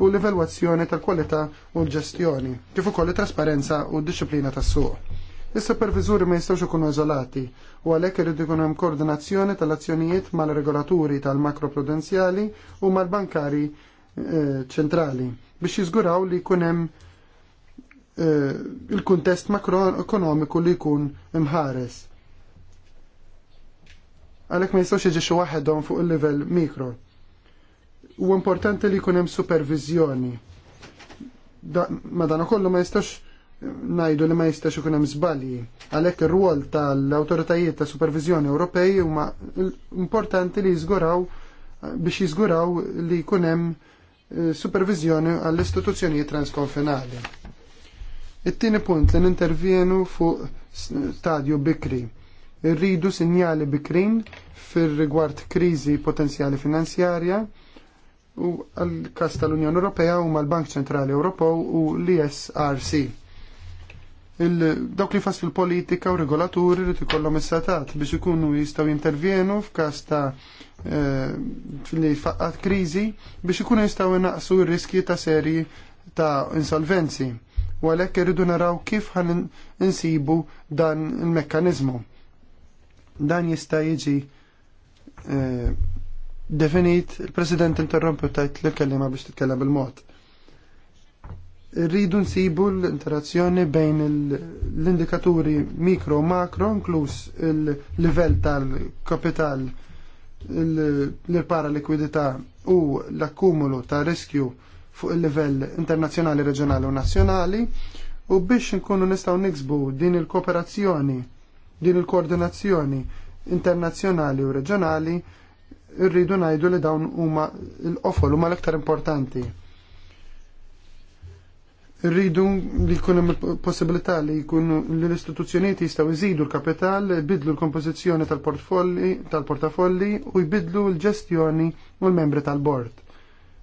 Speaker 4: u l-evalwazzjoni tal-kwalità u l-ġestjoni, kif ukoll it-trasparenza u d-disciplina tas-suq. Is-supervizuri ma jistgħux ikunu eżolati u għalhekk irid ikun hemm koordinazzjoni tal-azzjonijiet mal-regolaturi tal-makroprudenzjali u mal-bankari Eh, ċentrali biex jiżguraw li jkun hemm eh, il-kuntest makroekonomiku li jkun imħares. Għalhekk ma jistgħux jiġi waħedhom fuq il-livell mikro. U importanti li jkun hemm supervizjoni. Madana kollu ma jistax najdu li ma jistax ikun hemm żbalji. Għalhekk ir-rwol tal-awtoritajiet ta' supervizjoni Ewropej huma importanti li jiżguraw biex jiżguraw li jkun hemm Eh, supervizjoni għall-istituzzjonijiet transkonfinali. It-tieni punt li nintervjenu fuq stadju bikri. Irridu sinjali bikrin fir rigward kriżi potenzjali finanzjarja u għal-kas tal-Unjoni Ewropea u mal-Bank Ċentrali Ewropew u l-ISRC dawk li fas fil politika u regolaturi li ikollhom is-satat biex ikunu jistgħu jintervjenu f'każ ta' eh, li faqqat kriżi biex ikunu jistgħu jnaqsu r-riskji ta' serji ta' insolvenzi. U għalhekk irridu naraw kif ħan insibu dan il-mekkaniżmu. Dan jista' jiġi eh, definit il-President interrompu tajt l-kellima biex titkellem bil-mod rridu nsibu l-interazzjoni bejn l-indikaturi mikro u makro, inkluż il-livell tal-kapital, l-para likwidità u l-akkumulu ta' riskju fuq il-livell internazzjonali, reġjonali u nazzjonali u biex nkunu nistgħu niksbu din il-kooperazzjoni, din il-koordinazzjoni internazzjonali u reġjonali, rridu ngħidu li dawn huma l-qofol huma l-aktar importanti rridu li jkun hemm possibilità li jkunu l-istituzzjonijiet jistgħu jżidu l-kapital, jbidlu l-kompożizzjoni tal-portfolli tal-portafolli u jbidlu l-ġestjoni u l-membri tal-bord.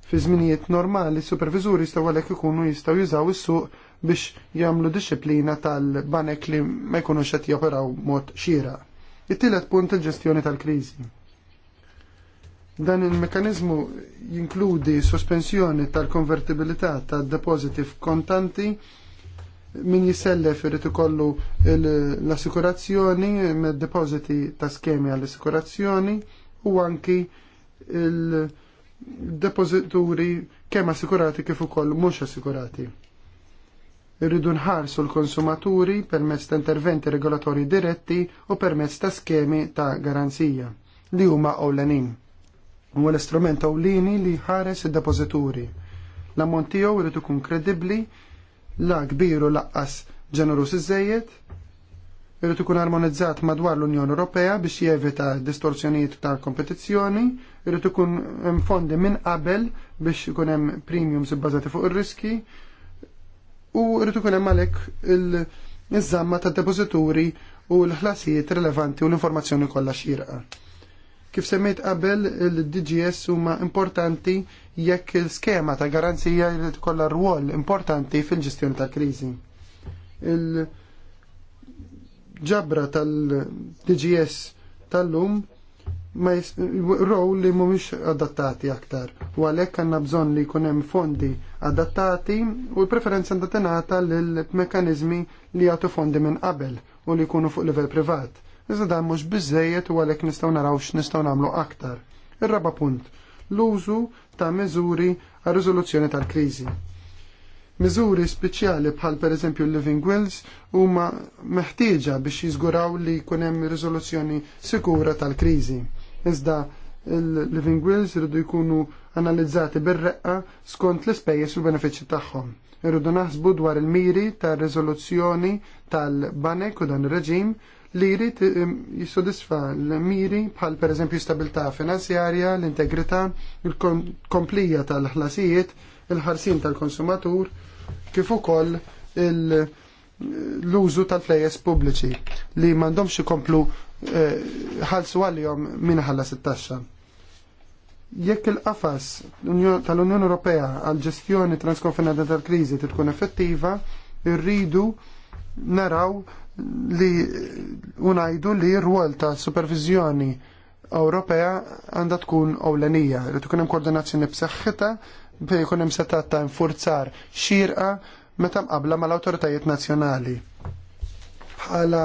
Speaker 4: Fi żminijiet normali, s superviżuri jistgħu għalhekk ikunu jistgħu jużaw is-suq biex jagħmlu disċiplina tal-banek li ma jkunux qed joperaw mod xira. It-tielet punt il-ġestjoni tal-kriżi. Dan il-mekanizmu jinkludi sospensjoni tal-konvertibilità tad-depositi f'kontanti min jisellef irrit ikollu l-assikurazzjoni med depositi ta' skemi għall-assikurazzjoni u anki il-depozituri kemm assikurati kif ukoll mhux assikurati. Irridu nħarsu l-konsumaturi permezz ta' interventi regolatori diretti u permezz ta' skemi ta' garanzija li huma ewlenin huwa l-istrument ewlieni li ħares id-depożituri. L-ammont tiegħu irid ikun kredibbli, la u laqqas ġenerus iżejjed, irid ikun armonizzat madwar l-Unjoni Ewropea biex jevita distorsjonijiet ta' kompetizzjoni, irid ikun hemm fondi minn qabel biex ikun hemm premiums ibbażati fuq ir-riski u irid ikun hemm għalhekk iż żamma tad depożituri u l-ħlasijiet rilevanti u l-informazzjoni kollha x'jirqa. Kif semmejt qabel il-DGS huma importanti jekk il-skema ta' garanzija li tkollha rwol importanti fil-ġestjoni tal-kriżi. Il-ġabra tal-DGS tal-lum ma row li mhumiex adattati aktar. U għalhekk għandna bżonn li jkun hemm fondi adattati u l-preferenza għandha tingħata lill mekkaniżmi li jagħtu fondi minn qabel u li jkunu fuq livell privat Iżda dan mhux biżejjed u għalhekk nistgħu naraw x'nistgħu nagħmlu aktar. Ir-raba punt l-użu ta' miżuri għal riżoluzzjoni tal-kriżi. Miżuri speċjali bħal pereżempju living wills huma meħtieġa biex jiżguraw li jkun hemm riżoluzzjoni sikura tal-kriżi. Iżda il-living wills irridu jkunu analizzati bir-reqqa skont l-ispejjeż u l-benefiċċji tagħhom. Irridu naħsbu dwar il-miri tar-riżoluzzjoni tal-banek u dan ir-reġim li jrid jissodisfa l-miri bħal pereżempju stabilità finanzjarja, l-integrità, il-komplija tal-ħlasijiet, il-ħarsin tal-konsumatur, kif ukoll l-użu tal-flejes pubbliċi li m'għandhomx ikomplu eh, ħalsu għalihom min ħallas it-taxxa. Jekk il-qafas tal-Unjoni Ewropea għal ġestjoni transkonfinata tal-kriżi tkun effettiva, irridu naraw li unajdu li r-rwol ta' supervizjoni Ewropea għandha tkun ewlenija, li tkun hemm koordinazzjoni b'saħħitha bej jkun hemm setat ta' infurzar xirqa meta mqabla mal-awtoritajiet nazzjonali. Bħala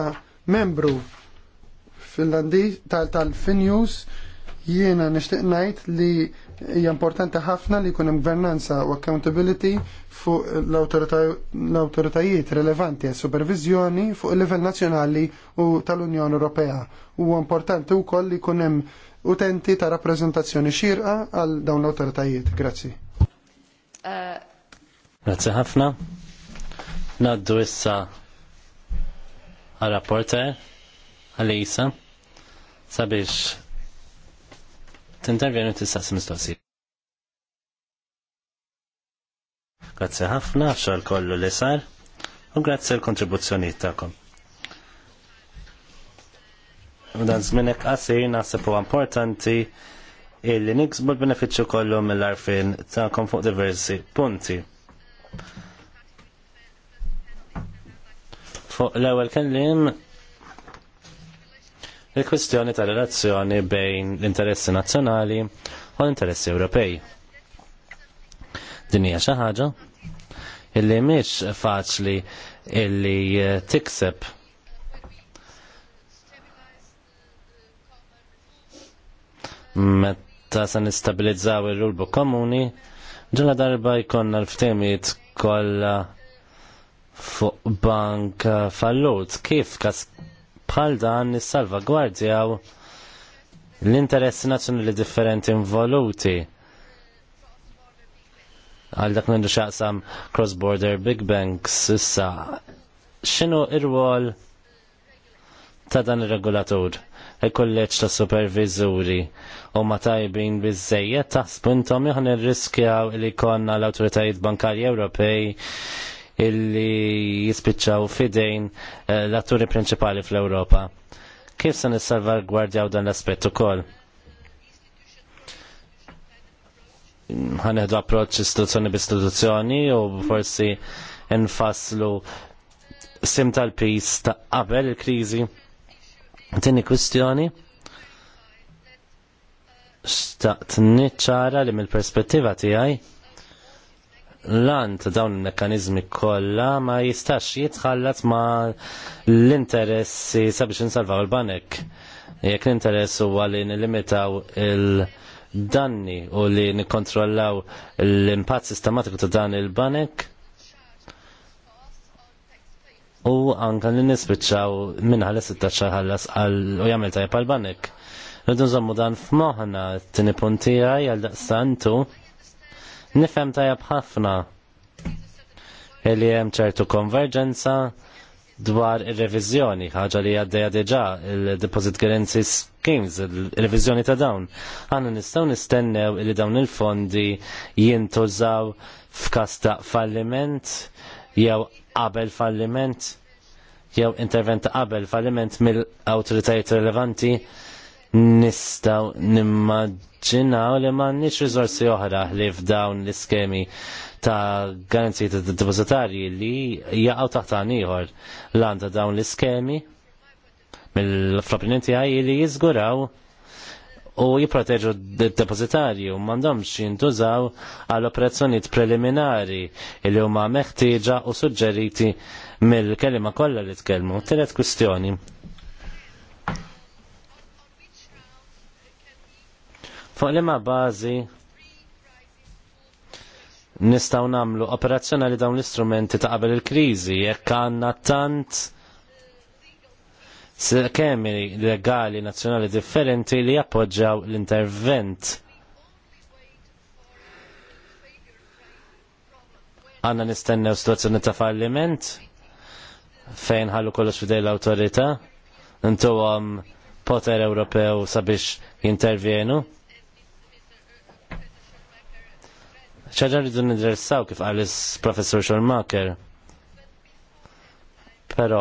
Speaker 4: membru Finlandi tal-Finjus jiena nixtieq ngħid li hija importanti ħafna li jkun hemm gvernanza u accountability fuq l-awtoritajiet rilevanti għas supervizjoni fuq il-livell nazzjonali u tal-Unjoni Ewropea. Huwa importanti wkoll li jkun hemm utenti ta' rappreżentazzjoni xirqa għal dawn l-awtoritajiet. Grazzi. Uh,
Speaker 3: Grazzi ħafna. Naddu issa għal rapporter għal Isa sabiex t-intervjeni t tistaqsi mistoqsi. Grazie ħafna għaxol kollu li sar u grazie l-kontribuzzjoni ta'kom. U dan zminek għasir nasib u importanti illi niksbu l-beneficju kollu mill-arfin ta'kom fuq diversi punti. Fuq l-ewel kellim il-kwestjoni ta' relazzjoni bejn l-interessi nazzjonali u l-interessi Ewropej. Din hija xi ħaġa illi mhix faċli illi eh, tikseb meta se nistabilizzaw ir-rulbu komuni ġala darba jkollna l-ftemiet kollha fuq bank fallut kif kas bħal dan nissalvagwardjaw l-interessi nazzjonali differenti involuti għal dak nindu xaqsam cross-border big banks issa xinu ir-rwol ta' dan ir-regulatur il kolleċ ta' supervizuri u ma tajbin bizzejiet ta' spuntom jħan irriskjaw li konna l-autoritajiet bankarji Ewropej illi jispiċċaw fidejn eh, l-atturi prinċipali fl-Ewropa. Kif se nissalvagwardjaw dan l-aspett ukoll? ħaneħdu approċċ istituzzjoni b'istituzzjoni u forsi nfasslu sim tal-pis ta' qabel il-kriżi. Tini kwistjoni xtaqt niċċara li mill-perspettiva tiegħi l-ant dawn il-mekkanizmi kollha ma jistax jitħallat ma l-interessi sabiex nsalvaw il-banek. Jekk l-interess huwa li nilimitaw il-danni u li nikkontrollaw l-impatt sistematiku ta' dan il-banek, u anka li nispiċċaw minna l-sitta għal u jagħmel tajjeb għal-banek. Rridu nżommu dan f'moħħna t-tini puntijaj għal daqstantu Nifhem tajab ħafna li hemm ċertu konverġenza dwar ir-reviżjoni, ħaġa li għaddejja diġà il-Deposit Guarantee Schemes, il-reviżjoni ta' dawn. Għanna nistgħu nistennew li dawn il-fondi jintużaw f'kasta ta' falliment jew qabel falliment jew intervent qabel falliment mill-awtoritajiet rilevanti nistaw nimmaġinaw li ma nix rizorsi oħra li f'dawn l-iskemi ta' garanzija ta' depozitarji li jaqaw taħt ieħor l-għanda dawn l-iskemi mill-frappinenti għaj li jizguraw u jiproteġu d-depozitarju mandomx jintużaw għal operazzjoniet preliminari li huma meħtieġa u suġġeriti mill-kelima kollha li tkellmu. Telet kwistjoni Fuq li ma bażi nistgħu nagħmlu operazzjonali dawn l-istrumenti ta' qabel il-kriżi jekk għandna tant kemmi legali nazzjonali differenti li jappoġġaw l-intervent. Għanna nistennew situazzjoni ta' falliment fejn ħallu kollox fidej l-autorita, intu għam poter Ewropew sabiex jintervjenu. ċaġa rridu nidressaw kif għalis professor Schormaker. Pero,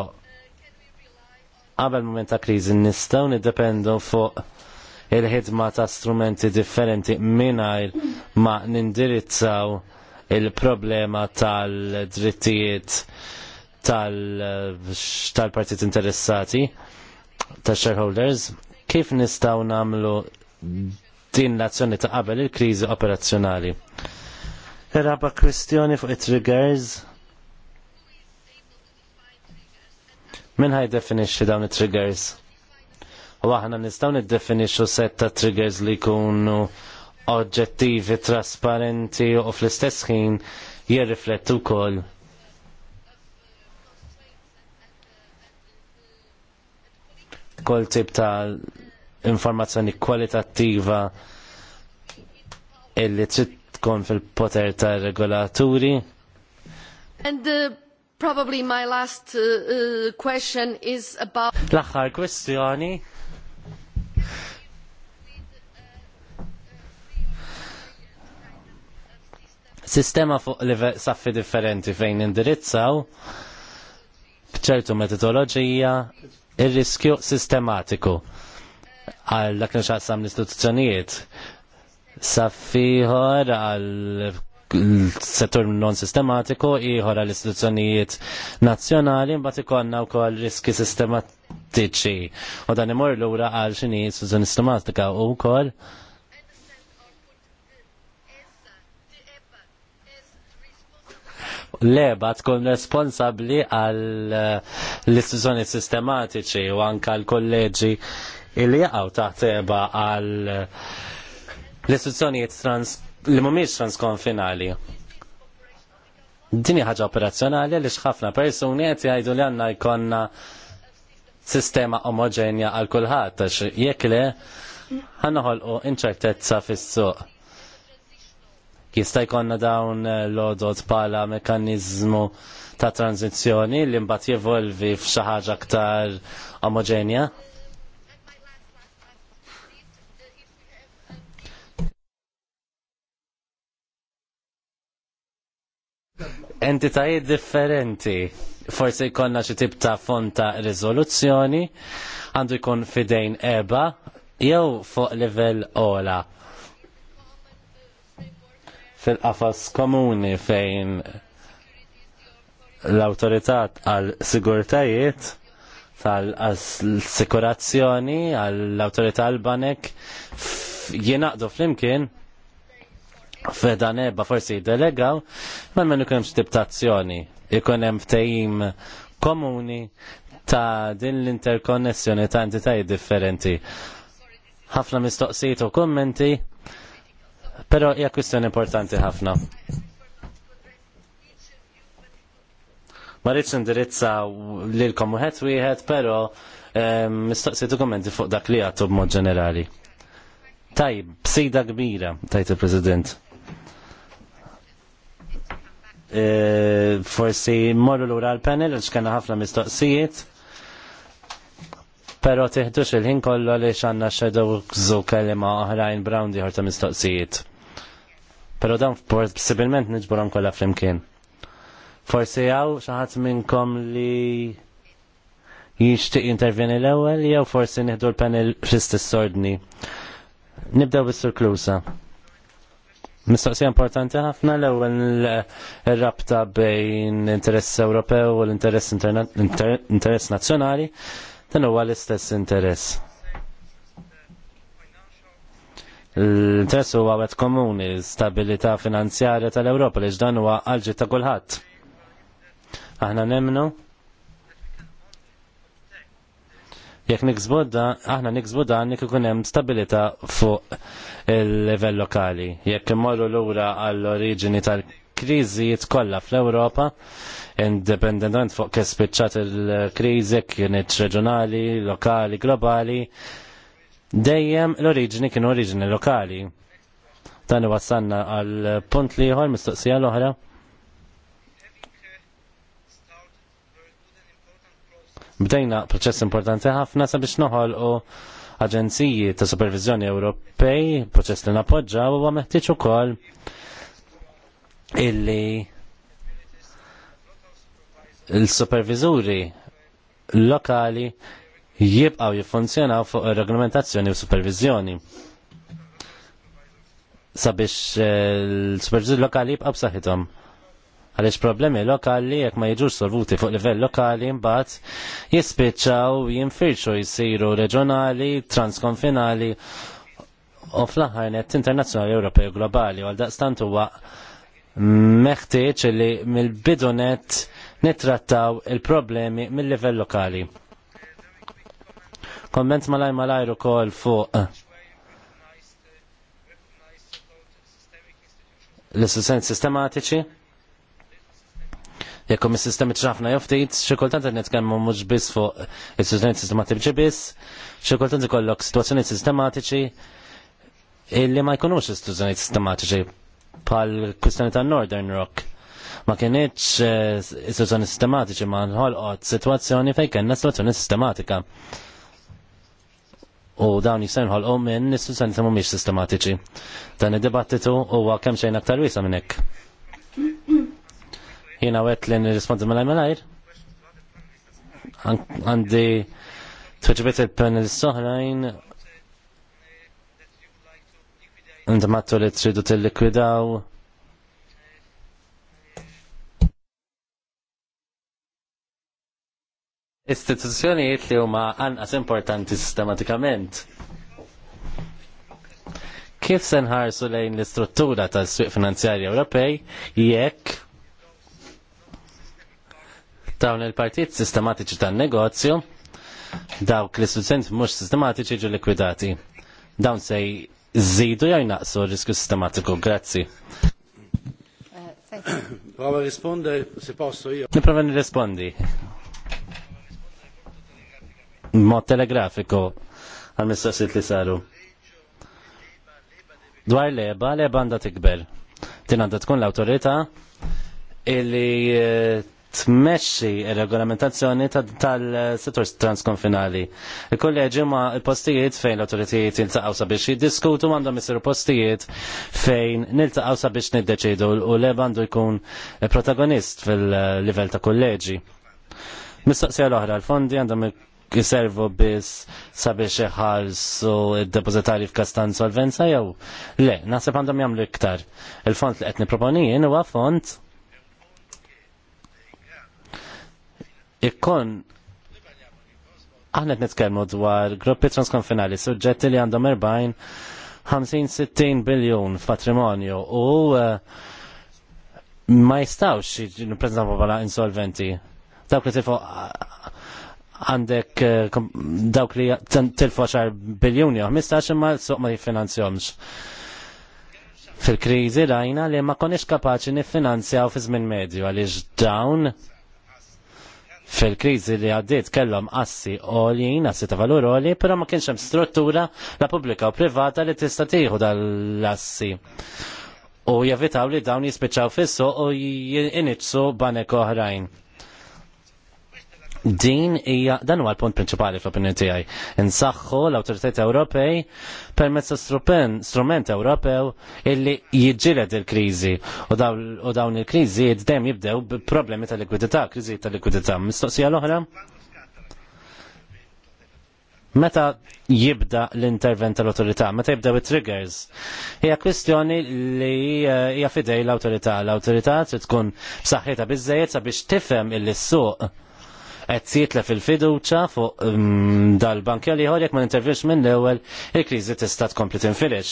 Speaker 3: għabel moment ta' krizi nistaw niddependu fuq il-ħidma ta' strumenti differenti minnajr ma' nindirizzaw il-problema tal-drittijiet tal-partit interessati tal-shareholders kif nistaw namlu din l-azzjoni ta' qabel il-krizi operazzjonali Raba kwestjoni fuq it-triggers. Min ħaj definixxi dawn it-triggers? U aħna nistgħu niddefinixxu set ta' triggers li jkunu oġġettivi, trasparenti u fl-istess ħin jirriflettu wkoll. kol tip ta' informazzjoni kwalitattiva illi tkun fil-poter ta' regolaturi.
Speaker 4: And uh, probably my last uh, uh, question is about
Speaker 3: L-aħħar kwestjoni Sistema fuq livell saffi differenti fejn indirizzaw bċertu metodoloġija ir-riskju sistematiku għal dak nxaqsam l-istituzzjonijiet saffiħor għal settur non sistematiku, iħor għal istituzzjonijiet nazzjonali, mbagħad ikollna wkoll riski sistematiċi. U dan imur lura għal x'inhi istituzzjoni sistematika u wkoll leba tkun responsabli għal l-istituzzjoni sistematiċi u anka l-kolleġi il-jaqaw taħt eba għal l-istituzzjonijiet trans li mhumiex transkonfinali. Dini ħaġa operazzjonali li xħafna persuni qed jgħidu li għandna jkollna sistema omogenja għal kulħadd għax jekk le ħanoħolqu inċertezza fis-suq. Jista' jkollna dawn l-odot bħala mekkaniżmu ta' tranzizzjoni li mbagħad jevolvi f'xi ħaġa aktar omogenja? entitajiet differenti. Forsi jkollna xi tip ta' fond ta' riżoluzzjoni għandu jkun fidejn eba jew fuq livell ola fil-qafas komuni fejn l awtorità għal sigurtajiet tal-assikurazzjoni għall awtorità għal banek jingħaqdu flimkien fedan erba forsi jiddelegaw, ma menu kem stiptazzjoni, hemm ftejim komuni ta' din l-interkonnessjoni ta' entitajiet differenti. Ħafna mistoqsijiet u kommenti, pero hija kwistjoni importanti ħafna. Ma rridx indirizza lilkom wieħed wieħed, però ehm, mistoqsijiet u kommenti fuq dak li għattu b'mod ġenerali. Tajb, bsida kbira, tajt il-President. E, forsi morru lura l-panel għax kena ħafna mistoqsijiet. Pero tiħdux il-ħin kollu li xanna xedow gżu kelima oħrajn brown diħor ta' mistoqsijiet. Pero dan possibilment nġburan kolla flimkien. Forsi għaw xaħat minnkom li jishtiq intervjeni l-ewel, jew forsi nieħdu l-panel fl-istess ordni. Nibdew bis-surklusa. Mistoqsija importanti ħafna l-ewwel rabta bejn interess Ewropew u l-interess interess nazzjonali dan huwa l-istess interess. L-interess huwa wet komuni, stabilità finanzjarja tal-Ewropa li ġdan huwa għalġi ta' kulħadd. Aħna nemnu Jekk niksbudda, aħna niksbudda għannik ikun hemm stabilità fuq il-livell lokali. Jekk l lura għall-oriġini tal-kriżijiet kollha fl-Ewropa, indipendentament fuq kif spiċċat il-kriżi kienet reġjonali, lokali, globali, dejjem l-oriġini kienu oriġini lokali. Dan wassanna għal punt liħor mistoqsija l-oħra Bdejna proċess importanti ħafna sabiex noħolqu aġenziji ta' supervizjoni Ewropej, proċess li napoġġa u huwa meħtieġ ukoll illi il-supervizuri lokali jibqaw jiffunzjonaw fuq ir-reglamentazzjoni u supervizjoni sabiex il-supervizuri eh, lokali jibqaw b'saħħithom. Għaliex problemi lokali jekk ma jiġux solvuti fuq livell lokali mbagħad jispiċċaw jinfirċu jsiru reġjonali, transkonfinali u fl-aħħar net internazzjonali Ewropew globali għal daqstant huwa meħtieġ li mill net nittrattaw il-problemi mill-livell lokali. Komment malaj malajru kol fuq l-istituzzjoni sistematiċi Jekk is sistemi ċafna joftit, xi kultant qed nitkellmu mhux biss fuq is-sistemi sistematiċi biss, xi kultant situazzjoni sistematiċi illi ma jkunux istituzzjonijiet sistematiċi pal kwistjoni ta' Northern Rock. Ma kienieċ eh, istituzzjoni sistematiċi ma nħolqot sitwazzjoni fejn kellna situazzjoni sistematika. U dawn jisenħol u minn istituzzjoni mhumiex sistematiċi. Dan id-dibattitu huwa kemm xejn aktar wisa minn hekk. Jena għet li nirrispondi malaj malajr. Għandi tweġbiet il-panel soħrajn. mattu li tridu t-likwidaw. Istituzzjonijiet li huma anqas importanti sistematikament. Kif se nħarsu lejn l-istruttura tal-swieq finanzjarji Ewropej jekk Dawn il-partijiet sistematiċi tan-negozju dawk l sussent mhux sistematiċi ġu likwidati. Dawn se zidu jew naqsu riskju sistematiku. Grazzi. Prova risponde se posso io. Niprova nirrispondi. Mod telegrafiku għal mistoqsijiet li saru. Dwar leba, leba għandha tikber. Tin għandha tkun l-awtorità illi eh, tmexxi r regolamentazzjoni tal-settur transkonfinali. Il-kolleġi ma postijiet fejn l-autoritijiet jiltaqgħu sabiex jiddiskutu għandhom isiru postijiet fejn niltaqgħu sabiex niddeċidu u leb għandu jkun protagonist fil-livell ta' kolleġi. Mistaqsija l-oħra, l-fondi għandhom jiservu biss sabiex iħallsu id-depozitari f'kastan solvenza jew le, naħseb għandhom jagħmlu iktar. Il-font li qed niproponi huwa fond. ikkun aħna qed nitkellmu dwar gruppi transkonfinali suġġetti li għandhom 40 50-60 biljun patrimonju u eh, ma jistawx nippreżentaw bħala insolventi. Dawk li tilfu għandek eh, dawk li tilfu xar biljuni u mistax imma l-suq ma jifinanzjomx. Fil-kriżi rajna li ma konniex kapaċi niffinanzjaw fi żmien medju għaliex dawn fil-krizi li għaddiet kellhom assi għolin, assi ta' valur għoli, pero ma kienx hemm struttura la pubblika u privata li tista' tieħu dal-assi. U jevitaw li dawn jispiċċaw fissu u jinitsu banek oħrajn. Din hija dan huwa l-punt prinċipali fl-opinjoni tiegħi. Insaħħu l-awtoritajiet Ewropej permezz strument Ewropew illi jiġġieled il-kriżi u dawn il-kriżi dejjem jibdew b'problemi ta' likwidità, kriżi ta' likwidità. Mistoqsija l-oħra? Meta jibda l-intervent tal-autorità, meta jibdew it-triggers, hija kwistjoni li eh, hija fidej l-autorità. L-autorità trid tkun b'saħħitha biżejjed sabiex tifhem il-suq qed jitla fil-fiduċa fuq mm, dal-bank li ieħor jekk ma nintervjux minn l-ewwel il-kriżi tista' tkompli tinfilex.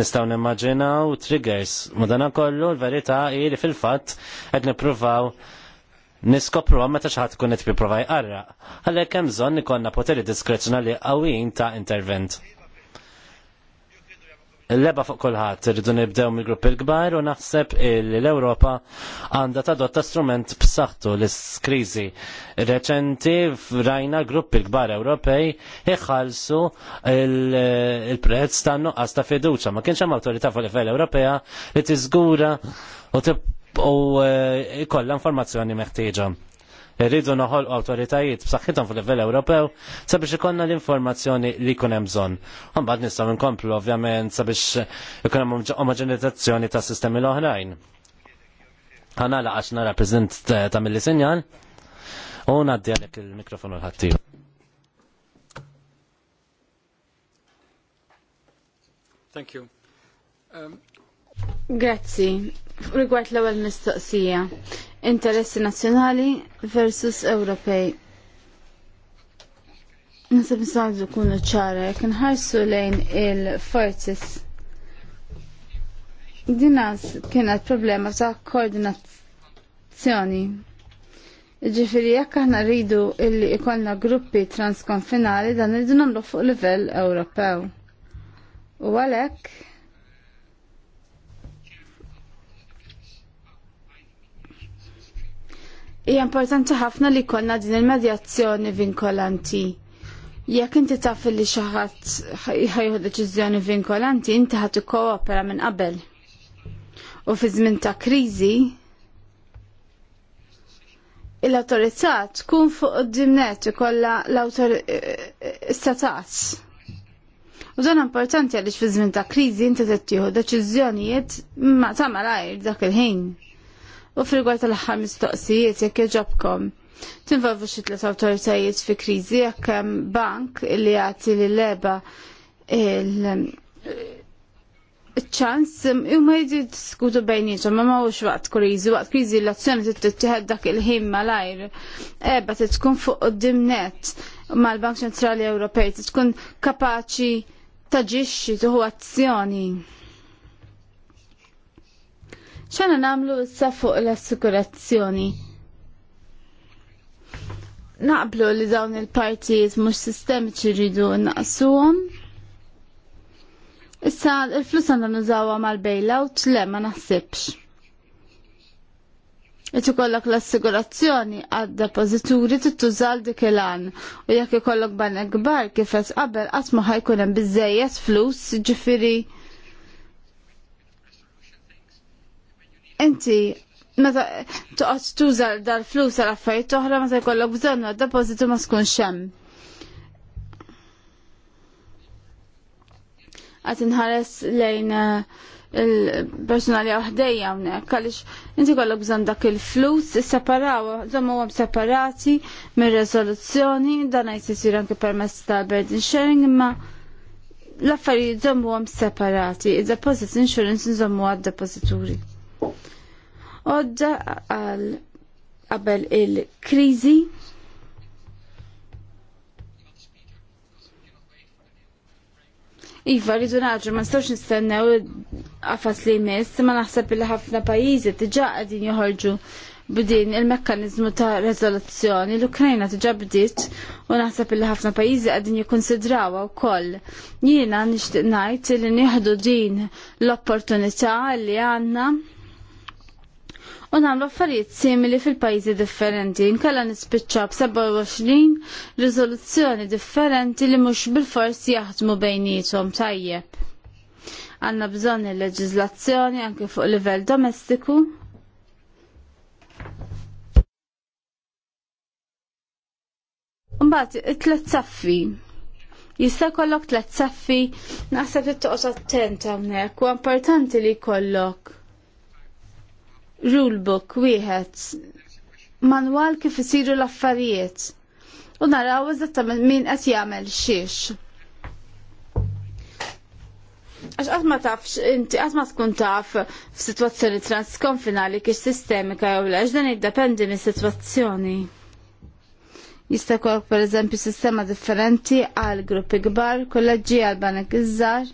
Speaker 3: Nistgħu nimmaġinaw triggers kollu, l-verità hi li fil-fatt qed nippruvaw niskopru għamma ta' xaħat kun nitbi provaj għarra, għalek hemm bżonn poteri diskrezjonali qawwin ta' intervent l-leba fuq kulħadd rridu nibdew mill-grupp il-kbar u naħseb l-Ewropa għandha tadotta strument b'saħħtu l-kriżi reċenti rajna grupp il-kbar Ewropej iħallsu il-prezz ta' nuqqas ta' fiduċa. Ma kienx hemm awtorità fuq livell Ewropea li tiżgura u eh, ikollha informazzjoni meħtieġa rridu noħol autoritajiet b'saħħithom fil-livell Ewropew sabiex ikonna l-informazzjoni li jkun hemm bżonn. Mbagħad nistgħu nkomplu ovvjament sabiex ikun hemm omogenizzazzjoni ta' sistemi l-oħrajn. Ħana laqax nara President ta' milli sinjal u ngħaddi għalek il-mikrofonu l-ħattiju.
Speaker 2: Thank you. Um,
Speaker 3: Grazzi.
Speaker 1: Rigward l-ewwel mistoqsija interessi nazzjonali versus Ewropej. Nasib nsaqdu kunu ċara, jek nħarsu lejn il-forces. Dinas kienet problema ta' koordinazzjoni. Ġifiri, jekk aħna rridu illi ikollna gruppi transkonfinali dan irridu nagħmlu fuq livell Ewropew. U għalhekk Hija importanti ħafna li jkollna din il-medjazzjoni vinkolanti. Jekk inti taf li xi ħadd ħajħu deċiżjoni vinkolanti, inti ħadd ikkoopera minn qabel. U fi żmien ta' kriżi l-awtorità tkun fuq id-dimnet ikollha l-istatat. Eh, U dan importanti għaliex fi żmien ta' kriżi inti tittieħu deċiżjonijiet ma' ta' malajr dak il-ħin u frigwa tal ħamis mistoqsijiet jekk jġobkom. Tinvolvu xi tliet awtoritajiet fi kriżi jekk hemm bank li jagħti li leba il-ċans huma jdi diskutu bejnietom ma mawux waqt kriżi, waqt kriżi l-azzjoni tittieħed dak il-ħin Ebba eba tkun fuq dimnet mal-Bank Ċentrali Ewropej tkun kapaċi taġixxi tuħu azzjoni ċana namlu issa fuq l-assikurazzjoni? Naqblu li dawn il-partijiet mux sistemiċi rridu naqsuhom. Issa il-flus għandna nużawha mal-bailout, le ma naħsibx. Jt ikollok l-assigurazzjoni għad depozituri tittużal dik il-għan u jekk ikollok banek kbar kif qabel qatt ma ħajkun hemm biżejjed flus ġifiri. inti meta toqgħod tuża dal-flus għal affarijiet oħra meta jkollok bżonn għad-depożitu ma tkunx hemm. Qed inħares lejn eh, il-personali għahdejja hawnhekk għaliex inti kollok bżonn dak il-flus separaw, żommhom separati mir-reżoluzzjoni, dan qed isir anke permess ta' burden sharing imma l-affarijiet żommu għam separati, id-deposit insurance nżommu għad depozituri odda għal qabel il-kriżi. Iva, rridu naġu, ma nistawx nistennew għafas li jmiss, ma naħseb li ħafna pajizi diġa għadin joħorġu b'din il-mekkanizmu ta' rezoluzzjoni l-Ukrajna tiġa bdiet u naħseb li ħafna pajjiżi qegħdin jikkonsidrawha wkoll. Jiena nixtieq ngħid li nieħdu din l-opportunità li għandna u nagħmlu affarijiet simili fil-pajjiżi differenti. Nkella nispiċċa b'27 riżoluzzjoni differenti li mhux bil-forsi jaħdmu bejnietom tajjeb. Għandna bżonn il-leġiżlazzjoni anke fuq livell domestiku. Mbati, it-tliet saffi jista' jkollok tliet saffi naħseb li toqgħod attent hawnhekk u importanti li jkollok rulebook wieħed manwal kif isiru l-affarijiet u naraw eżattament min qed jagħmel xiex. Għax qatt ma tafx inti qatt ma tkun taf f'sitwazzjoni transkonfinali kif sistemika jew le, dan jiddependi mis-sitwazzjoni. Jista' jkollok pereżempju sistema differenti għal gruppi kbar, kollegi għal banek iż-żgħar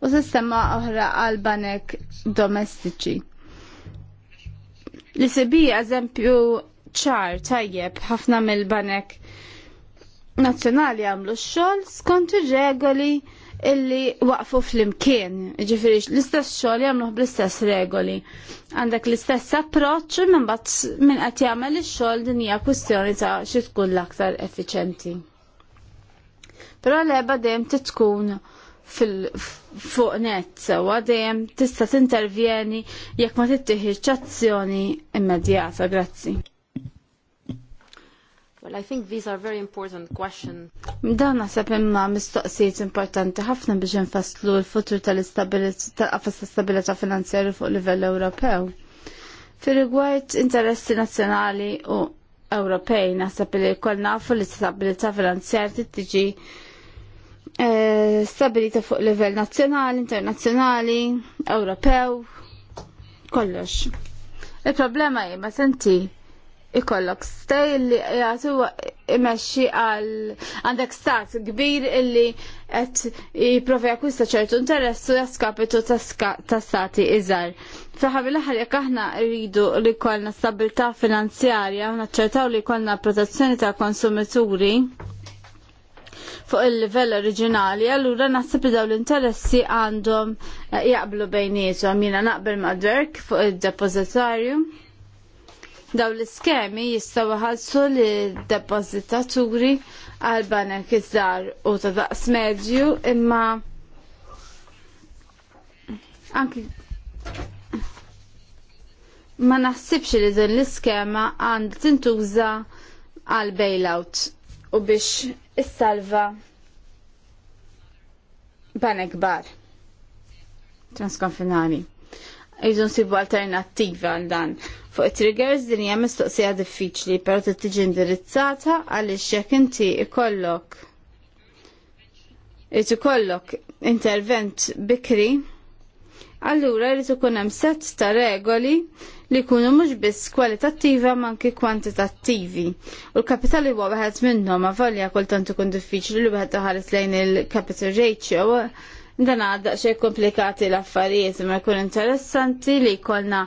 Speaker 1: u sistema oħra għal banek domestiċi. l sibi eżempju ċar tajjeb ħafna mill-banek nazzjonali għamlu x-xogħol skont ir-regoli illi waqfu fl-imkien, ġifiri l-istess xogħol jagħmluh bl-istess regoli. Għandek l-istess approċċ minn bat minn qed jagħmel ix-xogħol din hija kwistjoni ta' xi tkun l-aktar effiċenti. Però l-eba dejjem tkun fuq net sewa dejjem tista' tintervjeni jekk ma tittieħiġ azzjoni immedjata. Grazzi. Well, I think these are very important questions. Dan naħseb imma mistoqsijiet importanti ħafna biex nfasslu l-futur tal istabilità tal finanzjarju fuq livell Ewropew. Fi rigward interessi nazzjonali u Ewropej naħseb li kollna fuq l-istabilità finanzjarja tiġi Eh, stabilita fuq livell nazzjonali, internazzjonali, Ewropew, kollox. Il-problema hi ma senti ikollok stej li jgħatu imexxi għal għandek stat kbir illi qed jipprovi jakwista ċertu interess u jaskapitu ta' stati iżgħar. Fl-aħħar mill-aħħar jekk aħna rridu li kollna stabilità finanzjarja u naċċertaw li kollna protezzjoni tal konsumituri fuq il-livell oriġinali, allura naħseb li daw l-interessi għandhom eh, jaqblu bejnietom. Jiena naqbel ma' Dirk fuq il-depozitarju. Daw l-iskemi jistaw ħalsu li depozitaturi għal banek iżdar u ta' daqs medju imma anki ma naħsibx li din l-iskema għand tintuża għal bailout u biex is-salva banek kbar. transkonfinali. Iżu nsibu alternattiva għal dan. Fuq it-triggers din hija mistoqsija diffiċli, però trid tiġi indirizzata għaliex jekk inti ikollok irid ikollok intervent bikri, allura jrid ikun hemm set ta' regoli li jkunu mhux biss kwalitattiva ma anke kwantitattivi. U l-kapital huwa waħed minnhom avolja kultant ikun diffiċli li wieħed iħares lejn il-capital ratio dan għadda xej komplikati l-affarijiet imma jkun interessanti li jkollna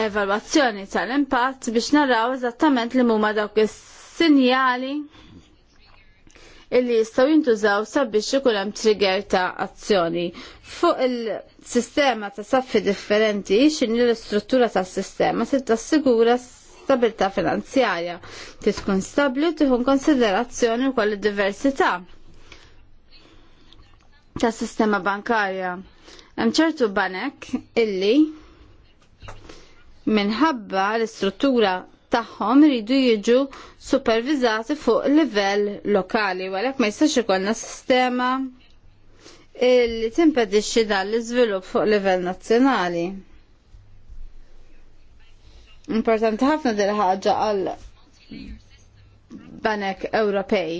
Speaker 1: evalwazzjoni tal-impatt biex naraw eżattament li mumma dawk is-sinjali illi jistgħu jintużaw sabiex ikun hemm trigger ta' azzjoni. Fuq il-sistema ta' saffi differenti x'inhi l-istruttura tas-sistema se tassigura stabilità finanzjarja. tkun stabbli u tieħu konsiderazzjoni wkoll id-diversità tas sistema bankarja. Hemm ċertu banek illi minħabba l-istruttura tagħhom iridu jiġu supervizzati fuq livell lokali u għalhekk ma jistax ikollna sistema li timpedixxi dan l-iżvilupp fuq livell nazzjonali. Importanti ħafna dil ħaġa għal banek Ewropej.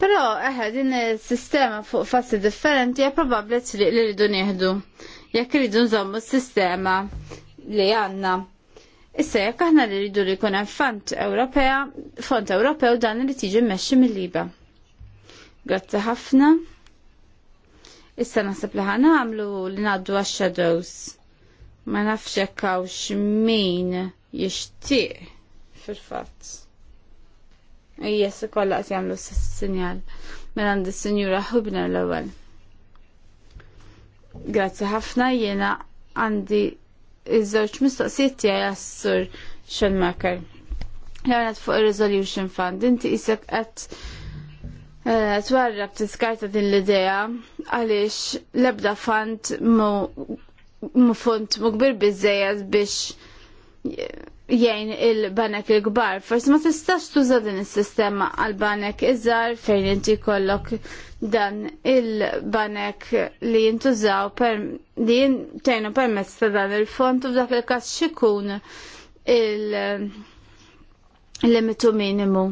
Speaker 1: Però eħe din is-sistema fuq fassi differenti hija probabbli triq li rridu nieħdu jekk rridu nżommu s-sistema li għandna Issa jekk aħna li rridu li jkun hemm fond Ewropea, fond Ewropew dan li tiġi mmexxi mill-liba. Grazzi ħafna. Issa naħseb li ħana għamlu li ngħaddu għax-shadows. Ma nafx hekk hawnx min jixtieq fil-fatt. Jes, kollha qed jagħmlu sinjal. Mela għandi sinjura Hubner l-ewwel. Grazzi ħafna jiena għandi iż-żewġ mistoqsijiet tiegħi għas-sur Schumacher. l fuq il-Resolution Fund, inti isek qed eh, Twarrab tiskarta din l-idea għaliex l-ebda mu fund mu kbir bizzejad biex jgħin il-banek il-gbar. Forsi ma tistax tuża din is-sistema għal-banek iżgħar fejn inti kollok dan il-banek li jintużaw per, li jintajnu permezz ta' dan il-font u f'dak il kas xikun il-limitu minimu.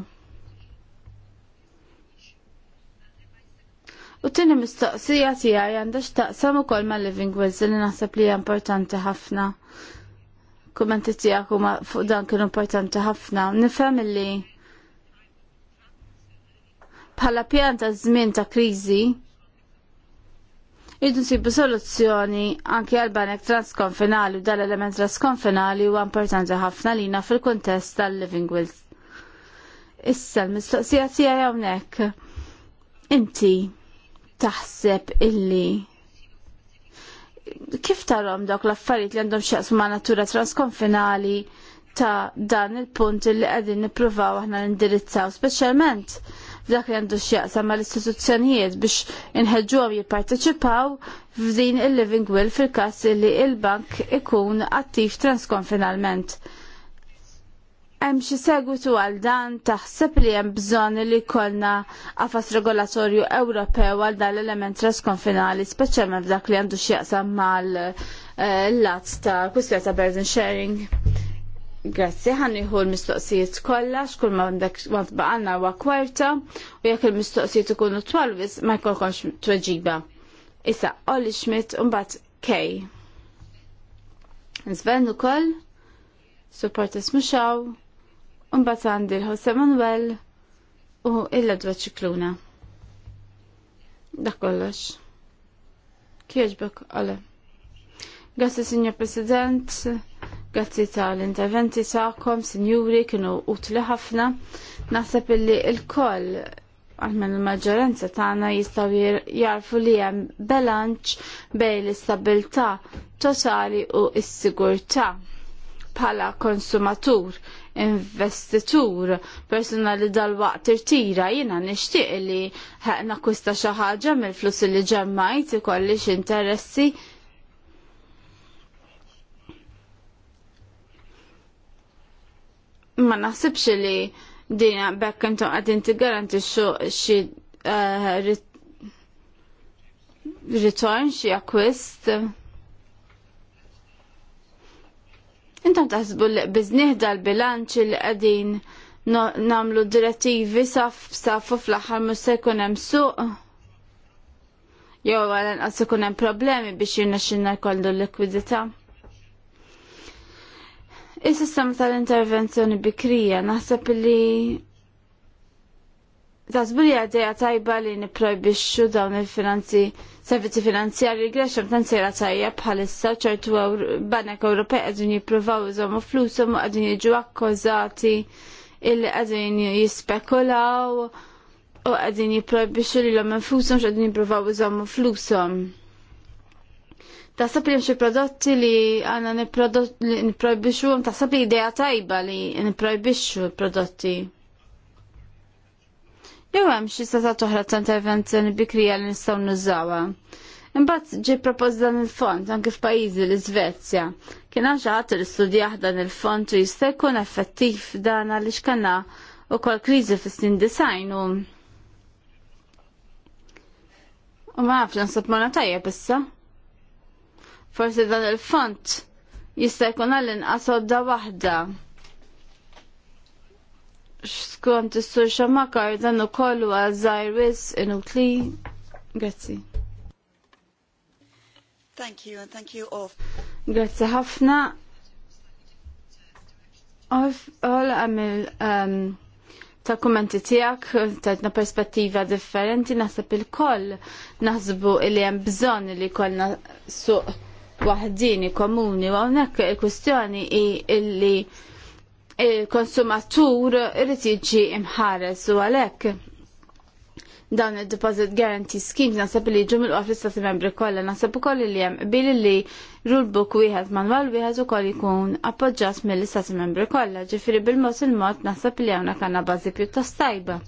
Speaker 1: U tini mistoqsija tiegħi għandha x'taqsam ukoll ma' living wills li naħseb li hija importanti ħafna kummenti tiegħek ma fuq dan kienu importanti ħafna. Nifhem li bħala pjan zmin żmien ta' kriżi Idu nsibu soluzzjoni anki għal banek transkonfinali u dal-element transkonfinali huwa importanti ħafna na fil-kontest tal-Living Wills. Issa l-mistoqsija tiegħi hawnhekk. Inti taħseb illi kif tarom dawk l-affarijiet li għandhom xaqsu ma' natura transkonfinali ta' dan il-punt li qegħdin nippruvaw aħna nindirizzaw, speċjalment f'dak li għandu ma mal istituzzjonijiet biex għom jipparteċipaw f'din il-living will fil-każ li il-bank ikun attiv transkonfinalment. Hemm xi segwitu għal dan taħseb li hemm bżonn li jkollna qafas regolatorju Ewropew għal dan l-element trasconfinali, speċjalment dak li għandu x'jaqsam mal-lat eh, ta' kwistjoni ta' burden sharing. Grazzi, ħan iħu l-mistoqsijiet kollha, xkull ma għandek ma baqanna wa kwarta, u jekk il-mistoqsijiet ikunu twalwis ma jkollkomx tweġiba. Issa, Olli Schmidt u mbagħad Kej. Nżven ukoll, supportis muxaw, Mbagħad għandi l-Jose Manuel u illa dwa Ċikluna. Dak kollox. Kieġbek għale. Grazzi, Signor President, grazzi tal-interventi sakom, Sinjuri, kienu utli ħafna. Naħseb illi il-koll għalmen il-maġġoranza tagħna jistgħu jarfu li hemm bilanċ bejn l istabilta totali u s-sigurtà bħala konsumatur investitur personali dal-waqt irtira jiena nixtieq li nakwista xi ħaġa mill-flus li ġemmajt ikollix interessi ma naħsibx li dina bekk intom qegħdin tiggarantixxu xi uh, eh, return xi acquist. Uh, Intom taħsbu biznieħda l-bilanċ il qegħdin namlu direttivi saf safu fl-aħħar mhux se jkun hemm suq. Jew għal għas sekunem hemm problemi biex xinna jkollu l-likwidità. Is-sistema tal-intervenzjoni bikrija naħseb li li għadeja tajba li niprojbixxu dawn il-finanzi servizzi finanzjari Gresham sejra tajja bħalissa ċertu banek Ewropej għadin jipruvaw u flusom għadin jiġu akkożati illi għadin jispekulaw u għadin jiprojbixu li l-om infusom jiprovaw jipruvaw u flusom. Taħseb li xi prodotti li għandna niprojbixuhom, taħseb li ideja tajba li niprojbixxu prodotti. prodotti li hemm xi seta' toħra ta' intervenzjoni bikrija li nistgħu nużawha. Imbagħad ġie propost dan il-fond anke f'pajjiżi l-Iżvezja. Kien hemm xi ħadd li studjah dan il-fond u jista' jkun effettiv dan għaliex kellna wkoll kriżi fis-sin design u U ma nafx naħseb ma tajjeb issa. Forsi dan il-font jista' jkun għall-inqas waħda skont is-sur xamakar dan ukoll huwa żgħir wis inutli. Grazzi. Thank you and thank you all. Grazzi ħafna. Għol għamil um, ta' kommenti tijak, ta' perspettiva differenti, naħseb il-koll, naħsbu li jem bżon li kollna suq wahdini komuni, għonek il-kustjoni i illi il-konsumatur irrit jiġi imħares u għalhekk dawn id-deposit guarantee schemes nasab li ġum il-qaf l-istati membri kollha nasab ukoll li jem bil li rulebook wieħed manwal wieħed ukoll jkun appoġġjat mill-istati membri kollha, ġifiri bil-mod il-mod nasab li hawnhekk kanna bazi pjuttost tajba.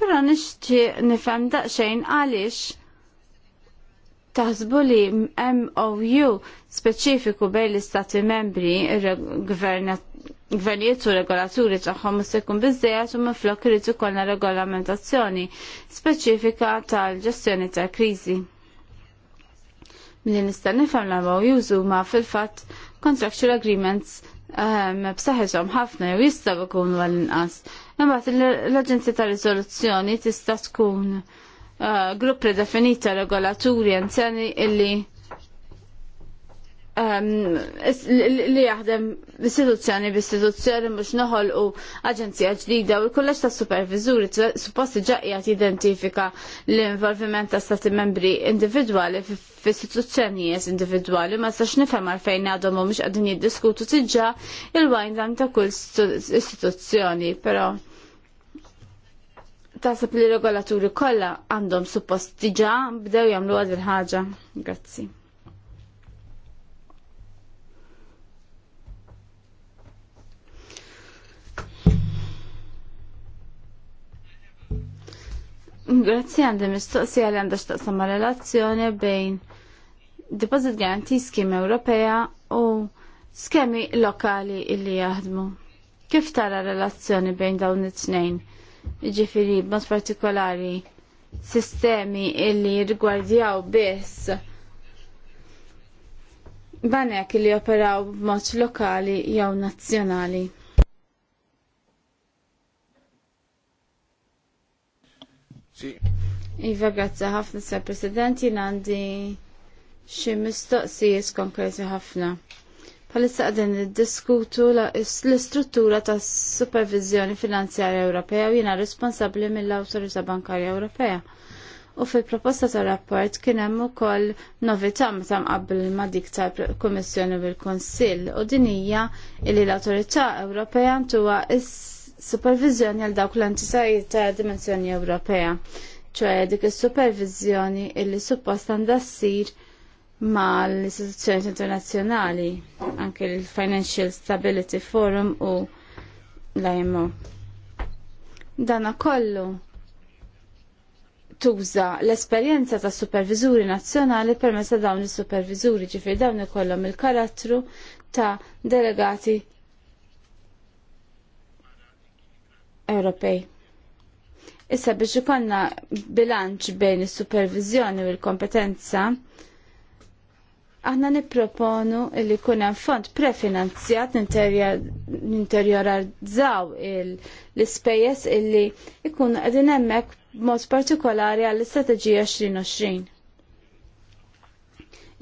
Speaker 1: Però nixtieq nifhem daqsxejn għaliex taħsbu li MOU speċifiku bejn l-istati membri, il-gvernat gvernijiet u regolaturi tagħhom ma se jkun biżejjed u minflok irid ikollna regolamentazzjoni speċifika tal-ġestjoni tal-kriżi. Milli nista' nifhem l-armaw jużu ma fil-fatt contractual agreements ehm, b'saħħithom ħafna jew jistgħu jkunu għall-inqas. Imbagħad l-Aġenzja ta' Riżoluzzjoni tista' tkun eh, grupp predefinita regolaturi anzjani illi Ehm, li jaħdem istituzzjoni b'istituzzjoni mhux noħol u aġenzija ġdida u l-kulleġġ ta' supervizuri supposti ġaqjat jidentifika l-involviment ta' stati membri individwali f'istituzzjonijiet individwali ma sax nifhem għalfejn għadhom u mhux qegħdin jiddiskutu tiġà il wajdan ta' kull istituzzjoni, però taħseb li regolaturi kollha għandhom suppost diġà bdew jagħmlu għad il-ħaġa. Grazzi. Grazzi għandi mistoqsija li għandha x'taqsam ma' relazzjoni bejn Deposit garanti Scheme Ewropea u skemi lokali illi jaħdmu. Kif tara relazzjoni bejn dawn it-tnejn? Ġifiri, b'mod partikolari, sistemi illi rigwardjaw biss banek illi operaw b'mod lokali jew nazzjonali. Iva, grazzi ħafna, sa' President, jien għandi xi mistoqsijiet konkreti ħafna. Palissa għadin diskutu l-istruttura ta' supervizjoni finanzjarja Ewropea u jiena responsabli mill-Autorità Bankarja Ewropea. U fil-proposta ta' rapport kien hemm ukoll novità meta mqabbel ma' dik tal-Kummissjoni l konsill u din hija li l-Awtorità Ewropea ntuwa is supervizjoni għal dawk l-entitajiet ta' dimensjoni Ewropea, ċoħe dik il-supervizjoni illi suppost għandha ssir mal-istituzzjoni internazzjonali, anke l-Financial Stability Forum u l-IMO. Dana kollu tuża l-esperjenza ta' supervizuri nazzjonali permessa dawn is-supervizuri ġifir dawn ikollhom il-karattru ta' delegati Ewropej. Issa biex ikonna bilanċ bejn is-supervizjoni u l-kompetenza, aħna nipproponu li jkun hemm fond prefinanzjat interjorizzaw l-ispejjeż illi jkun qegħdin hemmhekk b'mod partikolari għall-istrateġija 2020.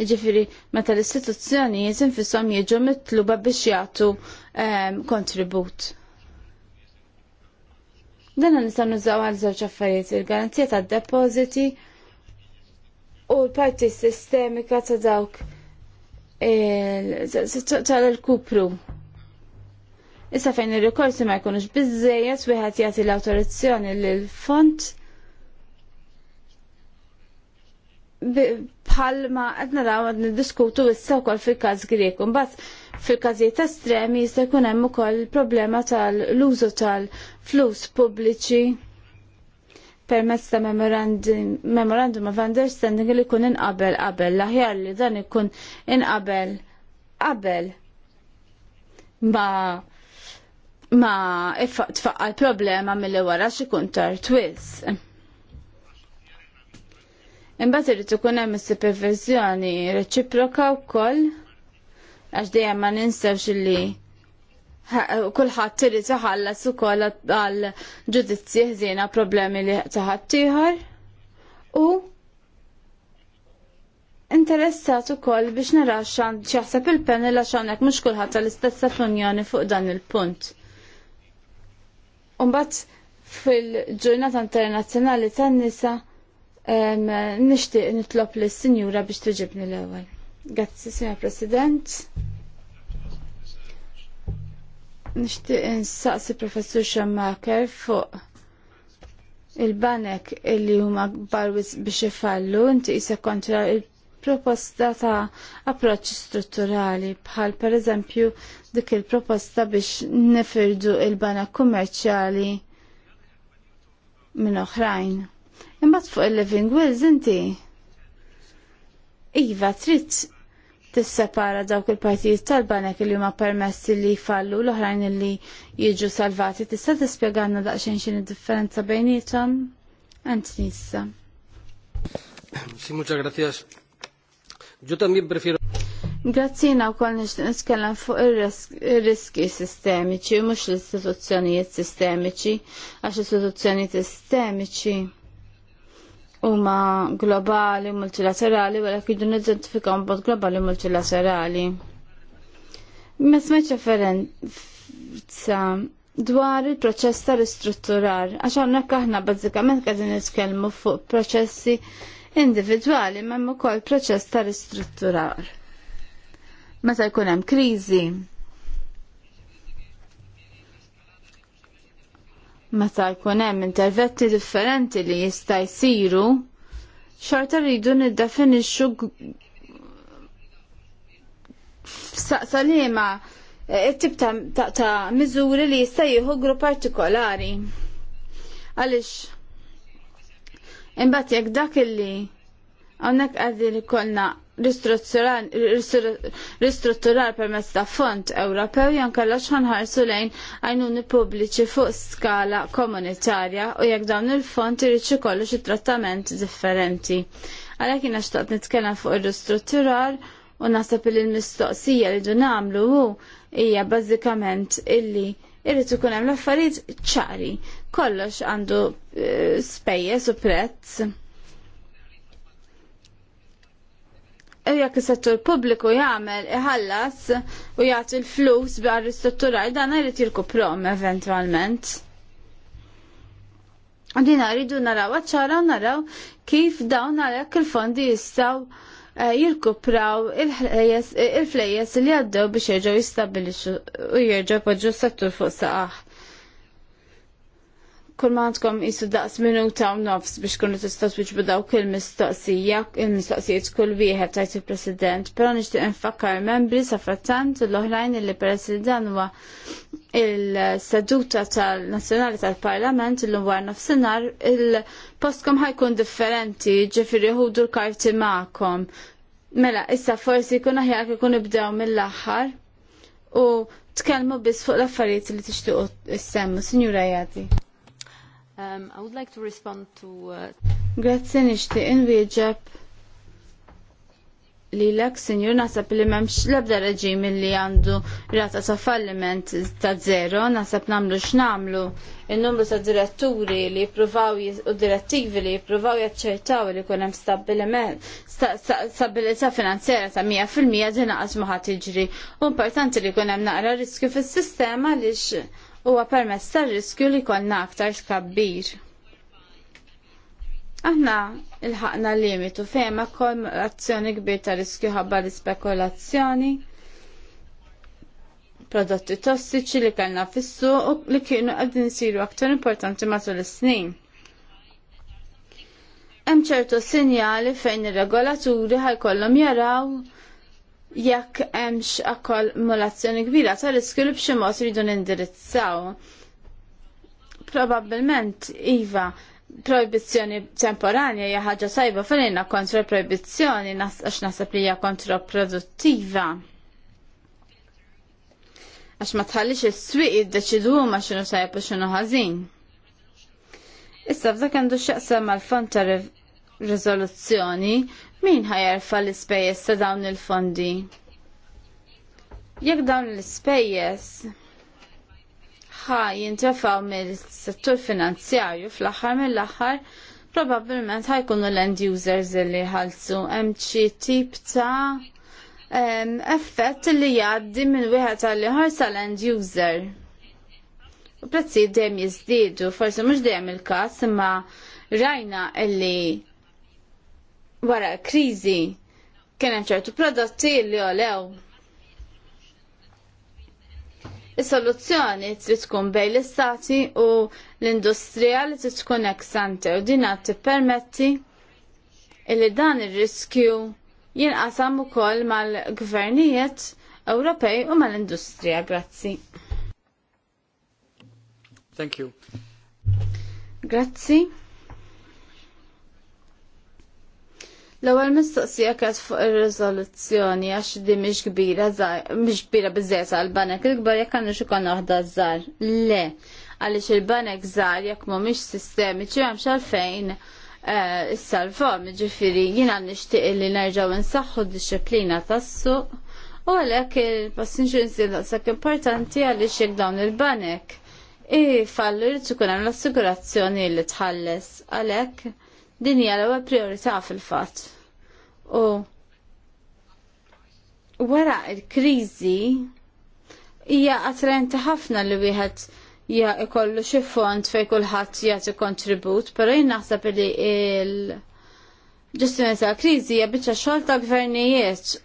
Speaker 1: Jiġifieri meta l-istituzzjonijiet infishom jiġu mitluba biex jagħtu ehm, kontribut. Dan nistgħu nużaw għal żewġ affarijiet il-garanzija tad-depożiti u l-parti sistemika ta' dawk tal-kupru. Issa fejn il-rikorsi ma jkunux bizzejet wieħed jagħti l-awtorizzjoni lil font bħal ma qed naraw qed niddiskutu issa wkoll fil-każ Grieku. Mbagħad Fil-każijiet estremi jista' jkun hemm ukoll problema tal-użu tal-flus pubbliċi permezz ta' memorandum of understanding li jkun inqabel qabel l-aħjar li dan ikun inqabel qabel ma ma tfaq l-problema mill-li wara xikun tar twiz. Imbagħad irid ikun hemm is-supervizjoni reċiproka wkoll għax dejjem ma ninsewx li kulħadd trid iħallas ukoll għal ġudizzji ħżiena problemi li taħat ieħor u interessat ukoll biex nara xan xaħseb il-panel għax għandek mhux kulħadd tal-istess opinjoni fuq dan il-punt. Umbagħad fil-ġurnata internazzjonali tan-nisa nixtieq nitlob lis-sinjura biex tiġibni l-ewwel. Grazie, signor President. Nishtiq insaqsi professur Schumacher fuq il-banek illi huma kbar biex ifallu inti isa kontra il-proposta ta' approċċi strutturali bħal pereżempju dik il-proposta biex nifirdu il-banek kummerċjali minn oħrajn. Imbagħad fuq il-living wills inti Iva, trid tissepara dawk il-partijiet tal-banek li huma permessi li jfallu l-oħrajn li jiġu salvati. Tista' tispjegana daqsxejn x'inhi differenza bejnietom? Anzi issa.
Speaker 2: Sì, muchas gracias. Yo también prefiero
Speaker 1: Grazzina u kol nitkellem fuq ir-riski sistemiċi, mhux l-istituzzjonijiet sistemiċi, għax istituzzjonijiet sistemiċi huma globali, multilaterali, wara kidu nidentifikaw bot globali multilaterali. Ma smajt referenza dwar il-proċess ta' ristrutturar, għax hawnhekk aħna bażikament qegħdin nitkellmu fuq proċessi individwali ma' ukoll proċess ta' ristrutturar. Meta jkun hemm kriżi, meta jkun hemm intervetti differenti li jista' jsiru, xorta rridu niddefinixxu saqsalima eh, it-tip ta' miżuri li jista' jieħu gru partikolari. Għaliex imbagħad jekk dak illi hawnhekk qegħdin ikollna ristrutturar permezz ta' fond Ewropew jankella ħanħarsu lejn għajnuni pubbliċi fuq skala komunitarja u jekk dawn il-fond irid ikollu xi trattament differenti. Għalhekk jiena xtaqt nitkellem fuq ir-ristrutturar u naħseb li l-mistoqsija li dun nagħmlu hu hija bażikament illi irrid ikun hemm l-affarijiet ċari. Kollox għandu eh, spejjeż u prezz. jekk is-settur pubbliku jagħmel iħallas u jagħti l-flus bar ristrutturar dan jrid jirkuprom eventwalment. Dina rridu naraw ċara naraw kif dawn għalhekk il-fondi jistgħu eh, jirkupraw il-flejjes li għaddew biex jerġgħu jistabilixxu u jerġgħu poġġu s-settur fuq saqaħ kull ma għandkom jisu daqs minuta u nofs biex kunu tistaw biex bidaw kull mistoqsija il-mistoqsijiet kull wieħed tajt il-President, pero nixtieq infakkar membri sa frattant l-oħrajn li President huwa il-seduta tal-Nazzjonali tal-Parlament illum war nofsinhar il-postkom ħajkun differenti, ġifieri ħudu l-karti magħkom. Mela, issa forsi jkun aħjar ikun ibdew mill-aħħar u tkellmu biss fuq l-affarijiet li tixtiequ semmu Sinjura Jadi. Um, I would like to respond to... Uh, Grazie nishti inwieġeb li l-ek senjur nasab li memx labda reġim li għandu rata ta' falliment ta' zero, nasab namlu x'namlu il-numru ta' diretturi li jipruvaw u direttivi li jipruvaw jaċċertaw li kunem stabilita' finanzjera ta' 100% din għazmu ħat iġri. U importanti li kunem naqra riskju fis-sistema li huwa permess tar-riskju li konna aktar tkabbir. Aħna il-ħakna limitu fejn ma azzjoni kbir ta' riskju ħabba l-spekulazzjoni, prodotti tossiċi li kellna fissu u li kienu qegħdin isiru aktar importanti matul is-snin. Hemm ċertu sinjali fejn ir-regolaturi ħajkollhom jaraw jekk hemmx akkumulazzjoni kbira ta' riskju li b'xi mod ridu nindirizzaw. Probabbilment iva proibizzjoni temporanja hija ħaġa sajba fejna kontra proibizzjoni għax naħseb li hija kontraproduttiva. Għax ma tħallix is-swieq jiddeċidu huma x'inhu sajb u x'inhu ħażin. Issa f'dak għandu x'jaqsam mal-fond ta' riżoluzzjoni Min ħajerfa l-ispejjeż ta' dawn il-fondi? Jekk dawn l-ispejjeż ħa jintrafaw mill-settur finanzjarju fl-aħħar mill-aħħar probabbilment ħajkunu l-end users li ħalsu hemm xi tip ta' effett li jgħaddi minn wieħed għal ieħor sal-end user. U prezzi dejjem jiżdiedu, forsi mhux dejjem il-każ imma rajna illi wara kriżi kien hemm ċertu prodotti li olew. Is-soluzzjoni trid tkun bejn l-istati u l-industrija li trid tkun eksante u din għad tippermetti li dan ir-riskju jinqasam ukoll mal-gvernijiet Ewropej u mal-industrija. Grazzi. Thank you. Grazzi. L-ewwel mistoqsija kienet fuq ir-riżoluzzjoni għax di mhix kbira mhix kbira biżejjed għall-banek il-kbar jekk xi ikun waħda żgħar. Le, għaliex il-banek żgħar jekk mhumiex sistemiċi hemmx għalfejn eh, is-salvom, ġifieri jiena nixtieq li nerġgħu nsaħħu d-disciplina tas-suq. U għalhekk il-passinġu nsidaqsak importanti għaliex jekk dawn il-banek. I fallu jrid ikun hemm l-assigurazzjoni li tħalles għalhekk Din hija l-ewwel priorità fil-fatt. U wara l-kriżi hija attrenti ħafna li wieħed ja ikollu xi fond fejn kulħadd jagħti kontribut, però jien naħseb li l ġestjoni tal kriżi hija biċċa xogħol ta' gvernijiet